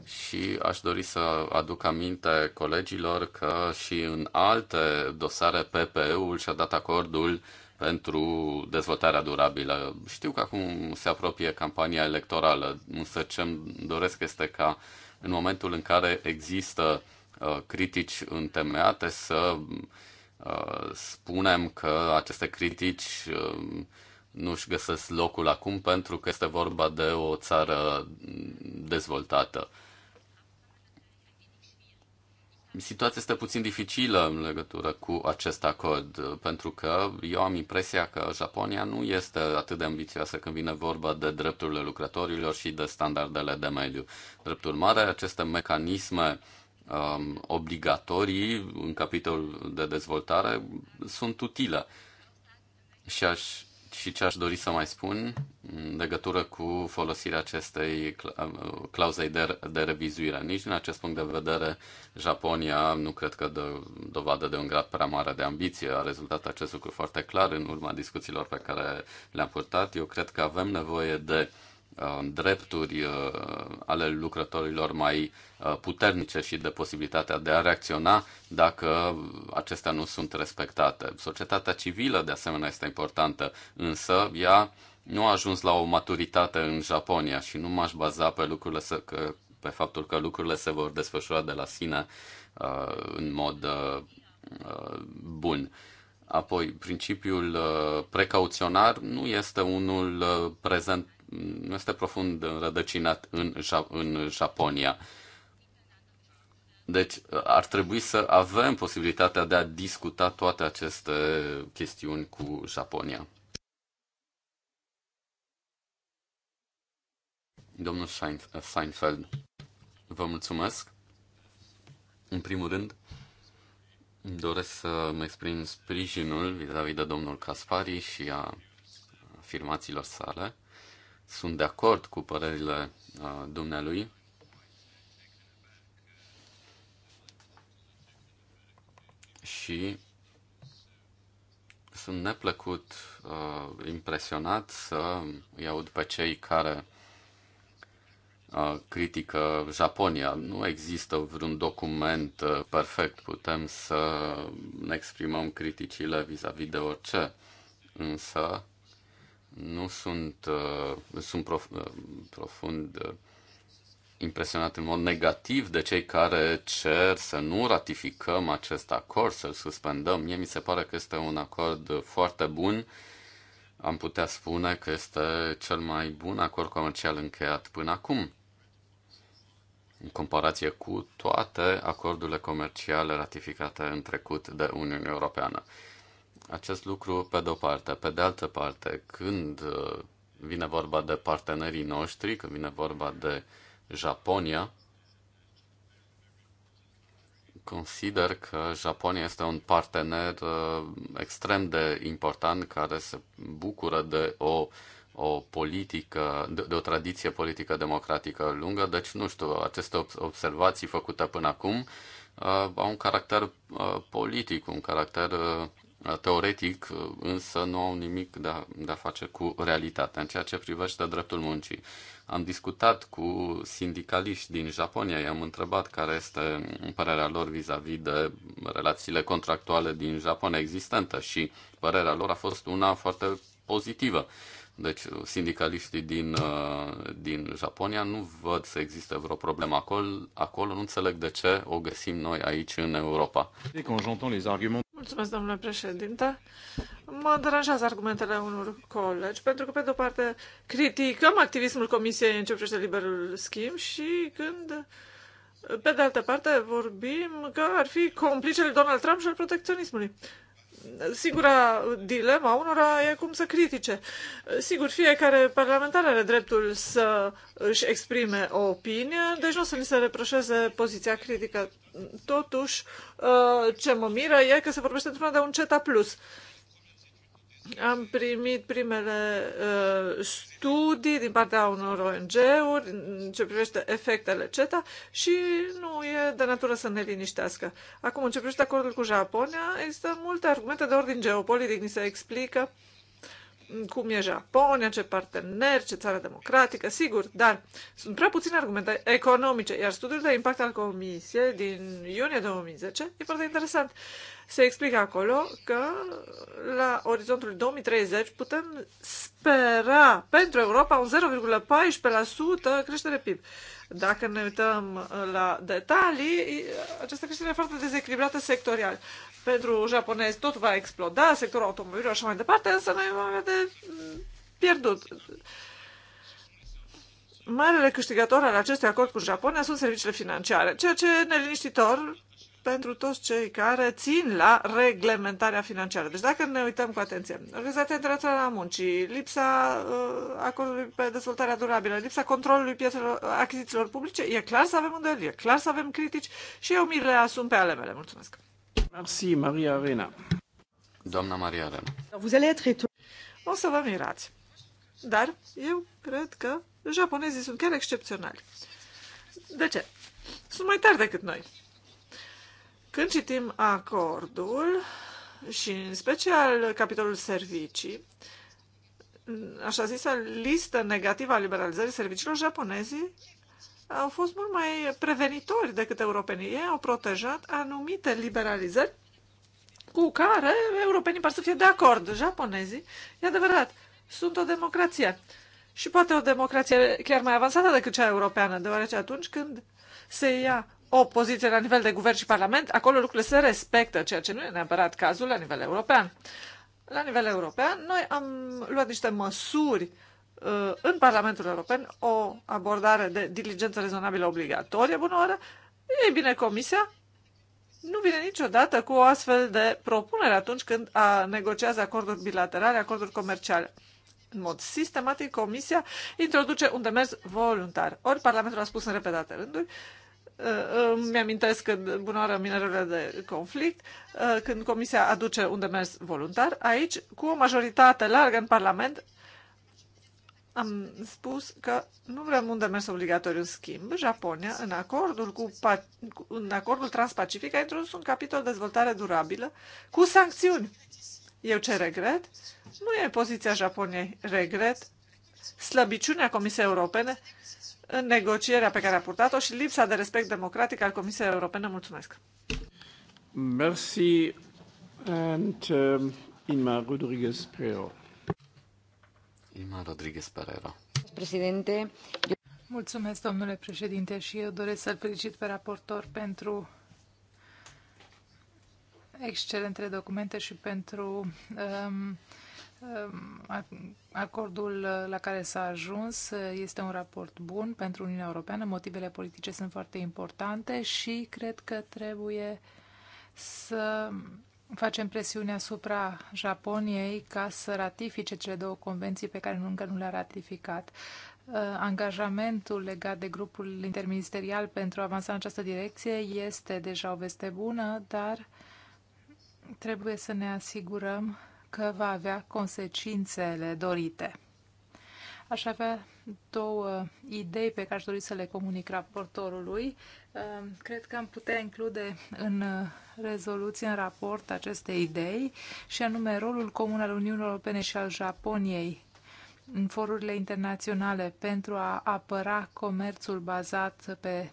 Și aș dori să aduc aminte colegilor că și în alte dosare PPE-ul și-a dat acordul pentru dezvoltarea durabilă. Știu că acum se apropie campania electorală, însă ce îmi doresc este ca în momentul în care există uh, critici întemeiate să Uh, spunem că aceste critici um, nu își găsesc locul acum pentru că este vorba de o țară dezvoltată. Situația este puțin dificilă în legătură cu acest acord, pentru că eu am impresia că Japonia nu este atât de ambițioasă când vine vorba de drepturile lucrătorilor și de standardele de mediu. Drept urmare, aceste mecanisme uh, um, obligatorii în capitolul de dezvoltare sunt utile. Și, aș, și ce aș dori să mai spun în legătură cu folosirea acestei uh, clauzei de, de revizuire. Nici din acest punct de vedere, Japonia nu cred că dă dovadă de un grad prea mare de ambiție. A rezultat acest lucru foarte clar în urma discuțiilor pe care le-am purtat. Eu cred că avem nevoie de uh, Uh, drepturi uh, ale lucrătorilor mai uh, puternice și de posibilitatea de a reacționa dacă acestea nu sunt respectate. Societatea civilă, de asemenea, este importantă, însă ea nu a ajuns la o maturitate în Japonia și nu m-aș baza pe lucrurile să, că, pe faptul că lucrurile se vor desfășura de la sine uh, în mod uh, bun. Apoi, principiul uh, precauționar nu este unul uh, prezent nu este profund rădăcinat în, ja- în Japonia. Deci ar trebui să avem posibilitatea de a discuta toate aceste chestiuni cu Japonia. Domnul Seinfeld, vă mulțumesc. În primul rând, doresc să mă exprim sprijinul vis-a-vis de domnul Caspari și a afirmațiilor sale. Sunt de acord cu părerile uh, dumnealui. Și sunt neplăcut uh, impresionat să îi aud pe cei care uh, critică Japonia. Nu există vreun document uh, perfect, putem să ne exprimăm criticile vis-a-vis -vis de orice, însă nu sunt, uh, sunt prof, uh, profund uh, impresionat în mod negativ de cei care cer să nu ratificăm acest acord, să-l suspendăm. Mie mi se pare că este un acord foarte bun. Am putea spune că este cel mai bun acord comercial încheiat până acum, în comparație cu toate acordurile comerciale ratificate în trecut de Uniunea Europeană. Acest lucru pe de-o parte. Pe de altă parte, când uh, vine vorba de partenerii noștri, când vine vorba de Japonia, consider că Japonia este un partener uh, extrem de important care se bucură de o, o politică, de, de o tradiție politică democratică lungă, deci nu știu, aceste observații făcute până acum uh, au un caracter uh, politic, un caracter uh, Uh, teoretic, uh, însă nu au nimic de a, de a face cu realitatea în ceea ce privește dreptul muncii. Am discutat cu sindicaliști din Japonia, i-am întrebat care este părerea lor vis-a-vis -vis de relațiile contractuale din Japonia existentă și părerea lor a fost una foarte pozitivă. Deci, sindicaliștii din, uh, din Japonia nu văd să existe vreo problemă acolo, acolo, nu înțeleg de ce o găsim noi aici în Europa. Mulțumesc, domnule președinte. Mă deranjează argumentele unor colegi, pentru că, pe de-o parte, criticăm activismul Comisiei în ce privește liberul schimb și când, pe de altă parte, vorbim că ar fi complicele Donald Trump și al protecționismului singura dilema unora e cum să critique. Sigur, fiecare parlamentar are dreptul să își exprime o opinie, deci nu o să ni se reproșeze poziția critică. Totuși, uh, ce mă miră e că se vorbește într-una de un CETA+. Plus am primit primele uh, studii din partea unor ONG-uri în ce privește efectele CETA și nu e de natură să ne liniștească. Acum, în ce privește acordul cu Japonia, există multe argumente de ordin geopolitic. Ni se explică cum e Japonia, ce parteneri, ce țară democratică, sigur, dar sunt prea puține argumente economice, iar studiul de impact al Comisiei din iunie 2010 e foarte interesant. Uh, se explică acolo că la orizontul 2030 putem spera pentru Europa un 0,14% creștere PIB. Dacă ne uităm la detalii, această creștere e foarte dezechilibrată sectorial. Pentru japonezi tot va exploda, sectorul automobilor și așa mai departe, însă noi vom avea de pierdut. Marele câștigător al acestui acord cu Japonia sunt serviciile financiare, ceea ce e neliniștitor pentru toți cei care țin la reglementarea financiară. Deci dacă ne uităm cu atenție, Organizația Internațională a Muncii, lipsa uh, acordului pe dezvoltarea durabilă, lipsa controlului piețelor achizițiilor publice, e clar să avem îndoieli, e clar să avem critici și eu mi le asum pe ale mele. Mulțumesc! Merci, Maria Arena. Doamna Maria Arena. Vous allez être O să vă mirați. Dar eu cred că japonezii sunt chiar excepționali. De ce? Sunt mai tari decât noi când citim acordul și în special capitolul servicii, așa zisă listă negativă a liberalizării serviciilor japonezii au fost mult mai prevenitori decât europenii. Ei au protejat anumite liberalizări cu care europenii par să fie de acord. Japonezii, e adevărat, sunt o democrație. Și poate o democrație chiar mai avansată decât cea europeană, deoarece atunci când se ia o poziție la nivel de guvern și parlament, acolo lucrurile se respectă, ceea ce nu e neapărat cazul la nivel european. La nivel european, noi am luat niște măsuri uh, în Parlamentul European, o abordare de diligență rezonabilă obligatorie, bună oră. Ei bine, Comisia nu vine niciodată cu o astfel de propunere atunci când a negociază acorduri bilaterale, acorduri comerciale. În mod sistematic, Comisia introduce un demers voluntar. Ori Parlamentul a spus în repetate rânduri, uh, îmi amintesc când bunoară minerele de conflict, uh, când Comisia aduce un demers voluntar, aici, cu o majoritate largă în Parlament, am spus că nu vrem un demers obligatoriu. În schimb, Japonia, în acordul, cu, în acordul transpacific, a introdus un capitol dezvoltare durabilă cu sancțiuni. Eu ce regret? Nu e poziția Japoniei. Regret slăbiciunea Comisiei Europene în negocierea pe care a purtat-o și lipsa de respect democratic al Comisiei Europene. Mulțumesc! Merci and um, Inma Rodriguez Pereira. Inma Rodriguez Pereira. Președinte. Mulțumesc, domnule președinte, și eu doresc să-l felicit pe raportor pentru excelentele documente și pentru um, Ehm, acordul uh, la care s-a ajuns uh, este un raport bun pentru Uniunea Europeană. Motivele politice sunt foarte importante și cred că trebuie să facem presiune asupra Japoniei ca să ratifice cele două convenții pe care încă nu le-a ratificat. Uh, angajamentul legat de grupul interministerial pentru a avansa în această direcție este deja o veste bună, dar trebuie să ne asigurăm că va avea consecințele dorite. Aș avea două idei pe care aș dori să le comunic raportorului. Ehm, cred că am putea include în uh, rezoluție, în raport, aceste idei și anume rolul comun al Uniunii Europene și al Japoniei în forurile internaționale pentru a apăra comerțul bazat pe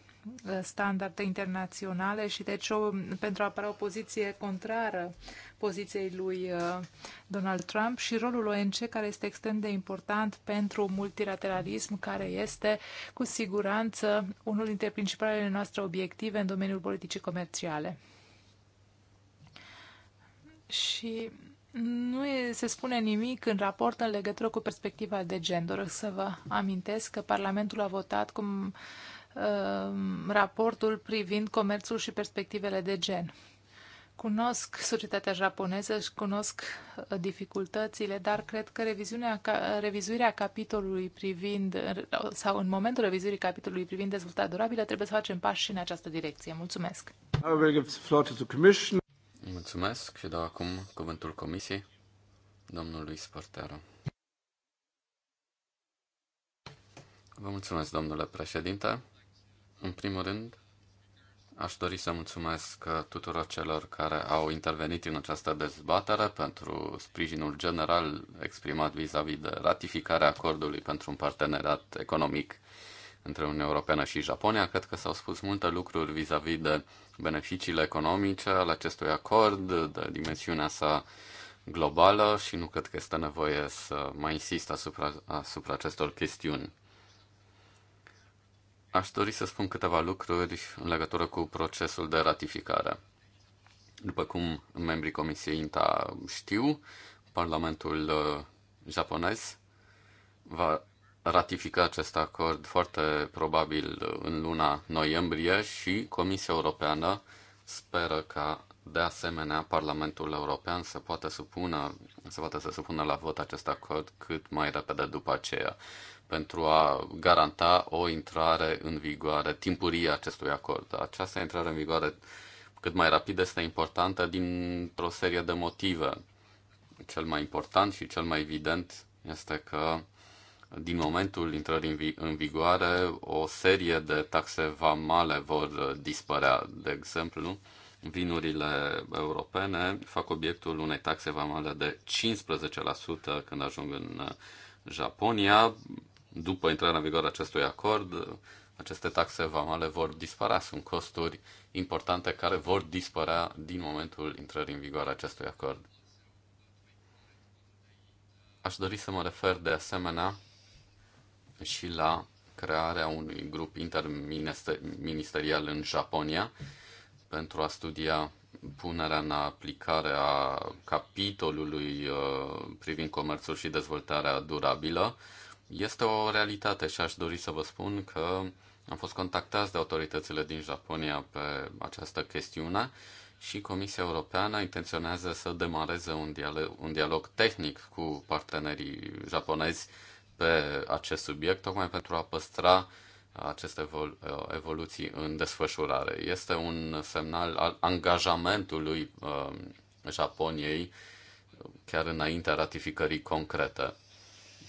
standarde internaționale și deci o, pentru a apăra o poziție contrară poziției lui uh, Donald Trump și rolul ONC care este extrem de important pentru multilateralism care este cu siguranță unul dintre principalele noastre obiective în domeniul politicii comerciale. Și nu e, se spune nimic în raport în legătură cu perspectiva de gender. să vă amintesc că Parlamentul a votat cum Um, raportul privind comerțul și perspectivele de gen. Cunosc societatea japoneză și cunosc uh, dificultățile, dar cred că reviziunea, revizuirea capitolului privind, uh, sau în momentul revizuirii capitolului privind dezvoltarea durabilă, trebuie să facem pași și în această direcție. Mulțumesc! Mulțumesc și dau acum cuvântul comisiei domnului Sporteru. Vă mulțumesc, domnule președinte. În primul rând, aș dori să mulțumesc tuturor celor care au intervenit în această dezbatere pentru sprijinul general exprimat vis-a-vis -vis de ratificarea acordului pentru un parteneriat economic între Uniunea Europeană și Japonia. Cred că s-au spus multe lucruri vis-a-vis -vis de beneficiile economice ale acestui acord, de dimensiunea sa globală și nu cred că este nevoie să mai insist asupra, asupra acestor chestiuni. Aș dori să spun câteva lucruri în legătură cu procesul de ratificare. După cum membrii Comisiei INTA știu, Parlamentul uh, japonez va ratifica acest acord foarte probabil în luna noiembrie și Comisia Europeană speră ca de asemenea Parlamentul European să poată, supună, să poată să supună la vot acest acord cât mai repede după aceea pentru a garanta o intrare în vigoare timpurie acestui acord. Această intrare în vigoare cât mai rapid este importantă dintr-o serie de motive. Cel mai important și cel mai evident este că din momentul intrării în vigoare, o serie de taxe vamale vor dispărea. De exemplu, vinurile europene fac obiectul unei taxe vamale de 15% când ajung în uh, Japonia după intrarea în vigoare acestui acord, aceste taxe vamale vor dispărea. Sunt costuri importante care vor dispărea din momentul intrării în vigoare acestui acord. Aș dori să mă refer de asemenea și la crearea unui grup interministerial în Japonia pentru a studia punerea în aplicare a capitolului uh, privind comerțul și dezvoltarea durabilă este o realitate și aș dori să vă spun că am fost contactați de autoritățile din Japonia pe această chestiune și Comisia Europeană intenționează să demareze un dialog, un dialog tehnic cu partenerii japonezi pe acest subiect, tocmai pentru a păstra aceste evoluții în desfășurare. Este un semnal al angajamentului uh, Japoniei chiar înaintea ratificării concrete.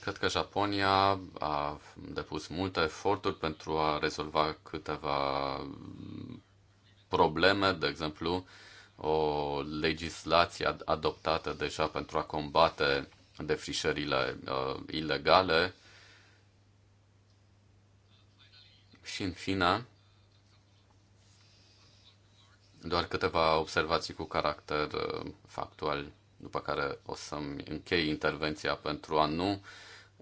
Cred că Japonia a depus multe eforturi pentru a rezolva câteva probleme, de exemplu, o legislație adoptată deja pentru a combate defrișările uh, ilegale. Și în fine, doar câteva observații cu caracter uh, factual, după care o să-mi închei intervenția pentru a nu uh,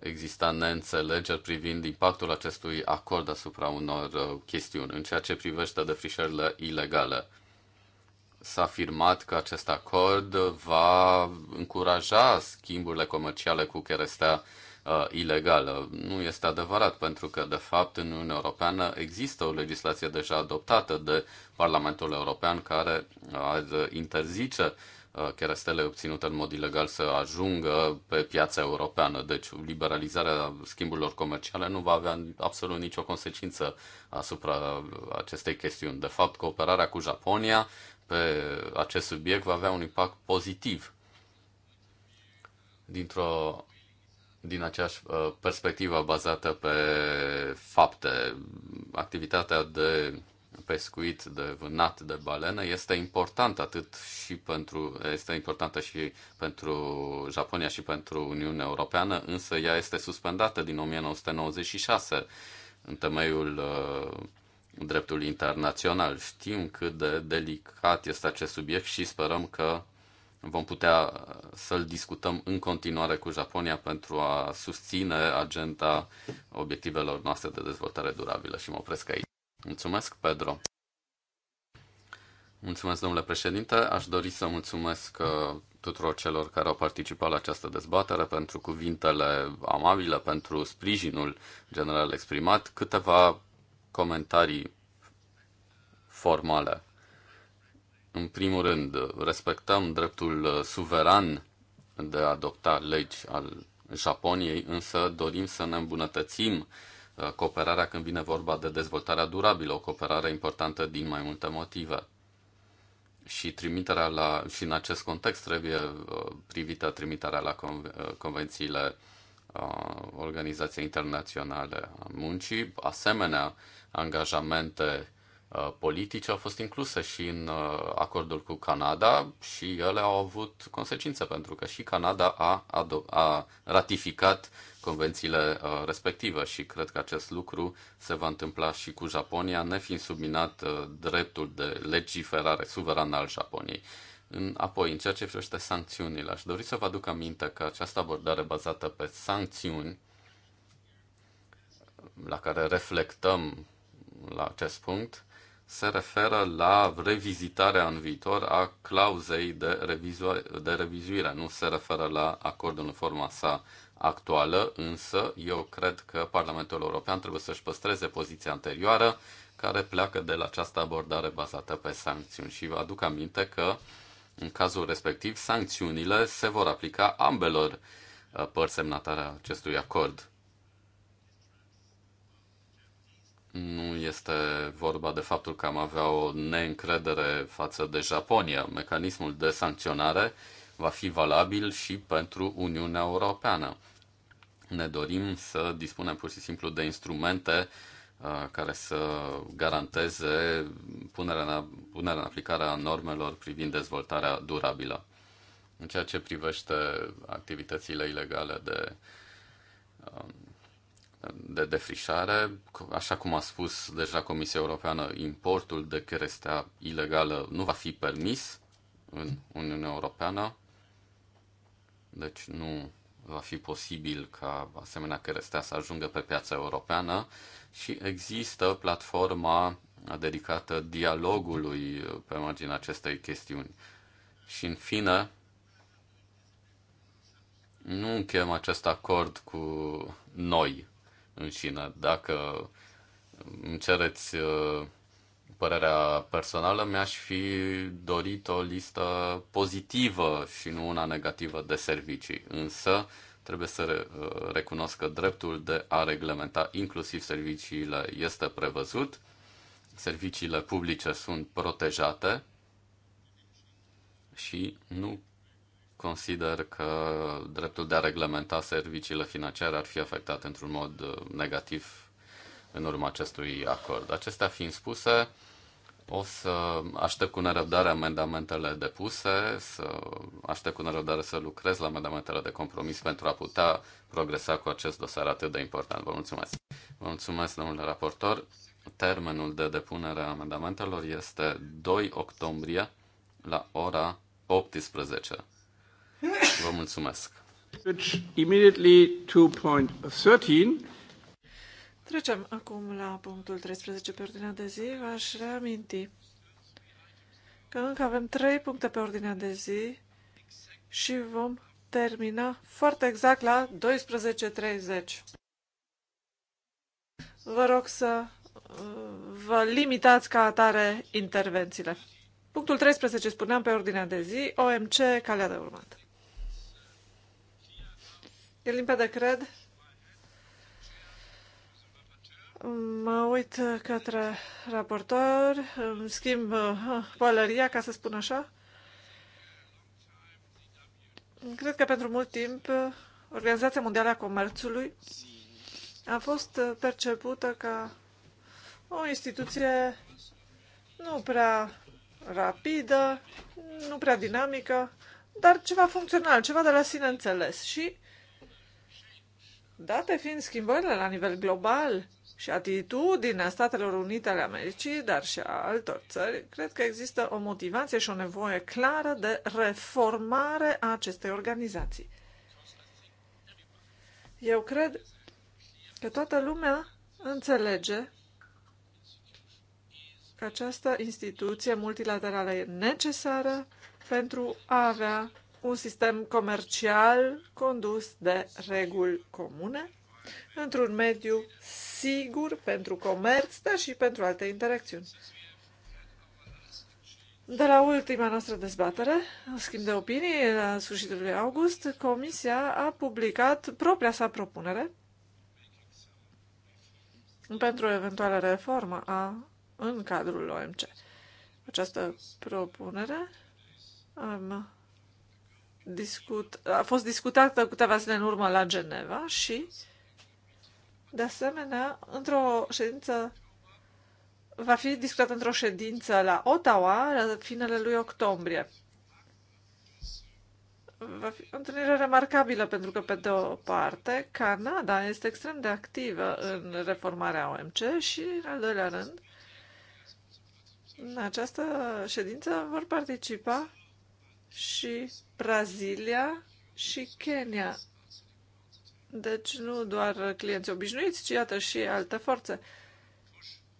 exista neînțelegeri privind impactul acestui acord asupra unor uh, chestiuni. În ceea ce privește defrișările ilegale, s-a afirmat că acest acord va încuraja schimburile comerciale cu cherestea uh, ilegală. Nu este adevărat, pentru că, de fapt, în Uniunea Europeană există o legislație deja adoptată de Parlamentul European care ar uh, interzice Uh, stele obținute în mod ilegal să ajungă pe piața europeană. Deci liberalizarea schimburilor comerciale nu va avea absolut nicio consecință asupra acestei chestiuni. De fapt, cooperarea cu Japonia pe acest subiect va avea un impact pozitiv. Dintr-o din aceeași uh, perspectivă bazată pe fapte, activitatea de pescuit, de vânat de balene este important atât și pentru, este importantă și pentru Japonia și pentru Uniunea Europeană, însă ea este suspendată din 1996 în temeiul uh, dreptului internațional. Știm cât de delicat este acest subiect și sperăm că vom putea să-l discutăm în continuare cu Japonia pentru a susține agenda obiectivelor noastre de dezvoltare durabilă și mă opresc aici. Mulțumesc, Pedro. Mulțumesc, domnule președinte. Aș dori să mulțumesc uh, tuturor celor care au participat la această dezbatere pentru cuvintele amabile, pentru sprijinul general exprimat. Câteva comentarii formale. În primul rând, respectăm dreptul uh, suveran de a adopta legi al Japoniei, însă dorim să ne îmbunătățim uh, Uh, cooperarea când vine vorba de dezvoltarea durabilă, o cooperare importantă din mai multe motive. Și trimiterea la, și în acest context trebuie uh, privită trimiterea la uh, convențiile Organizației Internaționale a Muncii, asemenea angajamente Uh, politice au fost incluse și în uh, acordul cu Canada și ele au avut consecințe pentru că și Canada a, a ratificat convențiile uh, respective și cred că acest lucru se va întâmpla și cu Japonia, nefiind subminat dreptul de legiferare suverană al Japoniei. Apoi, în ceea ce privește sancțiunile, aș dori să vă aduc aminte că această abordare bazată pe sancțiuni, la care reflectăm la acest punct, se referă la revizitarea în viitor a clauzei de, revizu- de revizuire. Nu se referă la acordul în forma sa actuală, însă eu cred că Parlamentul European trebuie să-și păstreze poziția anterioară, care pleacă de la această abordare bazată pe sancțiuni. Și vă aduc aminte că, în cazul respectiv, sancțiunile se vor aplica ambelor uh, părți semnatare a acestui acord. Nu este vorba de faptul că am avea o neîncredere față de Japonia. Mecanismul de sancționare va fi valabil și pentru Uniunea Europeană. Ne dorim să dispunem pur și simplu de instrumente uh, care să garanteze punerea în, punerea în aplicare a normelor privind dezvoltarea durabilă. În ceea ce privește activitățile ilegale de um, de defrișare. Așa cum a spus deja Comisia Europeană, importul de cherestea ilegală nu va fi permis în Uniunea Europeană, deci nu va fi posibil ca asemenea cherestea să ajungă pe piața europeană și există platforma dedicată dialogului pe marginea acestei chestiuni. Și în fine, nu încheiem acest acord cu noi, în înșine. Dacă îmi cereți uh, părerea personală, mi-aș fi dorit o listă pozitivă și nu una negativă de servicii. Însă, trebuie să uh, recunosc că dreptul de a reglementa inclusiv serviciile este prevăzut, serviciile publice sunt protejate și nu consider că dreptul de a reglementa serviciile financiare ar fi afectat într-un mod uh, negativ în urma acestui acord. Acestea fiind spuse, o să aștept cu nerăbdare amendamentele depuse, să aștept cu nerăbdare să lucrez la amendamentele de compromis pentru a putea progresa cu acest dosar atât de important. Vă mulțumesc! Vă mulțumesc, domnule raportor! Termenul de depunere a amendamentelor este 2 octombrie la ora 18. Vă mulțumesc. Deci, immediately to point 13. Trecem acum la punctul 13 pe ordinea de zi. V-aș reaminti că încă avem trei puncte pe ordinea de zi și vom termina foarte exact la 12.30. Vă rog să uh, vă limitați ca atare intervențiile. Punctul 13 spuneam pe ordinea de zi, OMC, calea de urmat. E limpede, cred. Mă uit către raportor, îmi schimb uh, pălăria, ca să spun așa. Cred că pentru mult timp Organizația Mondială a Comerțului a fost percepută ca o instituție nu prea rapidă, nu prea dinamică, dar ceva funcțional, ceva de la sine înțeles. Și Date fiind schimbările la nivel global și atitudinea Statelor Unite ale Americii, dar și a altor țări, cred că există o motivație și o nevoie clară de reformare a acestei organizații. Eu cred că toată lumea înțelege că această instituție multilaterală e necesară pentru a avea un sistem comercial condus de reguli comune, într-un mediu sigur pentru comerț, dar și pentru alte interacțiuni. De la ultima noastră dezbatere, în schimb de opinii, la sfârșitul lui august, Comisia a publicat propria sa propunere pentru o eventuală reformă a, în cadrul OMC. Această propunere am discut, a fost discutată câteva zile în urmă la Geneva și, de asemenea, într-o ședință va fi discutată într-o ședință la Ottawa la finele lui octombrie. Va fi o întâlnire remarcabilă pentru că, pe de o parte, Canada este extrem de activă în reformarea OMC și, în al doilea rând, în această ședință vor participa și Brazilia și Kenya. Deci nu doar clienți obișnuiți, ci iată și alte forțe.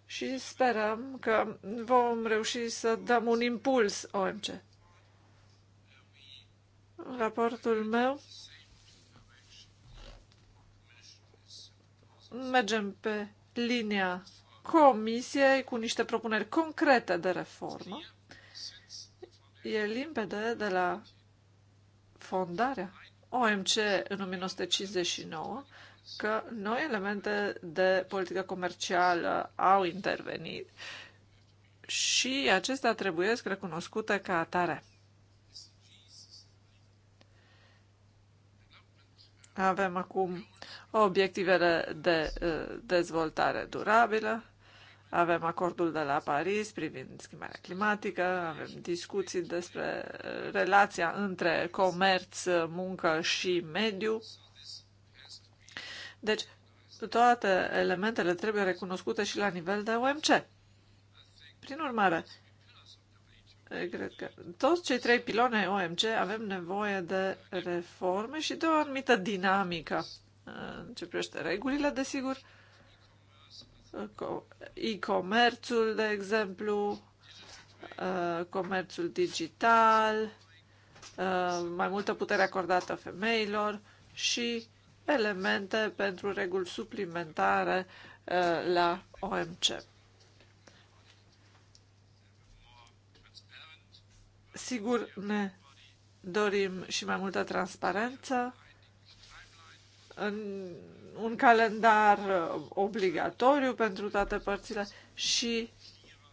Și sperăm că vom reuși să dăm un impuls OMC. raportul meu mergem pe linia comisiei cu niște propuneri concrete de reformă. E limpede de la fondarea OMC în 1959 că noi elemente de politică comercială au intervenit și acestea trebuie recunoscute ca atare. Avem acum obiectivele de uh, dezvoltare durabilă avem acordul de la Paris privind schimbarea climatică, avem discuții despre eh, relația între comerț, muncă și mediu. Deci, toate elementele trebuie recunoscute și la nivel de OMC. Prin urmare, eh, cred că toți cei trei pilone OMC avem nevoie de reforme și de o anumită dinamică. Eh, în ce privește regulile, desigur, e-comerțul, de exemplu, uh, comerțul digital, uh, mai multă putere acordată femeilor și elemente pentru reguli suplimentare uh, la OMC. Sigur, ne dorim și mai multă transparență în un calendar uh, obligatoriu pentru toate părțile și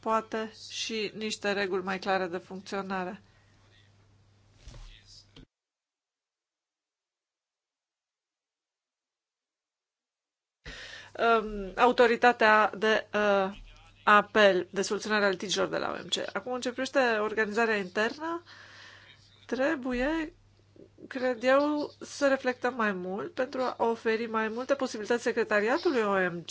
poate și niște reguli mai clare de funcționare. Um, autoritatea de uh, apel de soluționare a litigilor de la OMC. Acum începește organizarea internă. Trebuie cred eu, să reflectăm mai mult pentru a oferi mai multe posibilități secretariatului OMC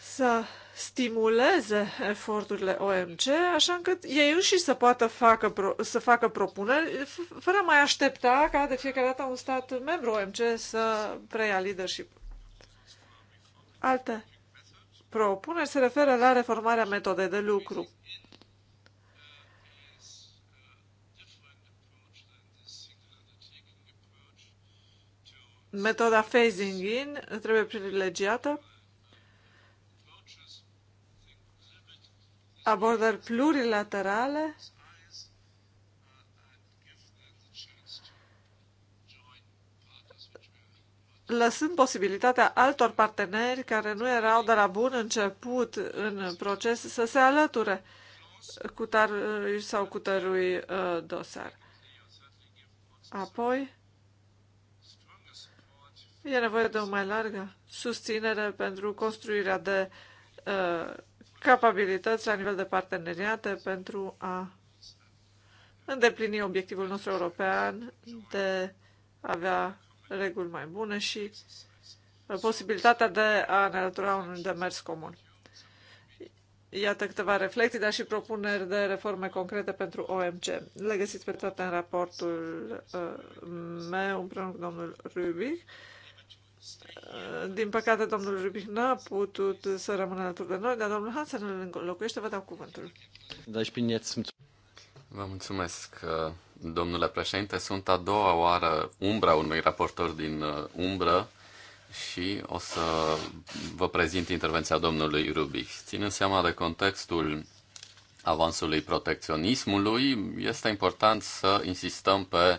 să stimuleze eforturile OMC, așa încât ei înși să poată facă să facă propuneri, fără mai aștepta ca de fiecare dată un stat membru OMC să preia leadership. Alte propuneri se referă la reformarea metodei de lucru. metoda phasing in trebuie privilegiată. Abordări plurilaterale lăsând posibilitatea altor parteneri care nu erau de la bun început în proces să se alăture cu tarui sau cu tărui uh, dosar. Apoi, E nevoie de o mai largă susținere pentru construirea de uh, capabilități la nivel de parteneriate pentru a îndeplini obiectivul nostru european de a avea reguli mai bune și uh, posibilitatea de a ne alătura un demers comun. Iată câteva reflecții, dar și propuneri de reforme concrete pentru OMC. Le găsiți pe toate în raportul uh, meu împreună cu domnul Rubic. Uh, din păcate, domnul Rubic n-a putut să rămână alături de noi, dar domnul Hansen îl înlocuiește. Vă dau cuvântul. Da, vă mulțumesc, uh, domnule președinte. Sunt a doua oară umbra unui raportor din uh, umbră și o să vă prezint intervenția domnului Rubic. Ținând seama de contextul avansului protecționismului, este important să insistăm pe uh,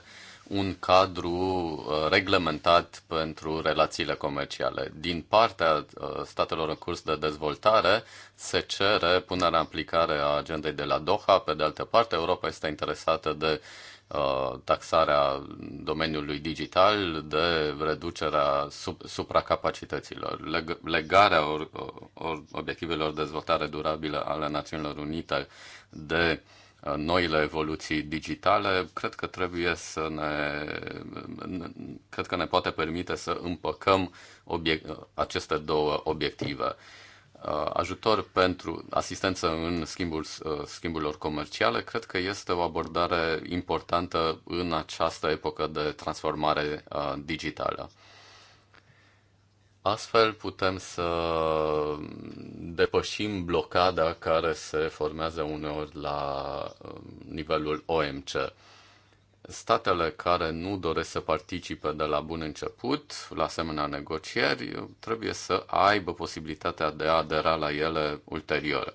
un cadru uh, reglementat pentru relațiile comerciale. Din partea uh, statelor în curs de dezvoltare se cere punerea în aplicare a agendei de la Doha. Pe de altă parte, Europa este interesată de uh, taxarea domeniului digital, de reducerea sub, supracapacităților, leg, legarea or, or, obiectivelor de dezvoltare durabilă ale Națiunilor Unite de uh, Uh, noile evoluții digitale, cred că trebuie să ne, cred că ne poate permite să împăcăm obiect, aceste două obiective. Uh, ajutor pentru asistență în schimbul, uh, schimburilor comerciale, cred că este o abordare importantă în această epocă de transformare digitală. Astfel putem să depășim blocada care se formează uneori la um, nivelul OMC. Statele care nu doresc să participe de la bun început la asemenea negocieri trebuie să aibă posibilitatea de a adera la ele ulterior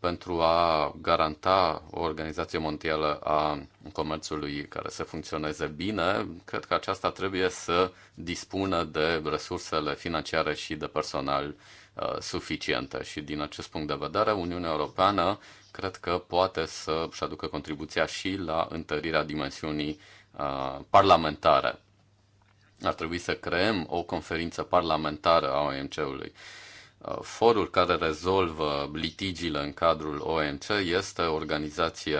pentru a garanta o organizație mondială a comerțului care să funcționeze bine, cred că aceasta trebuie să dispună de resursele financiare și de personal uh, suficiente. Și din acest punct de vedere, Uniunea Europeană cred că poate să-și aducă contribuția și la întărirea dimensiunii uh, parlamentare. Ar trebui să creăm o conferință parlamentară a OMC-ului. Uh, Uh, forul care rezolvă litigiile în cadrul OMC este o organizație,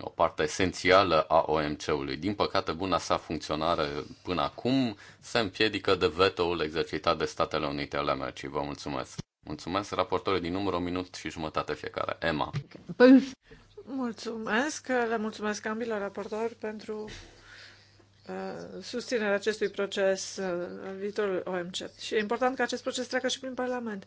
o parte esențială a OMC-ului. Din păcate, buna sa funcționare până acum se împiedică de veto-ul exercitat de Statele Unite ale Americii. Vă mulțumesc! Mulțumesc, raportorii din număr, o minut și jumătate fiecare. Emma. Mulțumesc, le mulțumesc ambilor raportori pentru Uh, susținerea acestui proces uh, în viitorul OMC. Și e important ca acest proces treacă și prin Parlament.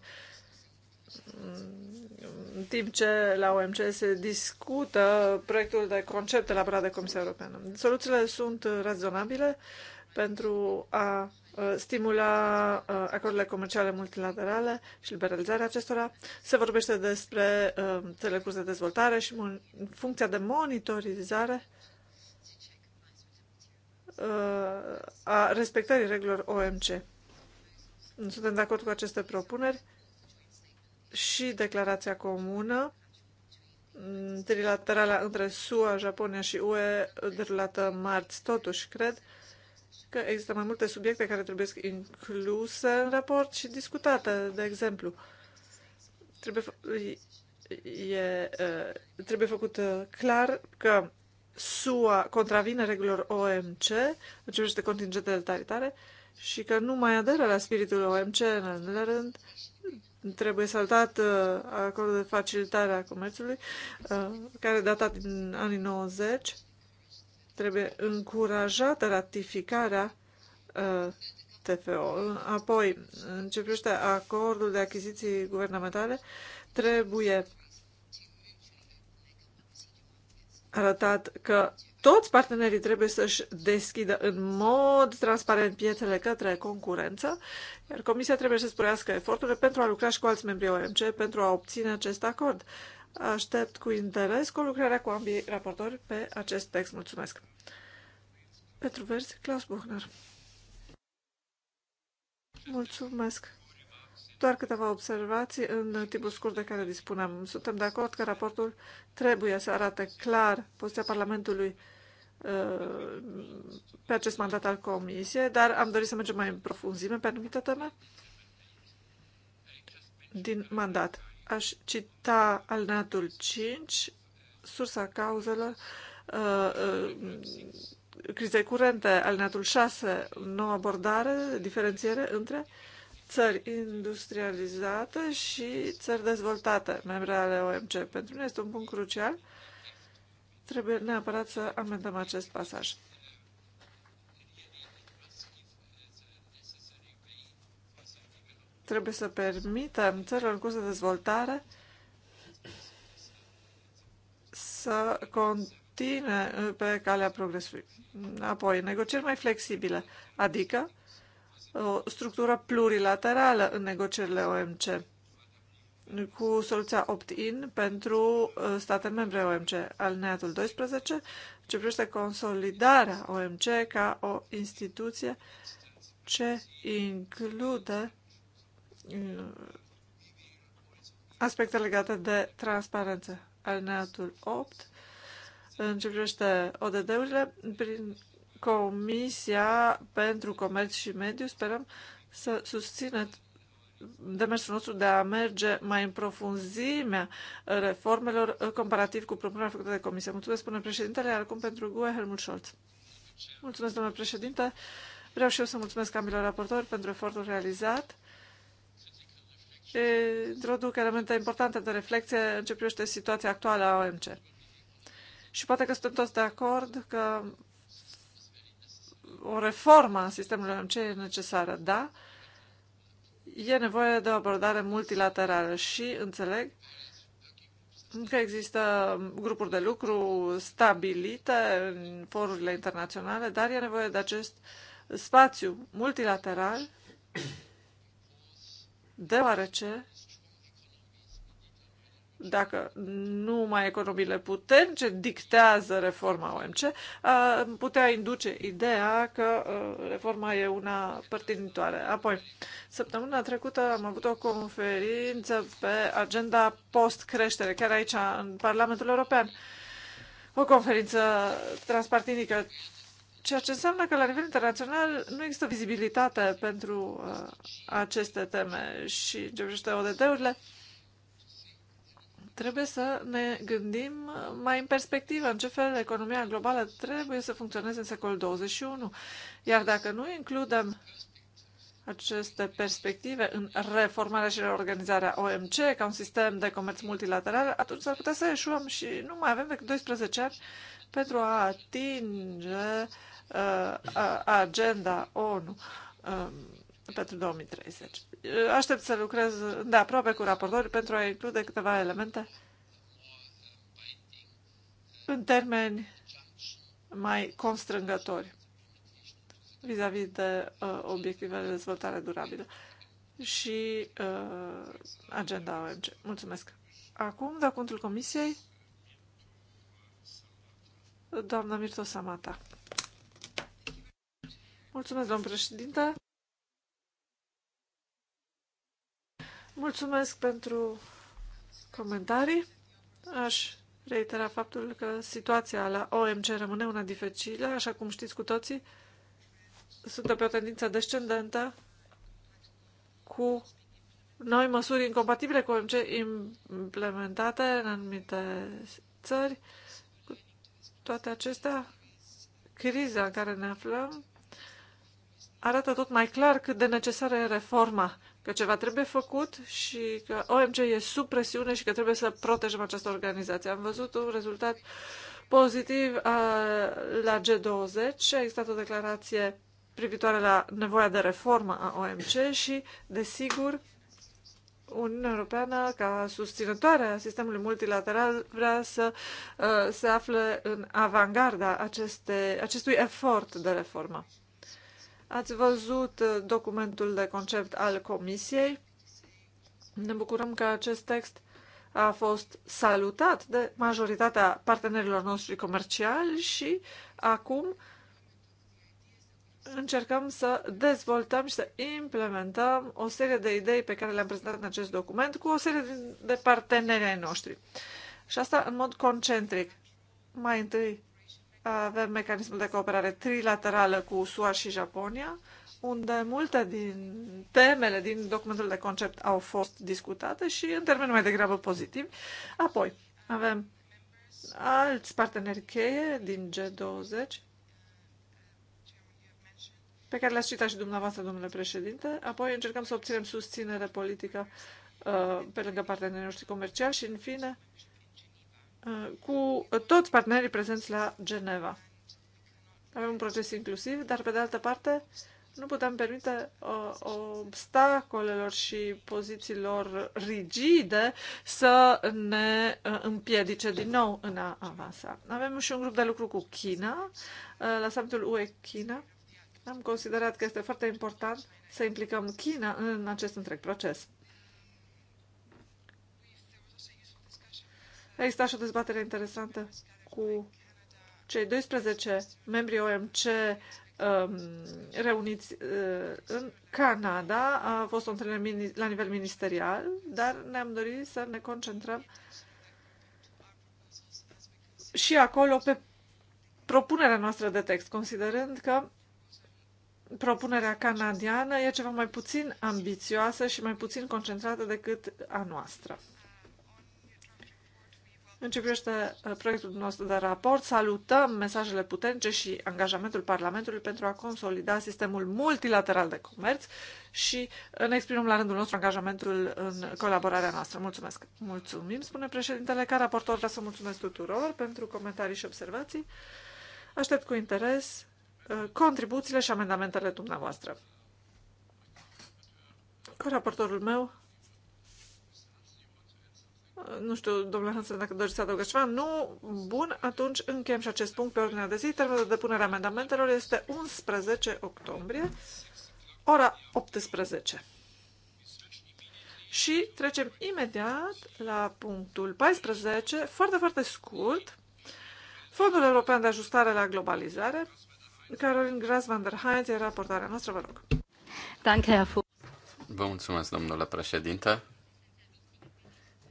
În timp ce la OMC se discută proiectul de concept elaborat de Comisia Europeană. Soluțiile sunt razonabile pentru a uh, stimula acordurile comerciale multilaterale și liberalizarea acestora. Se vorbește despre telecurs de dezvoltare și funcția de monitorizare Uh, a respectării regulilor OMC. suntem de acord cu aceste propuneri și declarația comună mm, trilaterală între SUA, Japonia și UE derulată marți. Totuși, cred că există mai multe subiecte care trebuie incluse în raport și discutate, de exemplu. Trebuie, e, uh, trebuie făcut uh, clar că SUA contravine regulilor OMC, în ce privește contingentele taritare, și că nu mai aderă la spiritul OMC, în al rând, trebuie saltat uh, acordul de facilitare a comerțului, uh, care data din anii 90, trebuie încurajată ratificarea uh, TFO. Apoi, în ce privește acordul de achiziții guvernamentale, trebuie arătat că toți partenerii trebuie să-și deschidă în mod transparent piețele către concurență, iar Comisia trebuie să sporească eforturile pentru a lucra și cu alți membri OMC pentru a obține acest acord. Aștept cu interes lucrarea cu ambii raportori pe acest text. Mulțumesc! Pentru verzi, Klaus Buchner. Mulțumesc! Doar câteva observații în timpul scurt de care dispunem. Suntem de acord că raportul trebuie să arate clar poziția Parlamentului uh, pe acest mandat al Comisiei, dar am dorit să mergem mai în profunzime pe anumite teme din mandat. Aș cita alineatul 5, sursa cauzelor, uh, uh, crizei curente, alineatul 6, nouă abordare, diferențiere între țări industrializate și țări dezvoltate, membre ale OMC. Pentru noi este un punct crucial. Trebuie neapărat să amendăm acest pasaj. Trebuie să permitem țărilor în curs de dezvoltare să continue pe calea progresului. Apoi, negocieri mai flexibile, adică o structură plurilaterală în negocierile OMC cu soluția opt-in pentru uh, state membre OMC. Alineatul 12 ce privește consolidarea OMC ca o instituție ce include uh, aspecte legate de transparență. Alineatul 8 în ce privește ODD-urile, prin Comisia pentru Comerț și Mediu sperăm să susțină demersul nostru de a merge mai în profunzimea reformelor uh, comparativ cu propunerea făcută de Comisie. Mulțumesc, domnule președintele, iar acum pentru GUE, Helmut Scholz. Mulțumesc, domnule președinte. Vreau și eu să mulțumesc ambilor raportori pentru efortul realizat. Introduc elemente importante de reflexie în ce privește situația actuală a OMC. Și poate că suntem toți de acord că o reformă a sistemului ce e necesară, da, e nevoie de o abordare multilaterală și înțeleg că există grupuri de lucru stabilite în forurile internaționale, dar e nevoie de acest spațiu multilateral, deoarece dacă nu mai economiile puternice dictează reforma OMC, putea induce ideea că reforma e una părtinitoare. Apoi, săptămâna trecută am avut o conferință pe agenda post-creștere, chiar aici, în Parlamentul European. O conferință transpartinică, ceea ce înseamnă că la nivel internațional nu există vizibilitate pentru aceste teme și ce privește ODD-urile. Trebuie să ne gândim mai în perspectivă, în ce fel economia globală trebuie să funcționeze în secolul 21. Iar dacă nu includem aceste perspective în reformarea și reorganizarea OMC ca un sistem de comerț multilateral, atunci ar putea să eșuăm și nu mai avem decât 12 ani pentru a atinge uh, agenda ONU uh, um, pentru 2030 aștept să lucrez de aproape cu raportori pentru a include câteva elemente în termeni mai constrângători vis-a-vis -vis de uh, obiectivele de dezvoltare durabilă și uh, agenda OMC. Mulțumesc. Acum, de contul Comisiei, doamna Mirto Samata. Mulțumesc, domn președinte. Mulțumesc pentru comentarii. Aș reitera faptul că situația la OMC rămâne una dificilă, așa cum știți cu toții. Suntem pe o tendință descendentă cu noi măsuri incompatibile cu OMC implementate în anumite țări. Cu toate acestea, criza în care ne aflăm arată tot mai clar cât de necesară e reforma că ceva trebuie făcut și că OMC e sub presiune și că trebuie să protejăm această organizație. Am văzut un rezultat pozitiv a, la G20 a existat o declarație privitoare la nevoia de reformă a OMC și, desigur, Uniunea Europeană, ca susținătoare a sistemului multilateral, vrea să uh, se afle în avangarda aceste, acestui efort de reformă. Ați văzut uh, documentul de concept al Comisiei. Ne bucurăm că acest text a fost salutat de majoritatea partenerilor noștri comerciali și acum încercăm să dezvoltăm și să implementăm o serie de idei pe care le-am prezentat în acest document cu o serie de parteneri ai noștri. Și asta în mod concentric. Mai întâi avem mecanismul de cooperare trilaterală cu SUA și Japonia, unde multe din temele din documentul de concept au fost discutate și în termeni mai degrabă pozitivi. Apoi, avem alți parteneri cheie din G20, pe care le-ați citat și dumneavoastră, domnule președinte. Apoi încercăm să obținem susținere politică uh, pe lângă partenerii noștri comerciali și, în fine, Uh, cu toți partenerii prezenți la Geneva. Avem un proces inclusiv, dar pe de altă parte nu putem permite uh, obstacolelor și pozițiilor rigide să ne uh, împiedice din nou în a avansa. Avem și un grup de lucru cu China, uh, la summitul UE China. Am considerat că este foarte important să implicăm China în acest întreg proces. A existat și o dezbatere interesantă cu cei 12 membri OMC um, reuniți uh, în Canada. A fost o întâlnire la nivel ministerial, dar ne-am dorit să ne concentrăm și acolo pe propunerea noastră de text, considerând că propunerea canadiană e ceva mai puțin ambițioasă și mai puțin concentrată decât a noastră. În ce privește uh, proiectul nostru de raport, salutăm mesajele puternice și angajamentul Parlamentului pentru a consolida sistemul multilateral de comerț și uh, ne exprimăm la rândul nostru angajamentul în colaborarea noastră. Mulțumesc! Mulțumim, spune președintele, ca raportor vreau să mulțumesc tuturor pentru comentarii și observații. Aștept cu interes uh, contribuțiile și amendamentele dumneavoastră. Cu raportorul meu, nu știu, domnule Hansen, dacă doriți să adăugați ceva. Nu? Bun, atunci încheiem și acest punct pe ordinea de zi. Termenul de depunere a amendamentelor este 11 octombrie, ora 18. Și trecem imediat la punctul 14, foarte, foarte scurt, Fondul European de Ajustare la Globalizare. Caroline Gras van der Heinz e raportarea noastră, vă rog. Danke, Vă mulțumesc, domnule președinte.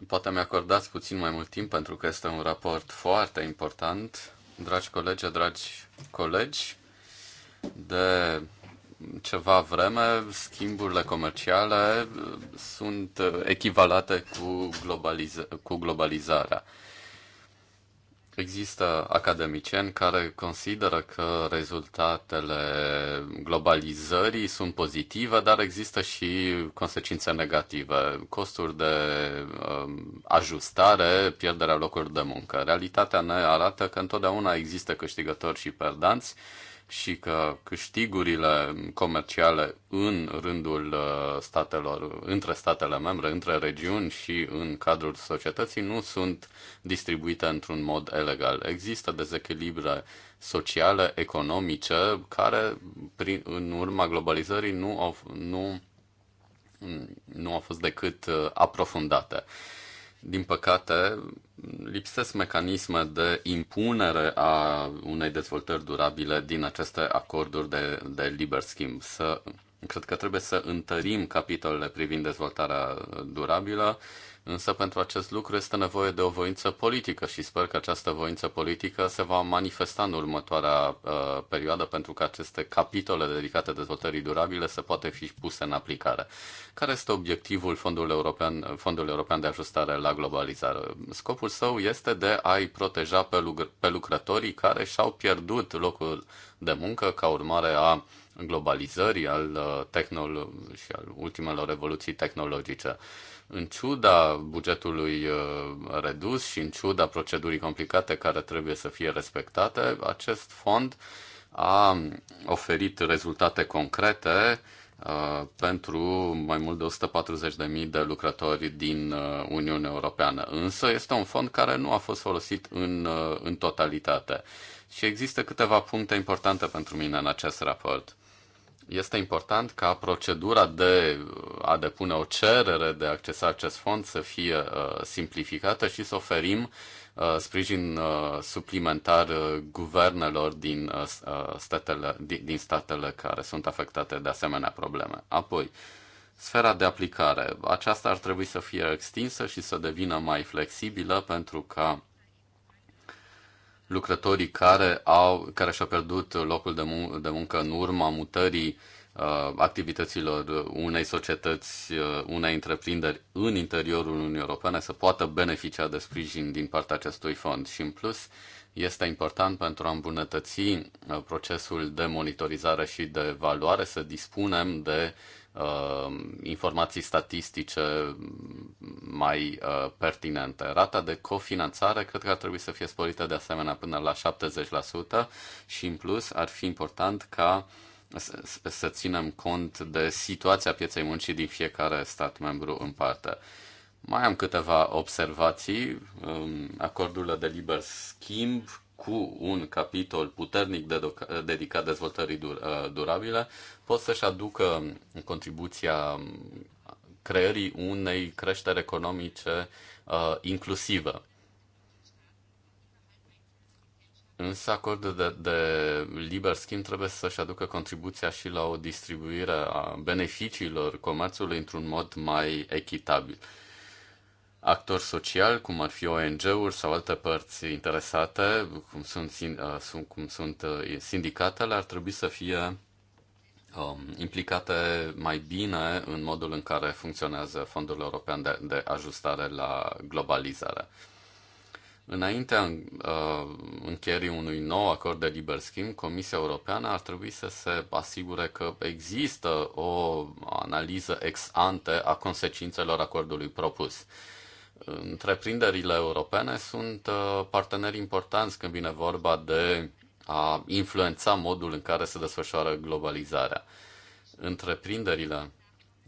Poate mi-acordați puțin mai mult timp pentru că este un raport foarte important. Dragi colegi, dragi colegi, de ceva vreme schimburile comerciale sunt echivalate cu, globaliza- cu globalizarea. Există academicieni care consideră că rezultatele globalizării sunt pozitive, dar există și consecințe negative, costuri de um, ajustare, pierderea locurilor de muncă. Realitatea ne arată că întotdeauna există câștigători și perdanți și că câștigurile comerciale în rândul uh, statelor, între statele membre, între regiuni și în cadrul societății nu sunt distribuite într-un mod elegal. Există dezechilibre sociale, economice, care prin, în urma globalizării nu au, nu, nu au fost decât uh, aprofundate din păcate, lipsesc mecanisme de impunere a unei dezvoltări durabile din aceste acorduri de, de liber schimb. Să, cred că trebuie să întărim capitolele privind dezvoltarea durabilă Însă pentru acest lucru este nevoie de o voință politică și sper că această voință politică se va manifesta în următoarea uh, perioadă pentru că aceste capitole dedicate dezvoltării durabile să poate fi puse în aplicare. Care este obiectivul Fondului European, Fondului European de Ajustare la Globalizare? Scopul său este de a-i proteja pe, lucr- pe lucrătorii care și-au pierdut locul de muncă ca urmare a globalizării al, uh, și al ultimelor revoluții tehnologice în ciuda bugetului uh, redus și în ciuda procedurii complicate care trebuie să fie respectate, acest fond a oferit rezultate concrete uh, pentru mai mult de 140.000 de lucrători din uh, Uniunea Europeană. Însă este un fond care nu a fost folosit în, în totalitate. Și există câteva puncte importante pentru mine în acest raport este important ca procedura de a depune o cerere de a accesa acest fond să fie uh, simplificată și să oferim uh, sprijin uh, suplimentar guvernelor din statele, din statele care sunt afectate de asemenea probleme. Apoi, sfera de aplicare. Aceasta ar trebui să fie extinsă și să devină mai flexibilă pentru ca lucrătorii care, au, care și-au pierdut locul de, mun- de muncă în urma mutării uh, activităților unei societăți, uh, unei întreprinderi în interiorul Uniunii Europene să poată beneficia de sprijin din partea acestui fond. Și în plus, este important pentru a îmbunătăți uh, procesul de monitorizare și de evaluare să dispunem de uh, Uh, informații statistice mai uh, pertinente. Rata de cofinanțare cred că ar trebui să fie sporită de asemenea până la 70% și în plus ar fi important ca să ținem cont de situația pieței muncii din fiecare stat membru în parte. Mai am câteva observații. Um, acordurile de liber schimb cu un capitol puternic dedicat dezvoltării uh, durabile pot să-și aducă contribuția creării unei creșteri economice uh, inclusivă. Însă acordul de, de liber schimb trebuie să-și aducă contribuția și la o distribuire a beneficiilor comerțului într-un mod mai echitabil. Actori sociali, cum ar fi ONG-uri sau alte părți interesate, cum sunt, uh, sunt, cum sunt uh, sindicatele, ar trebui să fie um, implicate mai bine în modul în care funcționează Fondul European de, de Ajustare la Globalizare. Înaintea uh, încheierii unui nou acord de liber schimb, Comisia Europeană ar trebui să se asigure că există o analiză ex ante a consecințelor acordului propus. Întreprinderile europene sunt uh, parteneri importanți când vine vorba de a influența modul în care se desfășoară globalizarea. Întreprinderile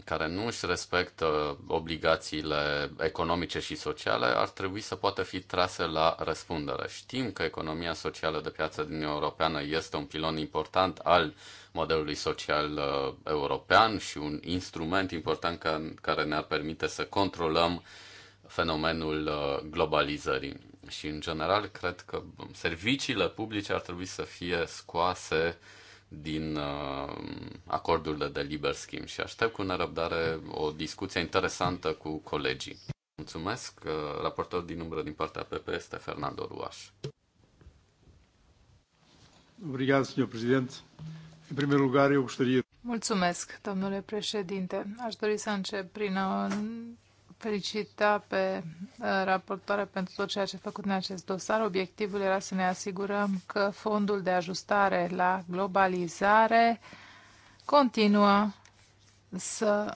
care nu își respectă obligațiile economice și sociale ar trebui să poată fi trase la răspundere. Știm că economia socială de piață din Europeană este un pilon important al modelului social uh, european și un instrument important care ne-ar permite să controlăm fenomenul uh, globalizării și, în general, cred că serviciile publice ar trebui să fie scoase din uh, acordurile de liber schimb și aștept cu nerăbdare o discuție interesantă cu colegii. Mulțumesc. Uh, raportor din umbră din partea PP este Fernando Ruaș. Obrigado, senhor presidente. În primul lugar, eu Mulțumesc, domnule președinte. Aș dori să încep prin a felicita pe uh, raportoare pentru tot ceea ce a făcut în acest dosar. Obiectivul era să ne asigurăm că fondul de ajustare la globalizare continuă să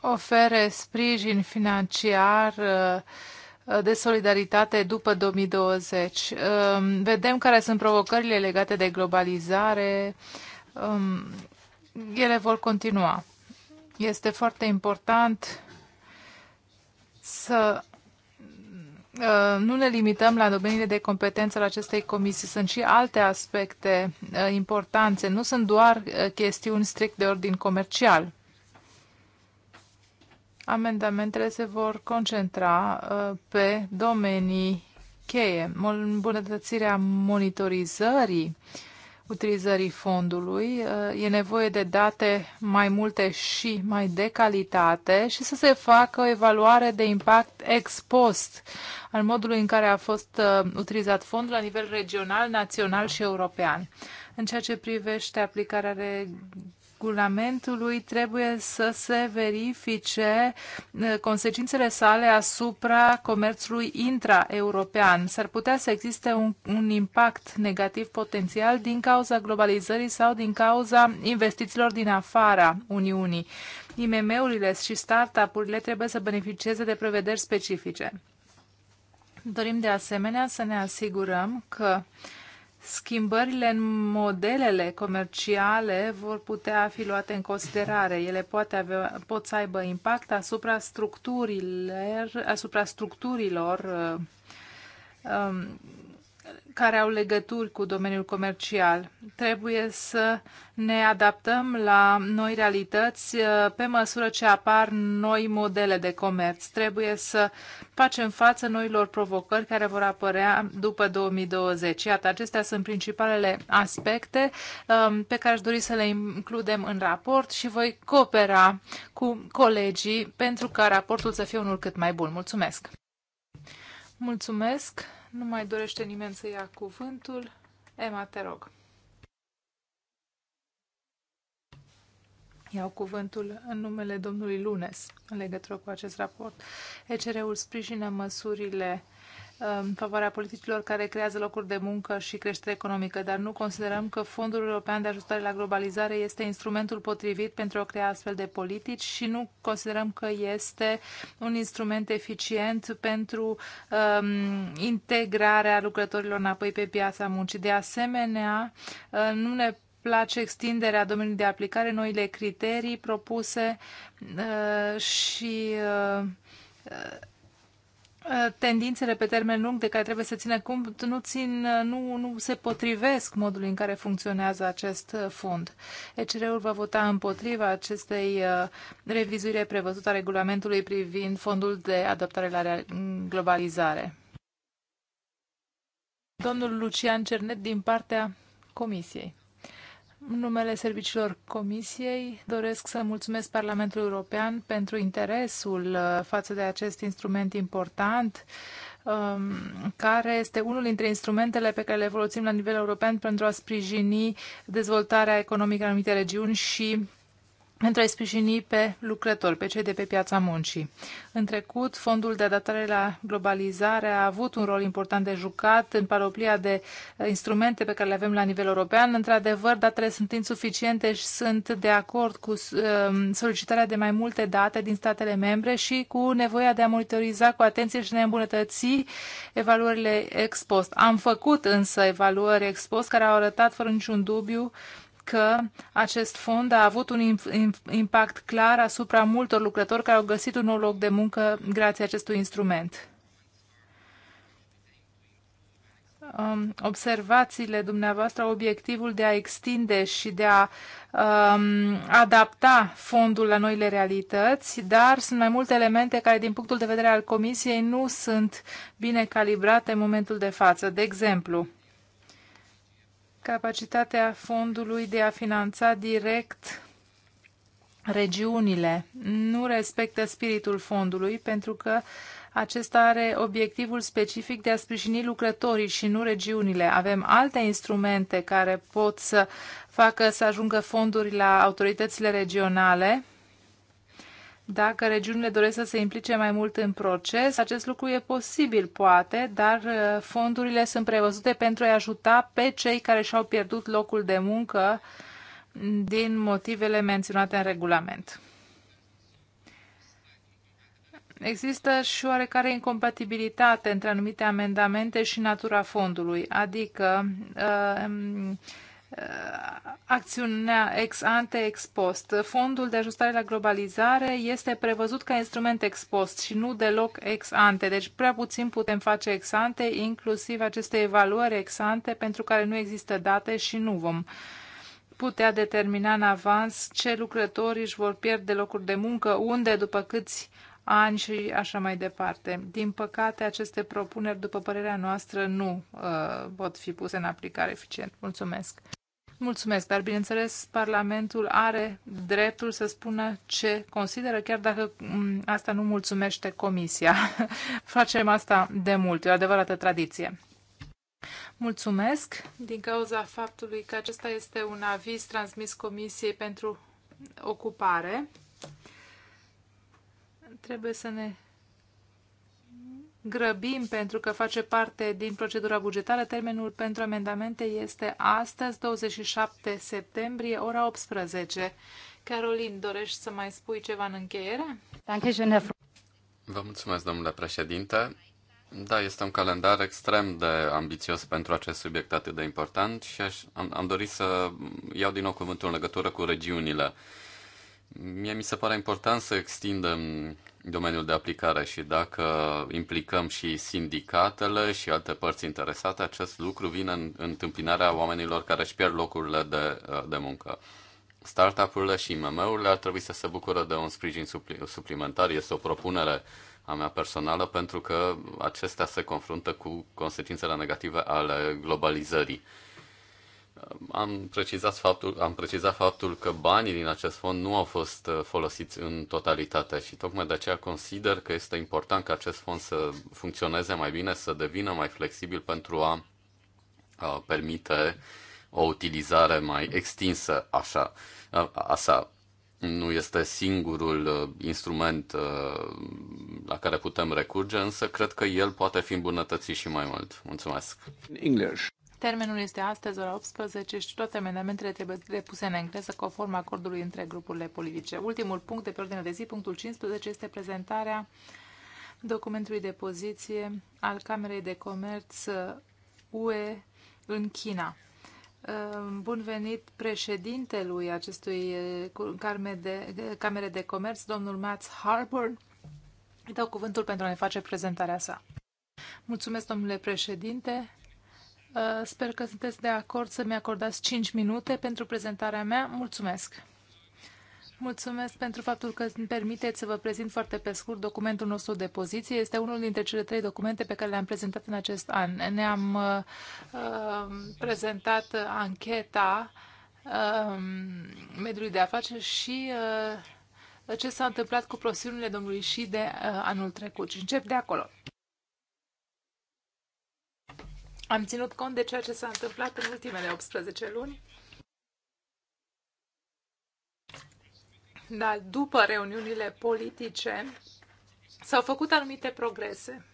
ofere sprijin financiar uh, de solidaritate după 2020. Um, vedem care sunt provocările legate de globalizare. Um, ele vor continua. Este foarte important să uh, nu ne limităm la domeniile de competență al acestei comisii. Sunt și alte aspecte uh, importante. Nu sunt doar uh, chestiuni strict de ordin comercial. Amendamentele se vor concentra pe domenii cheie, îmbunătățirea monitorizării uh, utilizării fondului. Uh, e nevoie de date mai multe și mai de calitate și să se facă o evaluare de impact ex post al modului în care a fost uh, utilizat fondul la nivel regional, național și european. În ceea ce privește aplicarea regulamentului trebuie să se verifice uh, consecințele sale asupra comerțului intra-european. S-ar putea să existe un, un impact negativ potențial din cauza globalizării sau din cauza investițiilor din afara Uniunii. IMM-urile și startup-urile trebuie să beneficieze de prevederi specifice. Dorim de asemenea să ne asigurăm că uh, schimbările în modelele comerciale vor putea fi luate în considerare. Ele poate avea, pot să aibă impact asupra structurilor, asupra structurilor uh, um, care au legături cu domeniul comercial. Trebuie să ne adaptăm la noi realități uh, pe măsură ce apar noi modele de comerț. Trebuie să facem față noilor provocări care vor apărea după 2020. Iată, acestea sunt principalele aspecte um, pe care aș dori să le includem în raport și voi coopera cu colegii pentru ca raportul să fie unul cât mai bun. Mulțumesc! Mulțumesc! Nu mai dorește nimeni să ia cuvântul. Emma, te rog. Iau cuvântul în numele domnului Lunes în legătură cu acest raport. ECR-ul sprijină măsurile în favoarea politicilor care creează locuri de muncă și creștere economică, dar nu considerăm că Fondul European de Ajustare la Globalizare este instrumentul potrivit pentru a crea astfel de politici și nu considerăm că este un instrument eficient pentru um, integrarea lucrătorilor înapoi pe piața muncii. De asemenea, uh, nu ne place extinderea domeniului de aplicare, noile criterii propuse uh, și uh, uh Uh, tendințele pe termen lung de care trebuie să ține cum nu, țin, uh, nu, nu se potrivesc modului în care funcționează acest uh, fond. ECR-ul va vota împotriva acestei revizuire prevăzută a regulamentului privind fondul de adaptare la globalizare. Domnul Lucian Cernet din partea Comisiei. În numele serviciilor Comisiei doresc să mulțumesc Parlamentului European pentru interesul uh, față de acest instrument important um, care este unul dintre instrumentele pe care le folosim la nivel european pentru a sprijini dezvoltarea economică în anumite regiuni și pentru a-i sprijini pe lucrători, pe cei de pe piața muncii. În trecut, Fondul de Adaptare la Globalizare a avut un rol important de jucat în paroplia de uh, instrumente pe care le avem la nivel european. Într-adevăr, datele sunt insuficiente și sunt de acord cu um, solicitarea de mai multe date din statele membre și cu nevoia de a monitoriza cu atenție și de a îmbunătăți evaluările ex post. Am făcut însă evaluări ex post care au arătat fără niciun dubiu că acest fond a avut un impact clar asupra multor lucrători care au găsit un nou loc de muncă grație acestui instrument. Um, observațiile dumneavoastră au obiectivul de a extinde și de a um, adapta fondul la noile realități, dar sunt mai multe elemente care, din punctul de vedere al Comisiei, nu sunt bine calibrate în momentul de față. De exemplu, capacitatea fondului de a finanța direct regiunile. Nu respectă spiritul fondului pentru că acesta are obiectivul specific de a sprijini lucrătorii și nu regiunile. Avem alte instrumente care pot să facă să ajungă fonduri la autoritățile regionale dacă regiunile doresc să se implice mai mult în proces, acest lucru e posibil, poate, dar uh, fondurile sunt prevăzute pentru a-i ajuta pe cei care și-au pierdut locul de muncă din motivele menționate în regulament. Există și oarecare incompatibilitate între anumite amendamente și natura fondului, adică uh, acțiunea ex ante, ex post. Fondul de ajustare la globalizare este prevăzut ca instrument ex post și nu deloc ex ante. Deci prea puțin putem face ex ante, inclusiv aceste evaluări ex ante pentru care nu există date și nu vom putea determina în avans ce lucrători își vor pierde locuri de muncă, unde, după câți ani și așa mai departe. Din păcate, aceste propuneri, după părerea noastră, nu uh, pot fi puse în aplicare eficient. Mulțumesc! Mulțumesc, dar bineînțeles Parlamentul are dreptul să spună ce consideră, chiar dacă mm, asta nu mulțumește Comisia. [laughs] Facem asta de mult, e o adevărată tradiție. Mulțumesc din cauza faptului că acesta este un aviz transmis Comisiei pentru ocupare. Trebuie să ne grăbim pentru că face parte din procedura bugetară. Termenul pentru amendamente este astăzi, 27 septembrie, ora 18. Carolin, dorești să mai spui ceva în încheiere? Vă mulțumesc, domnule președinte. Da, este un calendar extrem de ambițios pentru acest subiect atât de important și aș, am, am dorit să iau din nou cuvântul în legătură cu regiunile. Mie mi se pare important să extindem domeniul de aplicare și dacă implicăm și sindicatele și alte părți interesate, acest lucru vine în întâmpinarea oamenilor care își pierd locurile de, de muncă. Startup-urile și IMM-urile ar trebui să se bucură de un sprijin supli- suplimentar. Este o propunere a mea personală pentru că acestea se confruntă cu consecințele negative ale globalizării am precizat faptul, am precizat faptul că banii din acest fond nu au fost uh, folosiți în totalitate și tocmai de aceea consider că este important ca acest fond să funcționeze mai bine, să devină mai flexibil pentru a, a permite o utilizare mai extinsă așa, a, a Nu este singurul uh, instrument uh, la care putem recurge, însă cred că el poate fi îmbunătățit și mai mult. Mulțumesc! English. Termenul este astăzi, ora 18, și toate amendamentele trebuie depuse în engleză conform acordului între grupurile politice. Ultimul punct de pe ordine de zi, punctul 15, este prezentarea documentului de poziție al Camerei de Comerț UE uh, în China. Uh, bun venit președintelui acestui uh, Camere de, Comerț, domnul Mats Harbour. Îi dau cuvântul pentru a ne face prezentarea sa. Mulțumesc, domnule președinte. Uh, sper că sunteți de acord să-mi acordați 5 minute pentru prezentarea mea. Mulțumesc! Mulțumesc pentru faptul că îmi permiteți să vă prezint foarte pe scurt documentul nostru de poziție. Este unul dintre cele trei documente pe care le-am prezentat în acest an. Ne-am uh, uh prezentat uh, ancheta uh, mediului de afaceri și uh, ce s-a întâmplat cu prosiunile domnului și de uh, anul trecut. Și încep de acolo. Am ținut cont de ceea ce s-a întâmplat în ultimele 18 luni. Dar după reuniunile politice s-au făcut anumite progrese.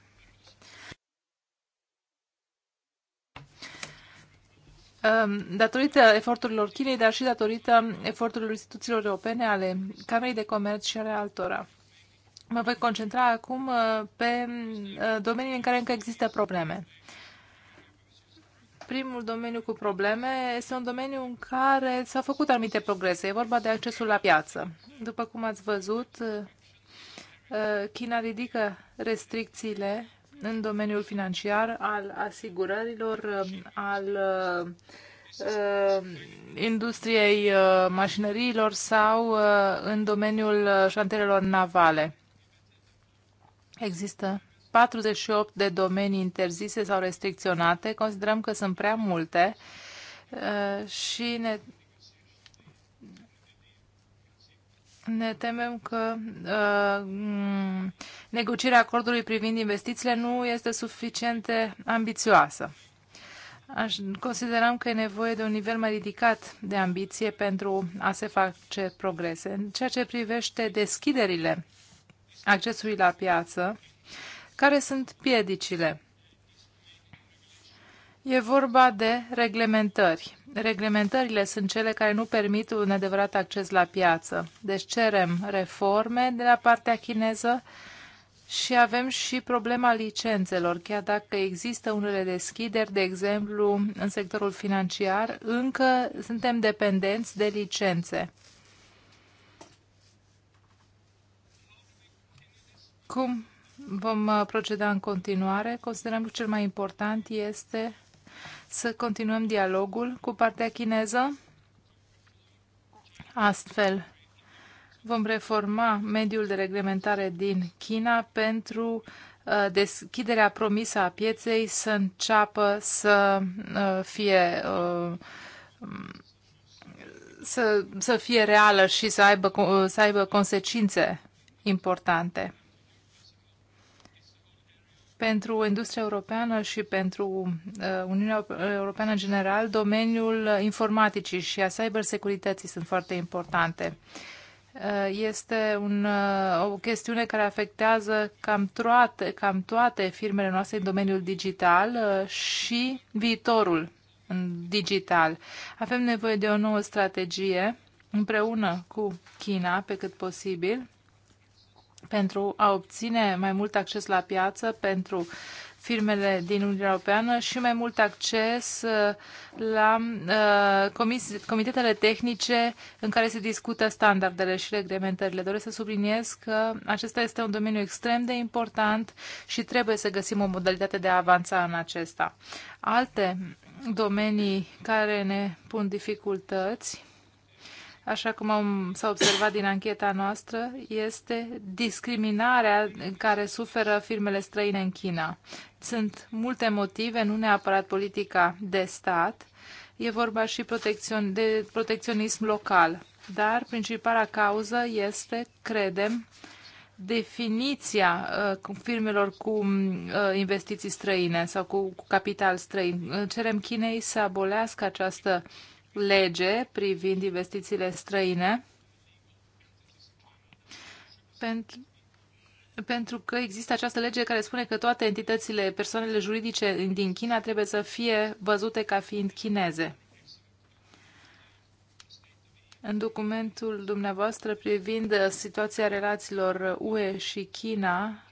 Ehm, datorită eforturilor Chinei, dar și datorită eforturilor instituțiilor europene ale Camerei de Comerț și ale altora. Mă voi concentra acum eh, pe eh, domenii în care încă există probleme. Primul domeniu cu probleme este un domeniu în care s-au făcut anumite progrese. E vorba de accesul la piață. După cum ați văzut, uh, China ridică restricțiile în domeniul financiar, al asigurărilor, uh, al uh, industriei mașinăriilor sau în domeniul șantierelor navale. Există 48 de domenii interzise sau restricționate. Considerăm că sunt prea multe uh, și ne, ne temem că uh, negocierea acordului privind investițiile nu este suficient de ambițioasă. Aș, considerăm că e nevoie de un nivel mai ridicat de ambiție pentru a se face progrese. În ceea ce privește deschiderile accesului la piață, care sunt piedicile? E vorba de reglementări. Reglementările sunt cele care nu permit un adevărat acces la piață. Deci cerem reforme de la partea chineză și avem și problema licențelor. Chiar dacă există unele deschideri, de exemplu, în sectorul financiar, încă suntem dependenți de licențe. Cum Vom uh, proceda în continuare. Considerăm că cel mai important este să continuăm dialogul cu partea chineză. Astfel, vom reforma mediul de reglementare din China pentru uh, deschiderea promisă a pieței să înceapă să uh, fie să, să fie reală și să aibă, să aibă consecințe importante pentru industria europeană și pentru uh, Uniunea Europeană în general, domeniul informaticii și a cybersecurității sunt foarte importante. Uh, este un, uh, o chestiune care afectează cam toate, cam toate firmele noastre în domeniul digital și viitorul în digital. Avem nevoie de o nouă strategie împreună cu China pe cât posibil pentru a obține mai mult acces la piață pentru firmele din Uniunea Europeană și mai mult acces uh, la uh, comis, comitetele tehnice în care se discută standardele și reglementările. Doresc să subliniez că acesta este un domeniu extrem de important și trebuie să găsim o modalitate de a avansa în acesta. Alte domenii care ne pun dificultăți așa cum s-a observat din ancheta noastră, este discriminarea care suferă firmele străine în China. Sunt multe motive, nu neapărat politica de stat, e vorba și protecțion, de protecționism local. Dar principala cauză este, credem, definiția uh, firmelor cu uh, investiții străine sau cu, cu capital străin. Cerem Chinei să abolească această uh, lege privind investițiile străine, pentru, pentru că există această lege care spune că toate entitățile, persoanele juridice din China trebuie să fie văzute ca fiind chineze. În documentul dumneavoastră privind situația relațiilor UE și China,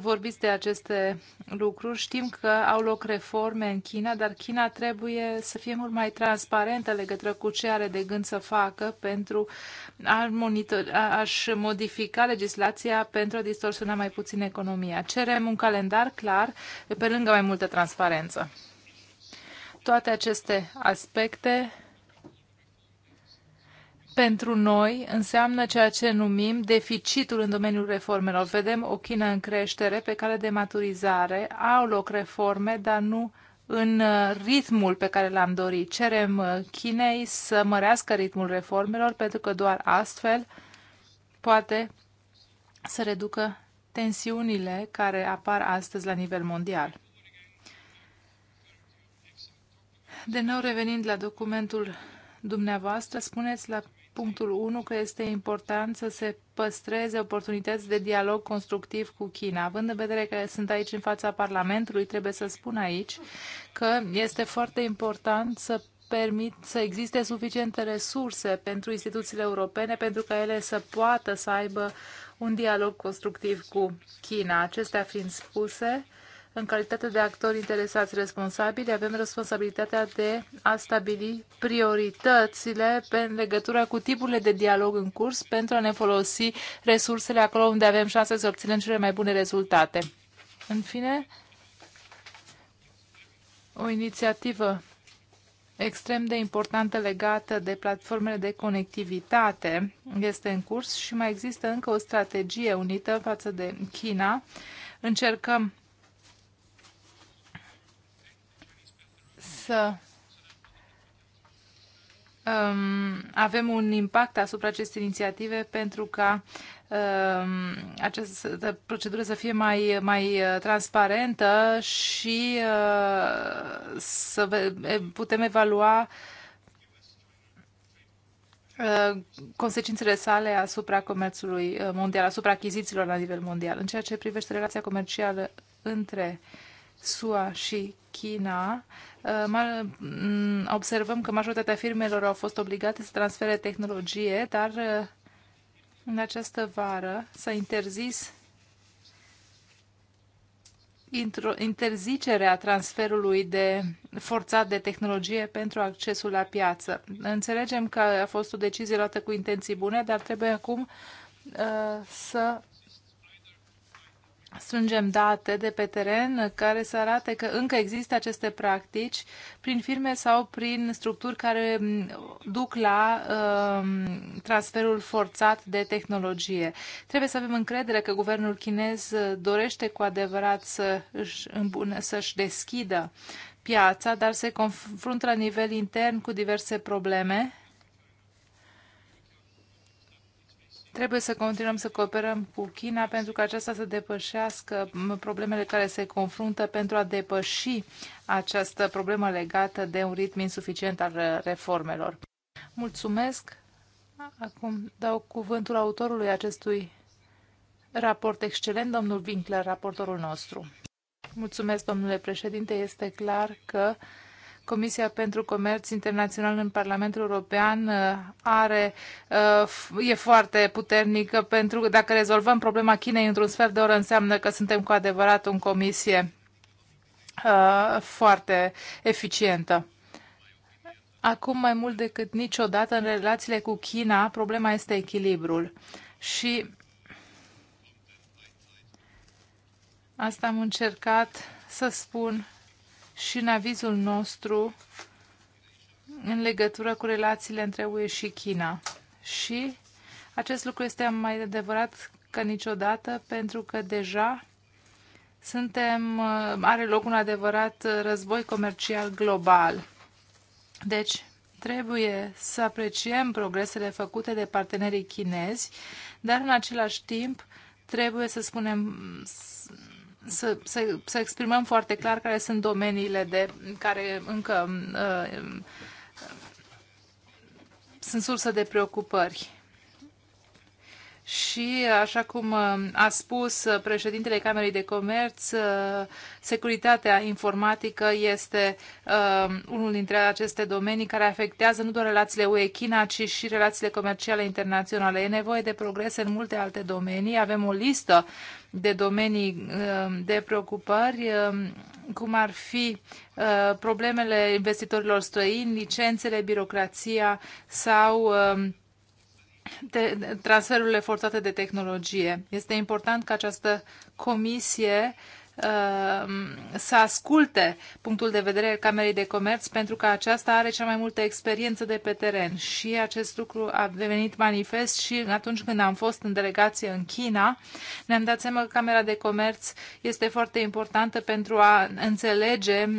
vorbiți de aceste lucruri. Știm că au loc reforme în China, dar China trebuie să fie mult mai transparentă legătură cu ce are de gând să facă pentru a monitor, a modifica legislația pentru a distorsiona mai puțin economia. Cerem un calendar clar pe lângă mai multă transparență. Toate aceste aspecte pentru noi înseamnă ceea ce numim deficitul în domeniul reformelor. Vedem o China în creștere, pe care de maturizare, au loc reforme, dar nu în uh, ritmul pe care l-am dorit. Cerem uh, Chinei să mărească ritmul reformelor, pentru că doar astfel poate să reducă tensiunile care apar astăzi la nivel mondial. De nou revenind la documentul dumneavoastră, spuneți la punctul 1 că este important să se păstreze oportunități de dialog constructiv cu China. Având în vedere că sunt aici în fața Parlamentului, trebuie să spun aici că este foarte important să permit să existe suficiente resurse pentru instituțiile europene pentru ca ele să poată să aibă un dialog constructiv cu China. Acestea fiind spuse, în calitate de actori interesați responsabili, avem responsabilitatea de a stabili prioritățile în legătură cu tipurile de dialog în curs pentru a ne folosi resursele acolo unde avem șanse să obținem cele mai bune rezultate. În fine, o inițiativă extrem de importantă legată de platformele de conectivitate este în curs și mai există încă o strategie unită față de China. Încercăm să um, avem un impact asupra acestei inițiative pentru ca um, această procedură să fie mai, mai uh, transparentă și uh, să putem evalua uh, consecințele sale asupra comerțului uh, mondial, asupra achizițiilor la nivel mondial. În ceea ce privește relația comercială între uh, SUA și China, uh, mm, observăm că majoritatea firmelor au fost obligate să transfere tehnologie, dar uh, în această vară s-a interzis interzicerea transferului de forțat de tehnologie pentru accesul la piață. Înțelegem că a fost o decizie luată cu intenții bune, dar trebuie acum uh, să strângem date de pe teren care să arate că încă există aceste practici prin firme sau prin structuri care duc la uh, transferul forțat de tehnologie. Trebuie să avem încredere că guvernul chinez dorește cu adevărat să își, îmbună, să își deschidă piața, dar se confruntă la nivel intern cu diverse probleme Trebuie să continuăm să cooperăm cu China pentru ca aceasta să depășească problemele care se confruntă pentru a depăși această problemă legată de un ritm insuficient al reformelor. Mulțumesc! Acum dau cuvântul autorului acestui raport excelent, domnul Winkler, raportorul nostru. Mulțumesc, domnule președinte. Este clar că uh, Comisia pentru Comerț Internațional în Parlamentul European uh, are, uh, e foarte puternică pentru că dacă rezolvăm problema Chinei într-un sfert de oră înseamnă că suntem cu adevărat în comisie uh, foarte eficientă. Acum, mai mult decât niciodată, în relațiile cu China, problema este echilibrul. Și asta am încercat să spun și în avizul nostru în legătură cu relațiile între UE și China. Și acest lucru este mai adevărat ca niciodată, pentru că deja suntem, uh, are loc un adevărat uh, război comercial global. Deci, trebuie să apreciem progresele făcute de partenerii chinezi, dar în același timp trebuie să spunem să, să, să exprimăm foarte clar care sunt domeniile de care încă uh, sunt sursă de preocupări și, așa cum uh, a spus uh, președintele Camerei de Comerț, uh, securitatea informatică este unul dintre aceste domenii care afectează nu doar relațiile UE-China, ci și relațiile comerciale internaționale. E nevoie de progrese în multe alte domenii. Avem o listă de domenii de preocupări, cum ar fi problemele investitorilor străini, licențele, birocrația sau uh, de transferurile forțate de tehnologie. Este important ca această comisie uh, să asculte punctul de vedere al Camerei de Comerț pentru că aceasta are cea mai multă experiență de pe teren și acest lucru a devenit manifest și atunci când am fost în delegație în China ne-am dat seama că Camera de Comerț este foarte importantă pentru a înțelege uh,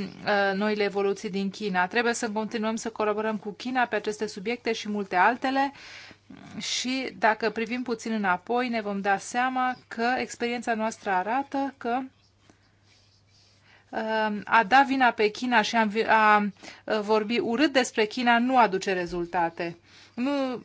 noile evoluții din China. Trebuie să continuăm să colaborăm cu China pe aceste subiecte și multe altele și dacă privim puțin înapoi, ne vom da seama că experiența noastră arată că um, a da vina pe China și a uh, vorbi urât despre China nu aduce rezultate. Nu...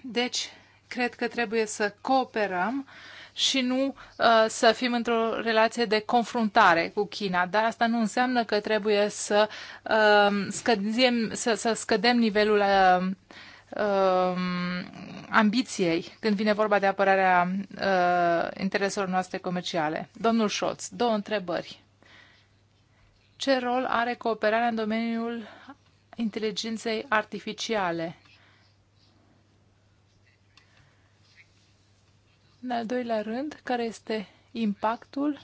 Deci, cred că trebuie să cooperăm și nu uh, să fim într-o relație de confruntare cu China. Dar asta nu înseamnă că trebuie să, uh, scădem, să, să scădem nivelul uh, uh, ambiției când vine vorba de apărarea uh, intereselor noastre comerciale. Domnul Scholz, două întrebări. Ce rol are cooperarea în domeniul inteligenței artificiale? În al doilea rând, care este impactul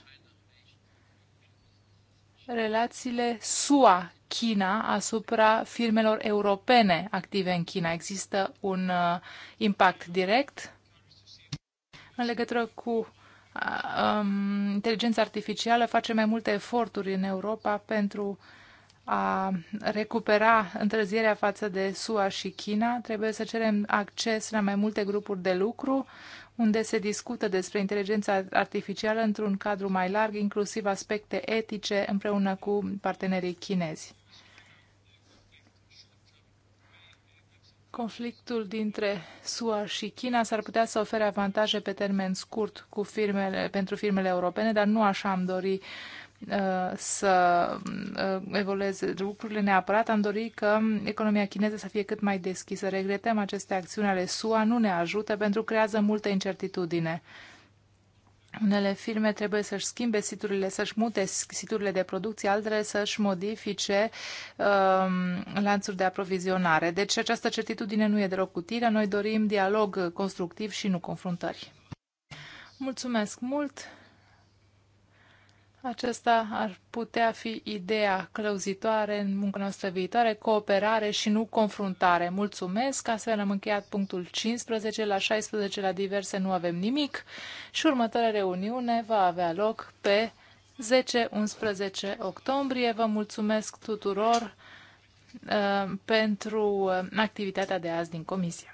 relațiile SUA-China asupra firmelor europene active în China? Există un uh, impact direct în legătură cu uh, um, inteligența artificială? Face mai multe eforturi în Europa pentru a recupera întârzierea față de SUA și China. Trebuie să cerem acces la mai multe grupuri de lucru unde se discută despre inteligența artificială într-un cadru mai larg, inclusiv aspecte etice, împreună cu partenerii chinezi. Conflictul dintre SUA și China s-ar putea să ofere avantaje pe termen scurt cu firmele, pentru firmele europene, dar nu așa am dori Uh, să uh, evolueze lucrurile neapărat. Am dorit că economia chineză să fie cât mai deschisă. Regretăm aceste acțiuni ale SUA, nu ne ajută pentru că creează multă incertitudine. Unele firme trebuie să-și schimbe siturile, să-și mute siturile de producție, altele să-și modifice um, lanțuri de aprovizionare. Deci această certitudine nu e deloc utilă. Noi dorim dialog constructiv și nu confruntări. Mulțumesc mult! Acesta ar putea fi ideea clăuzitoare în munca noastră viitoare, cooperare și nu confruntare. Mulțumesc, astfel am încheiat punctul 15, la 16 la diverse nu avem nimic și următoarea reuniune va avea loc pe 10-11 octombrie. Vă mulțumesc tuturor uh, pentru uh, activitatea de azi din comisie.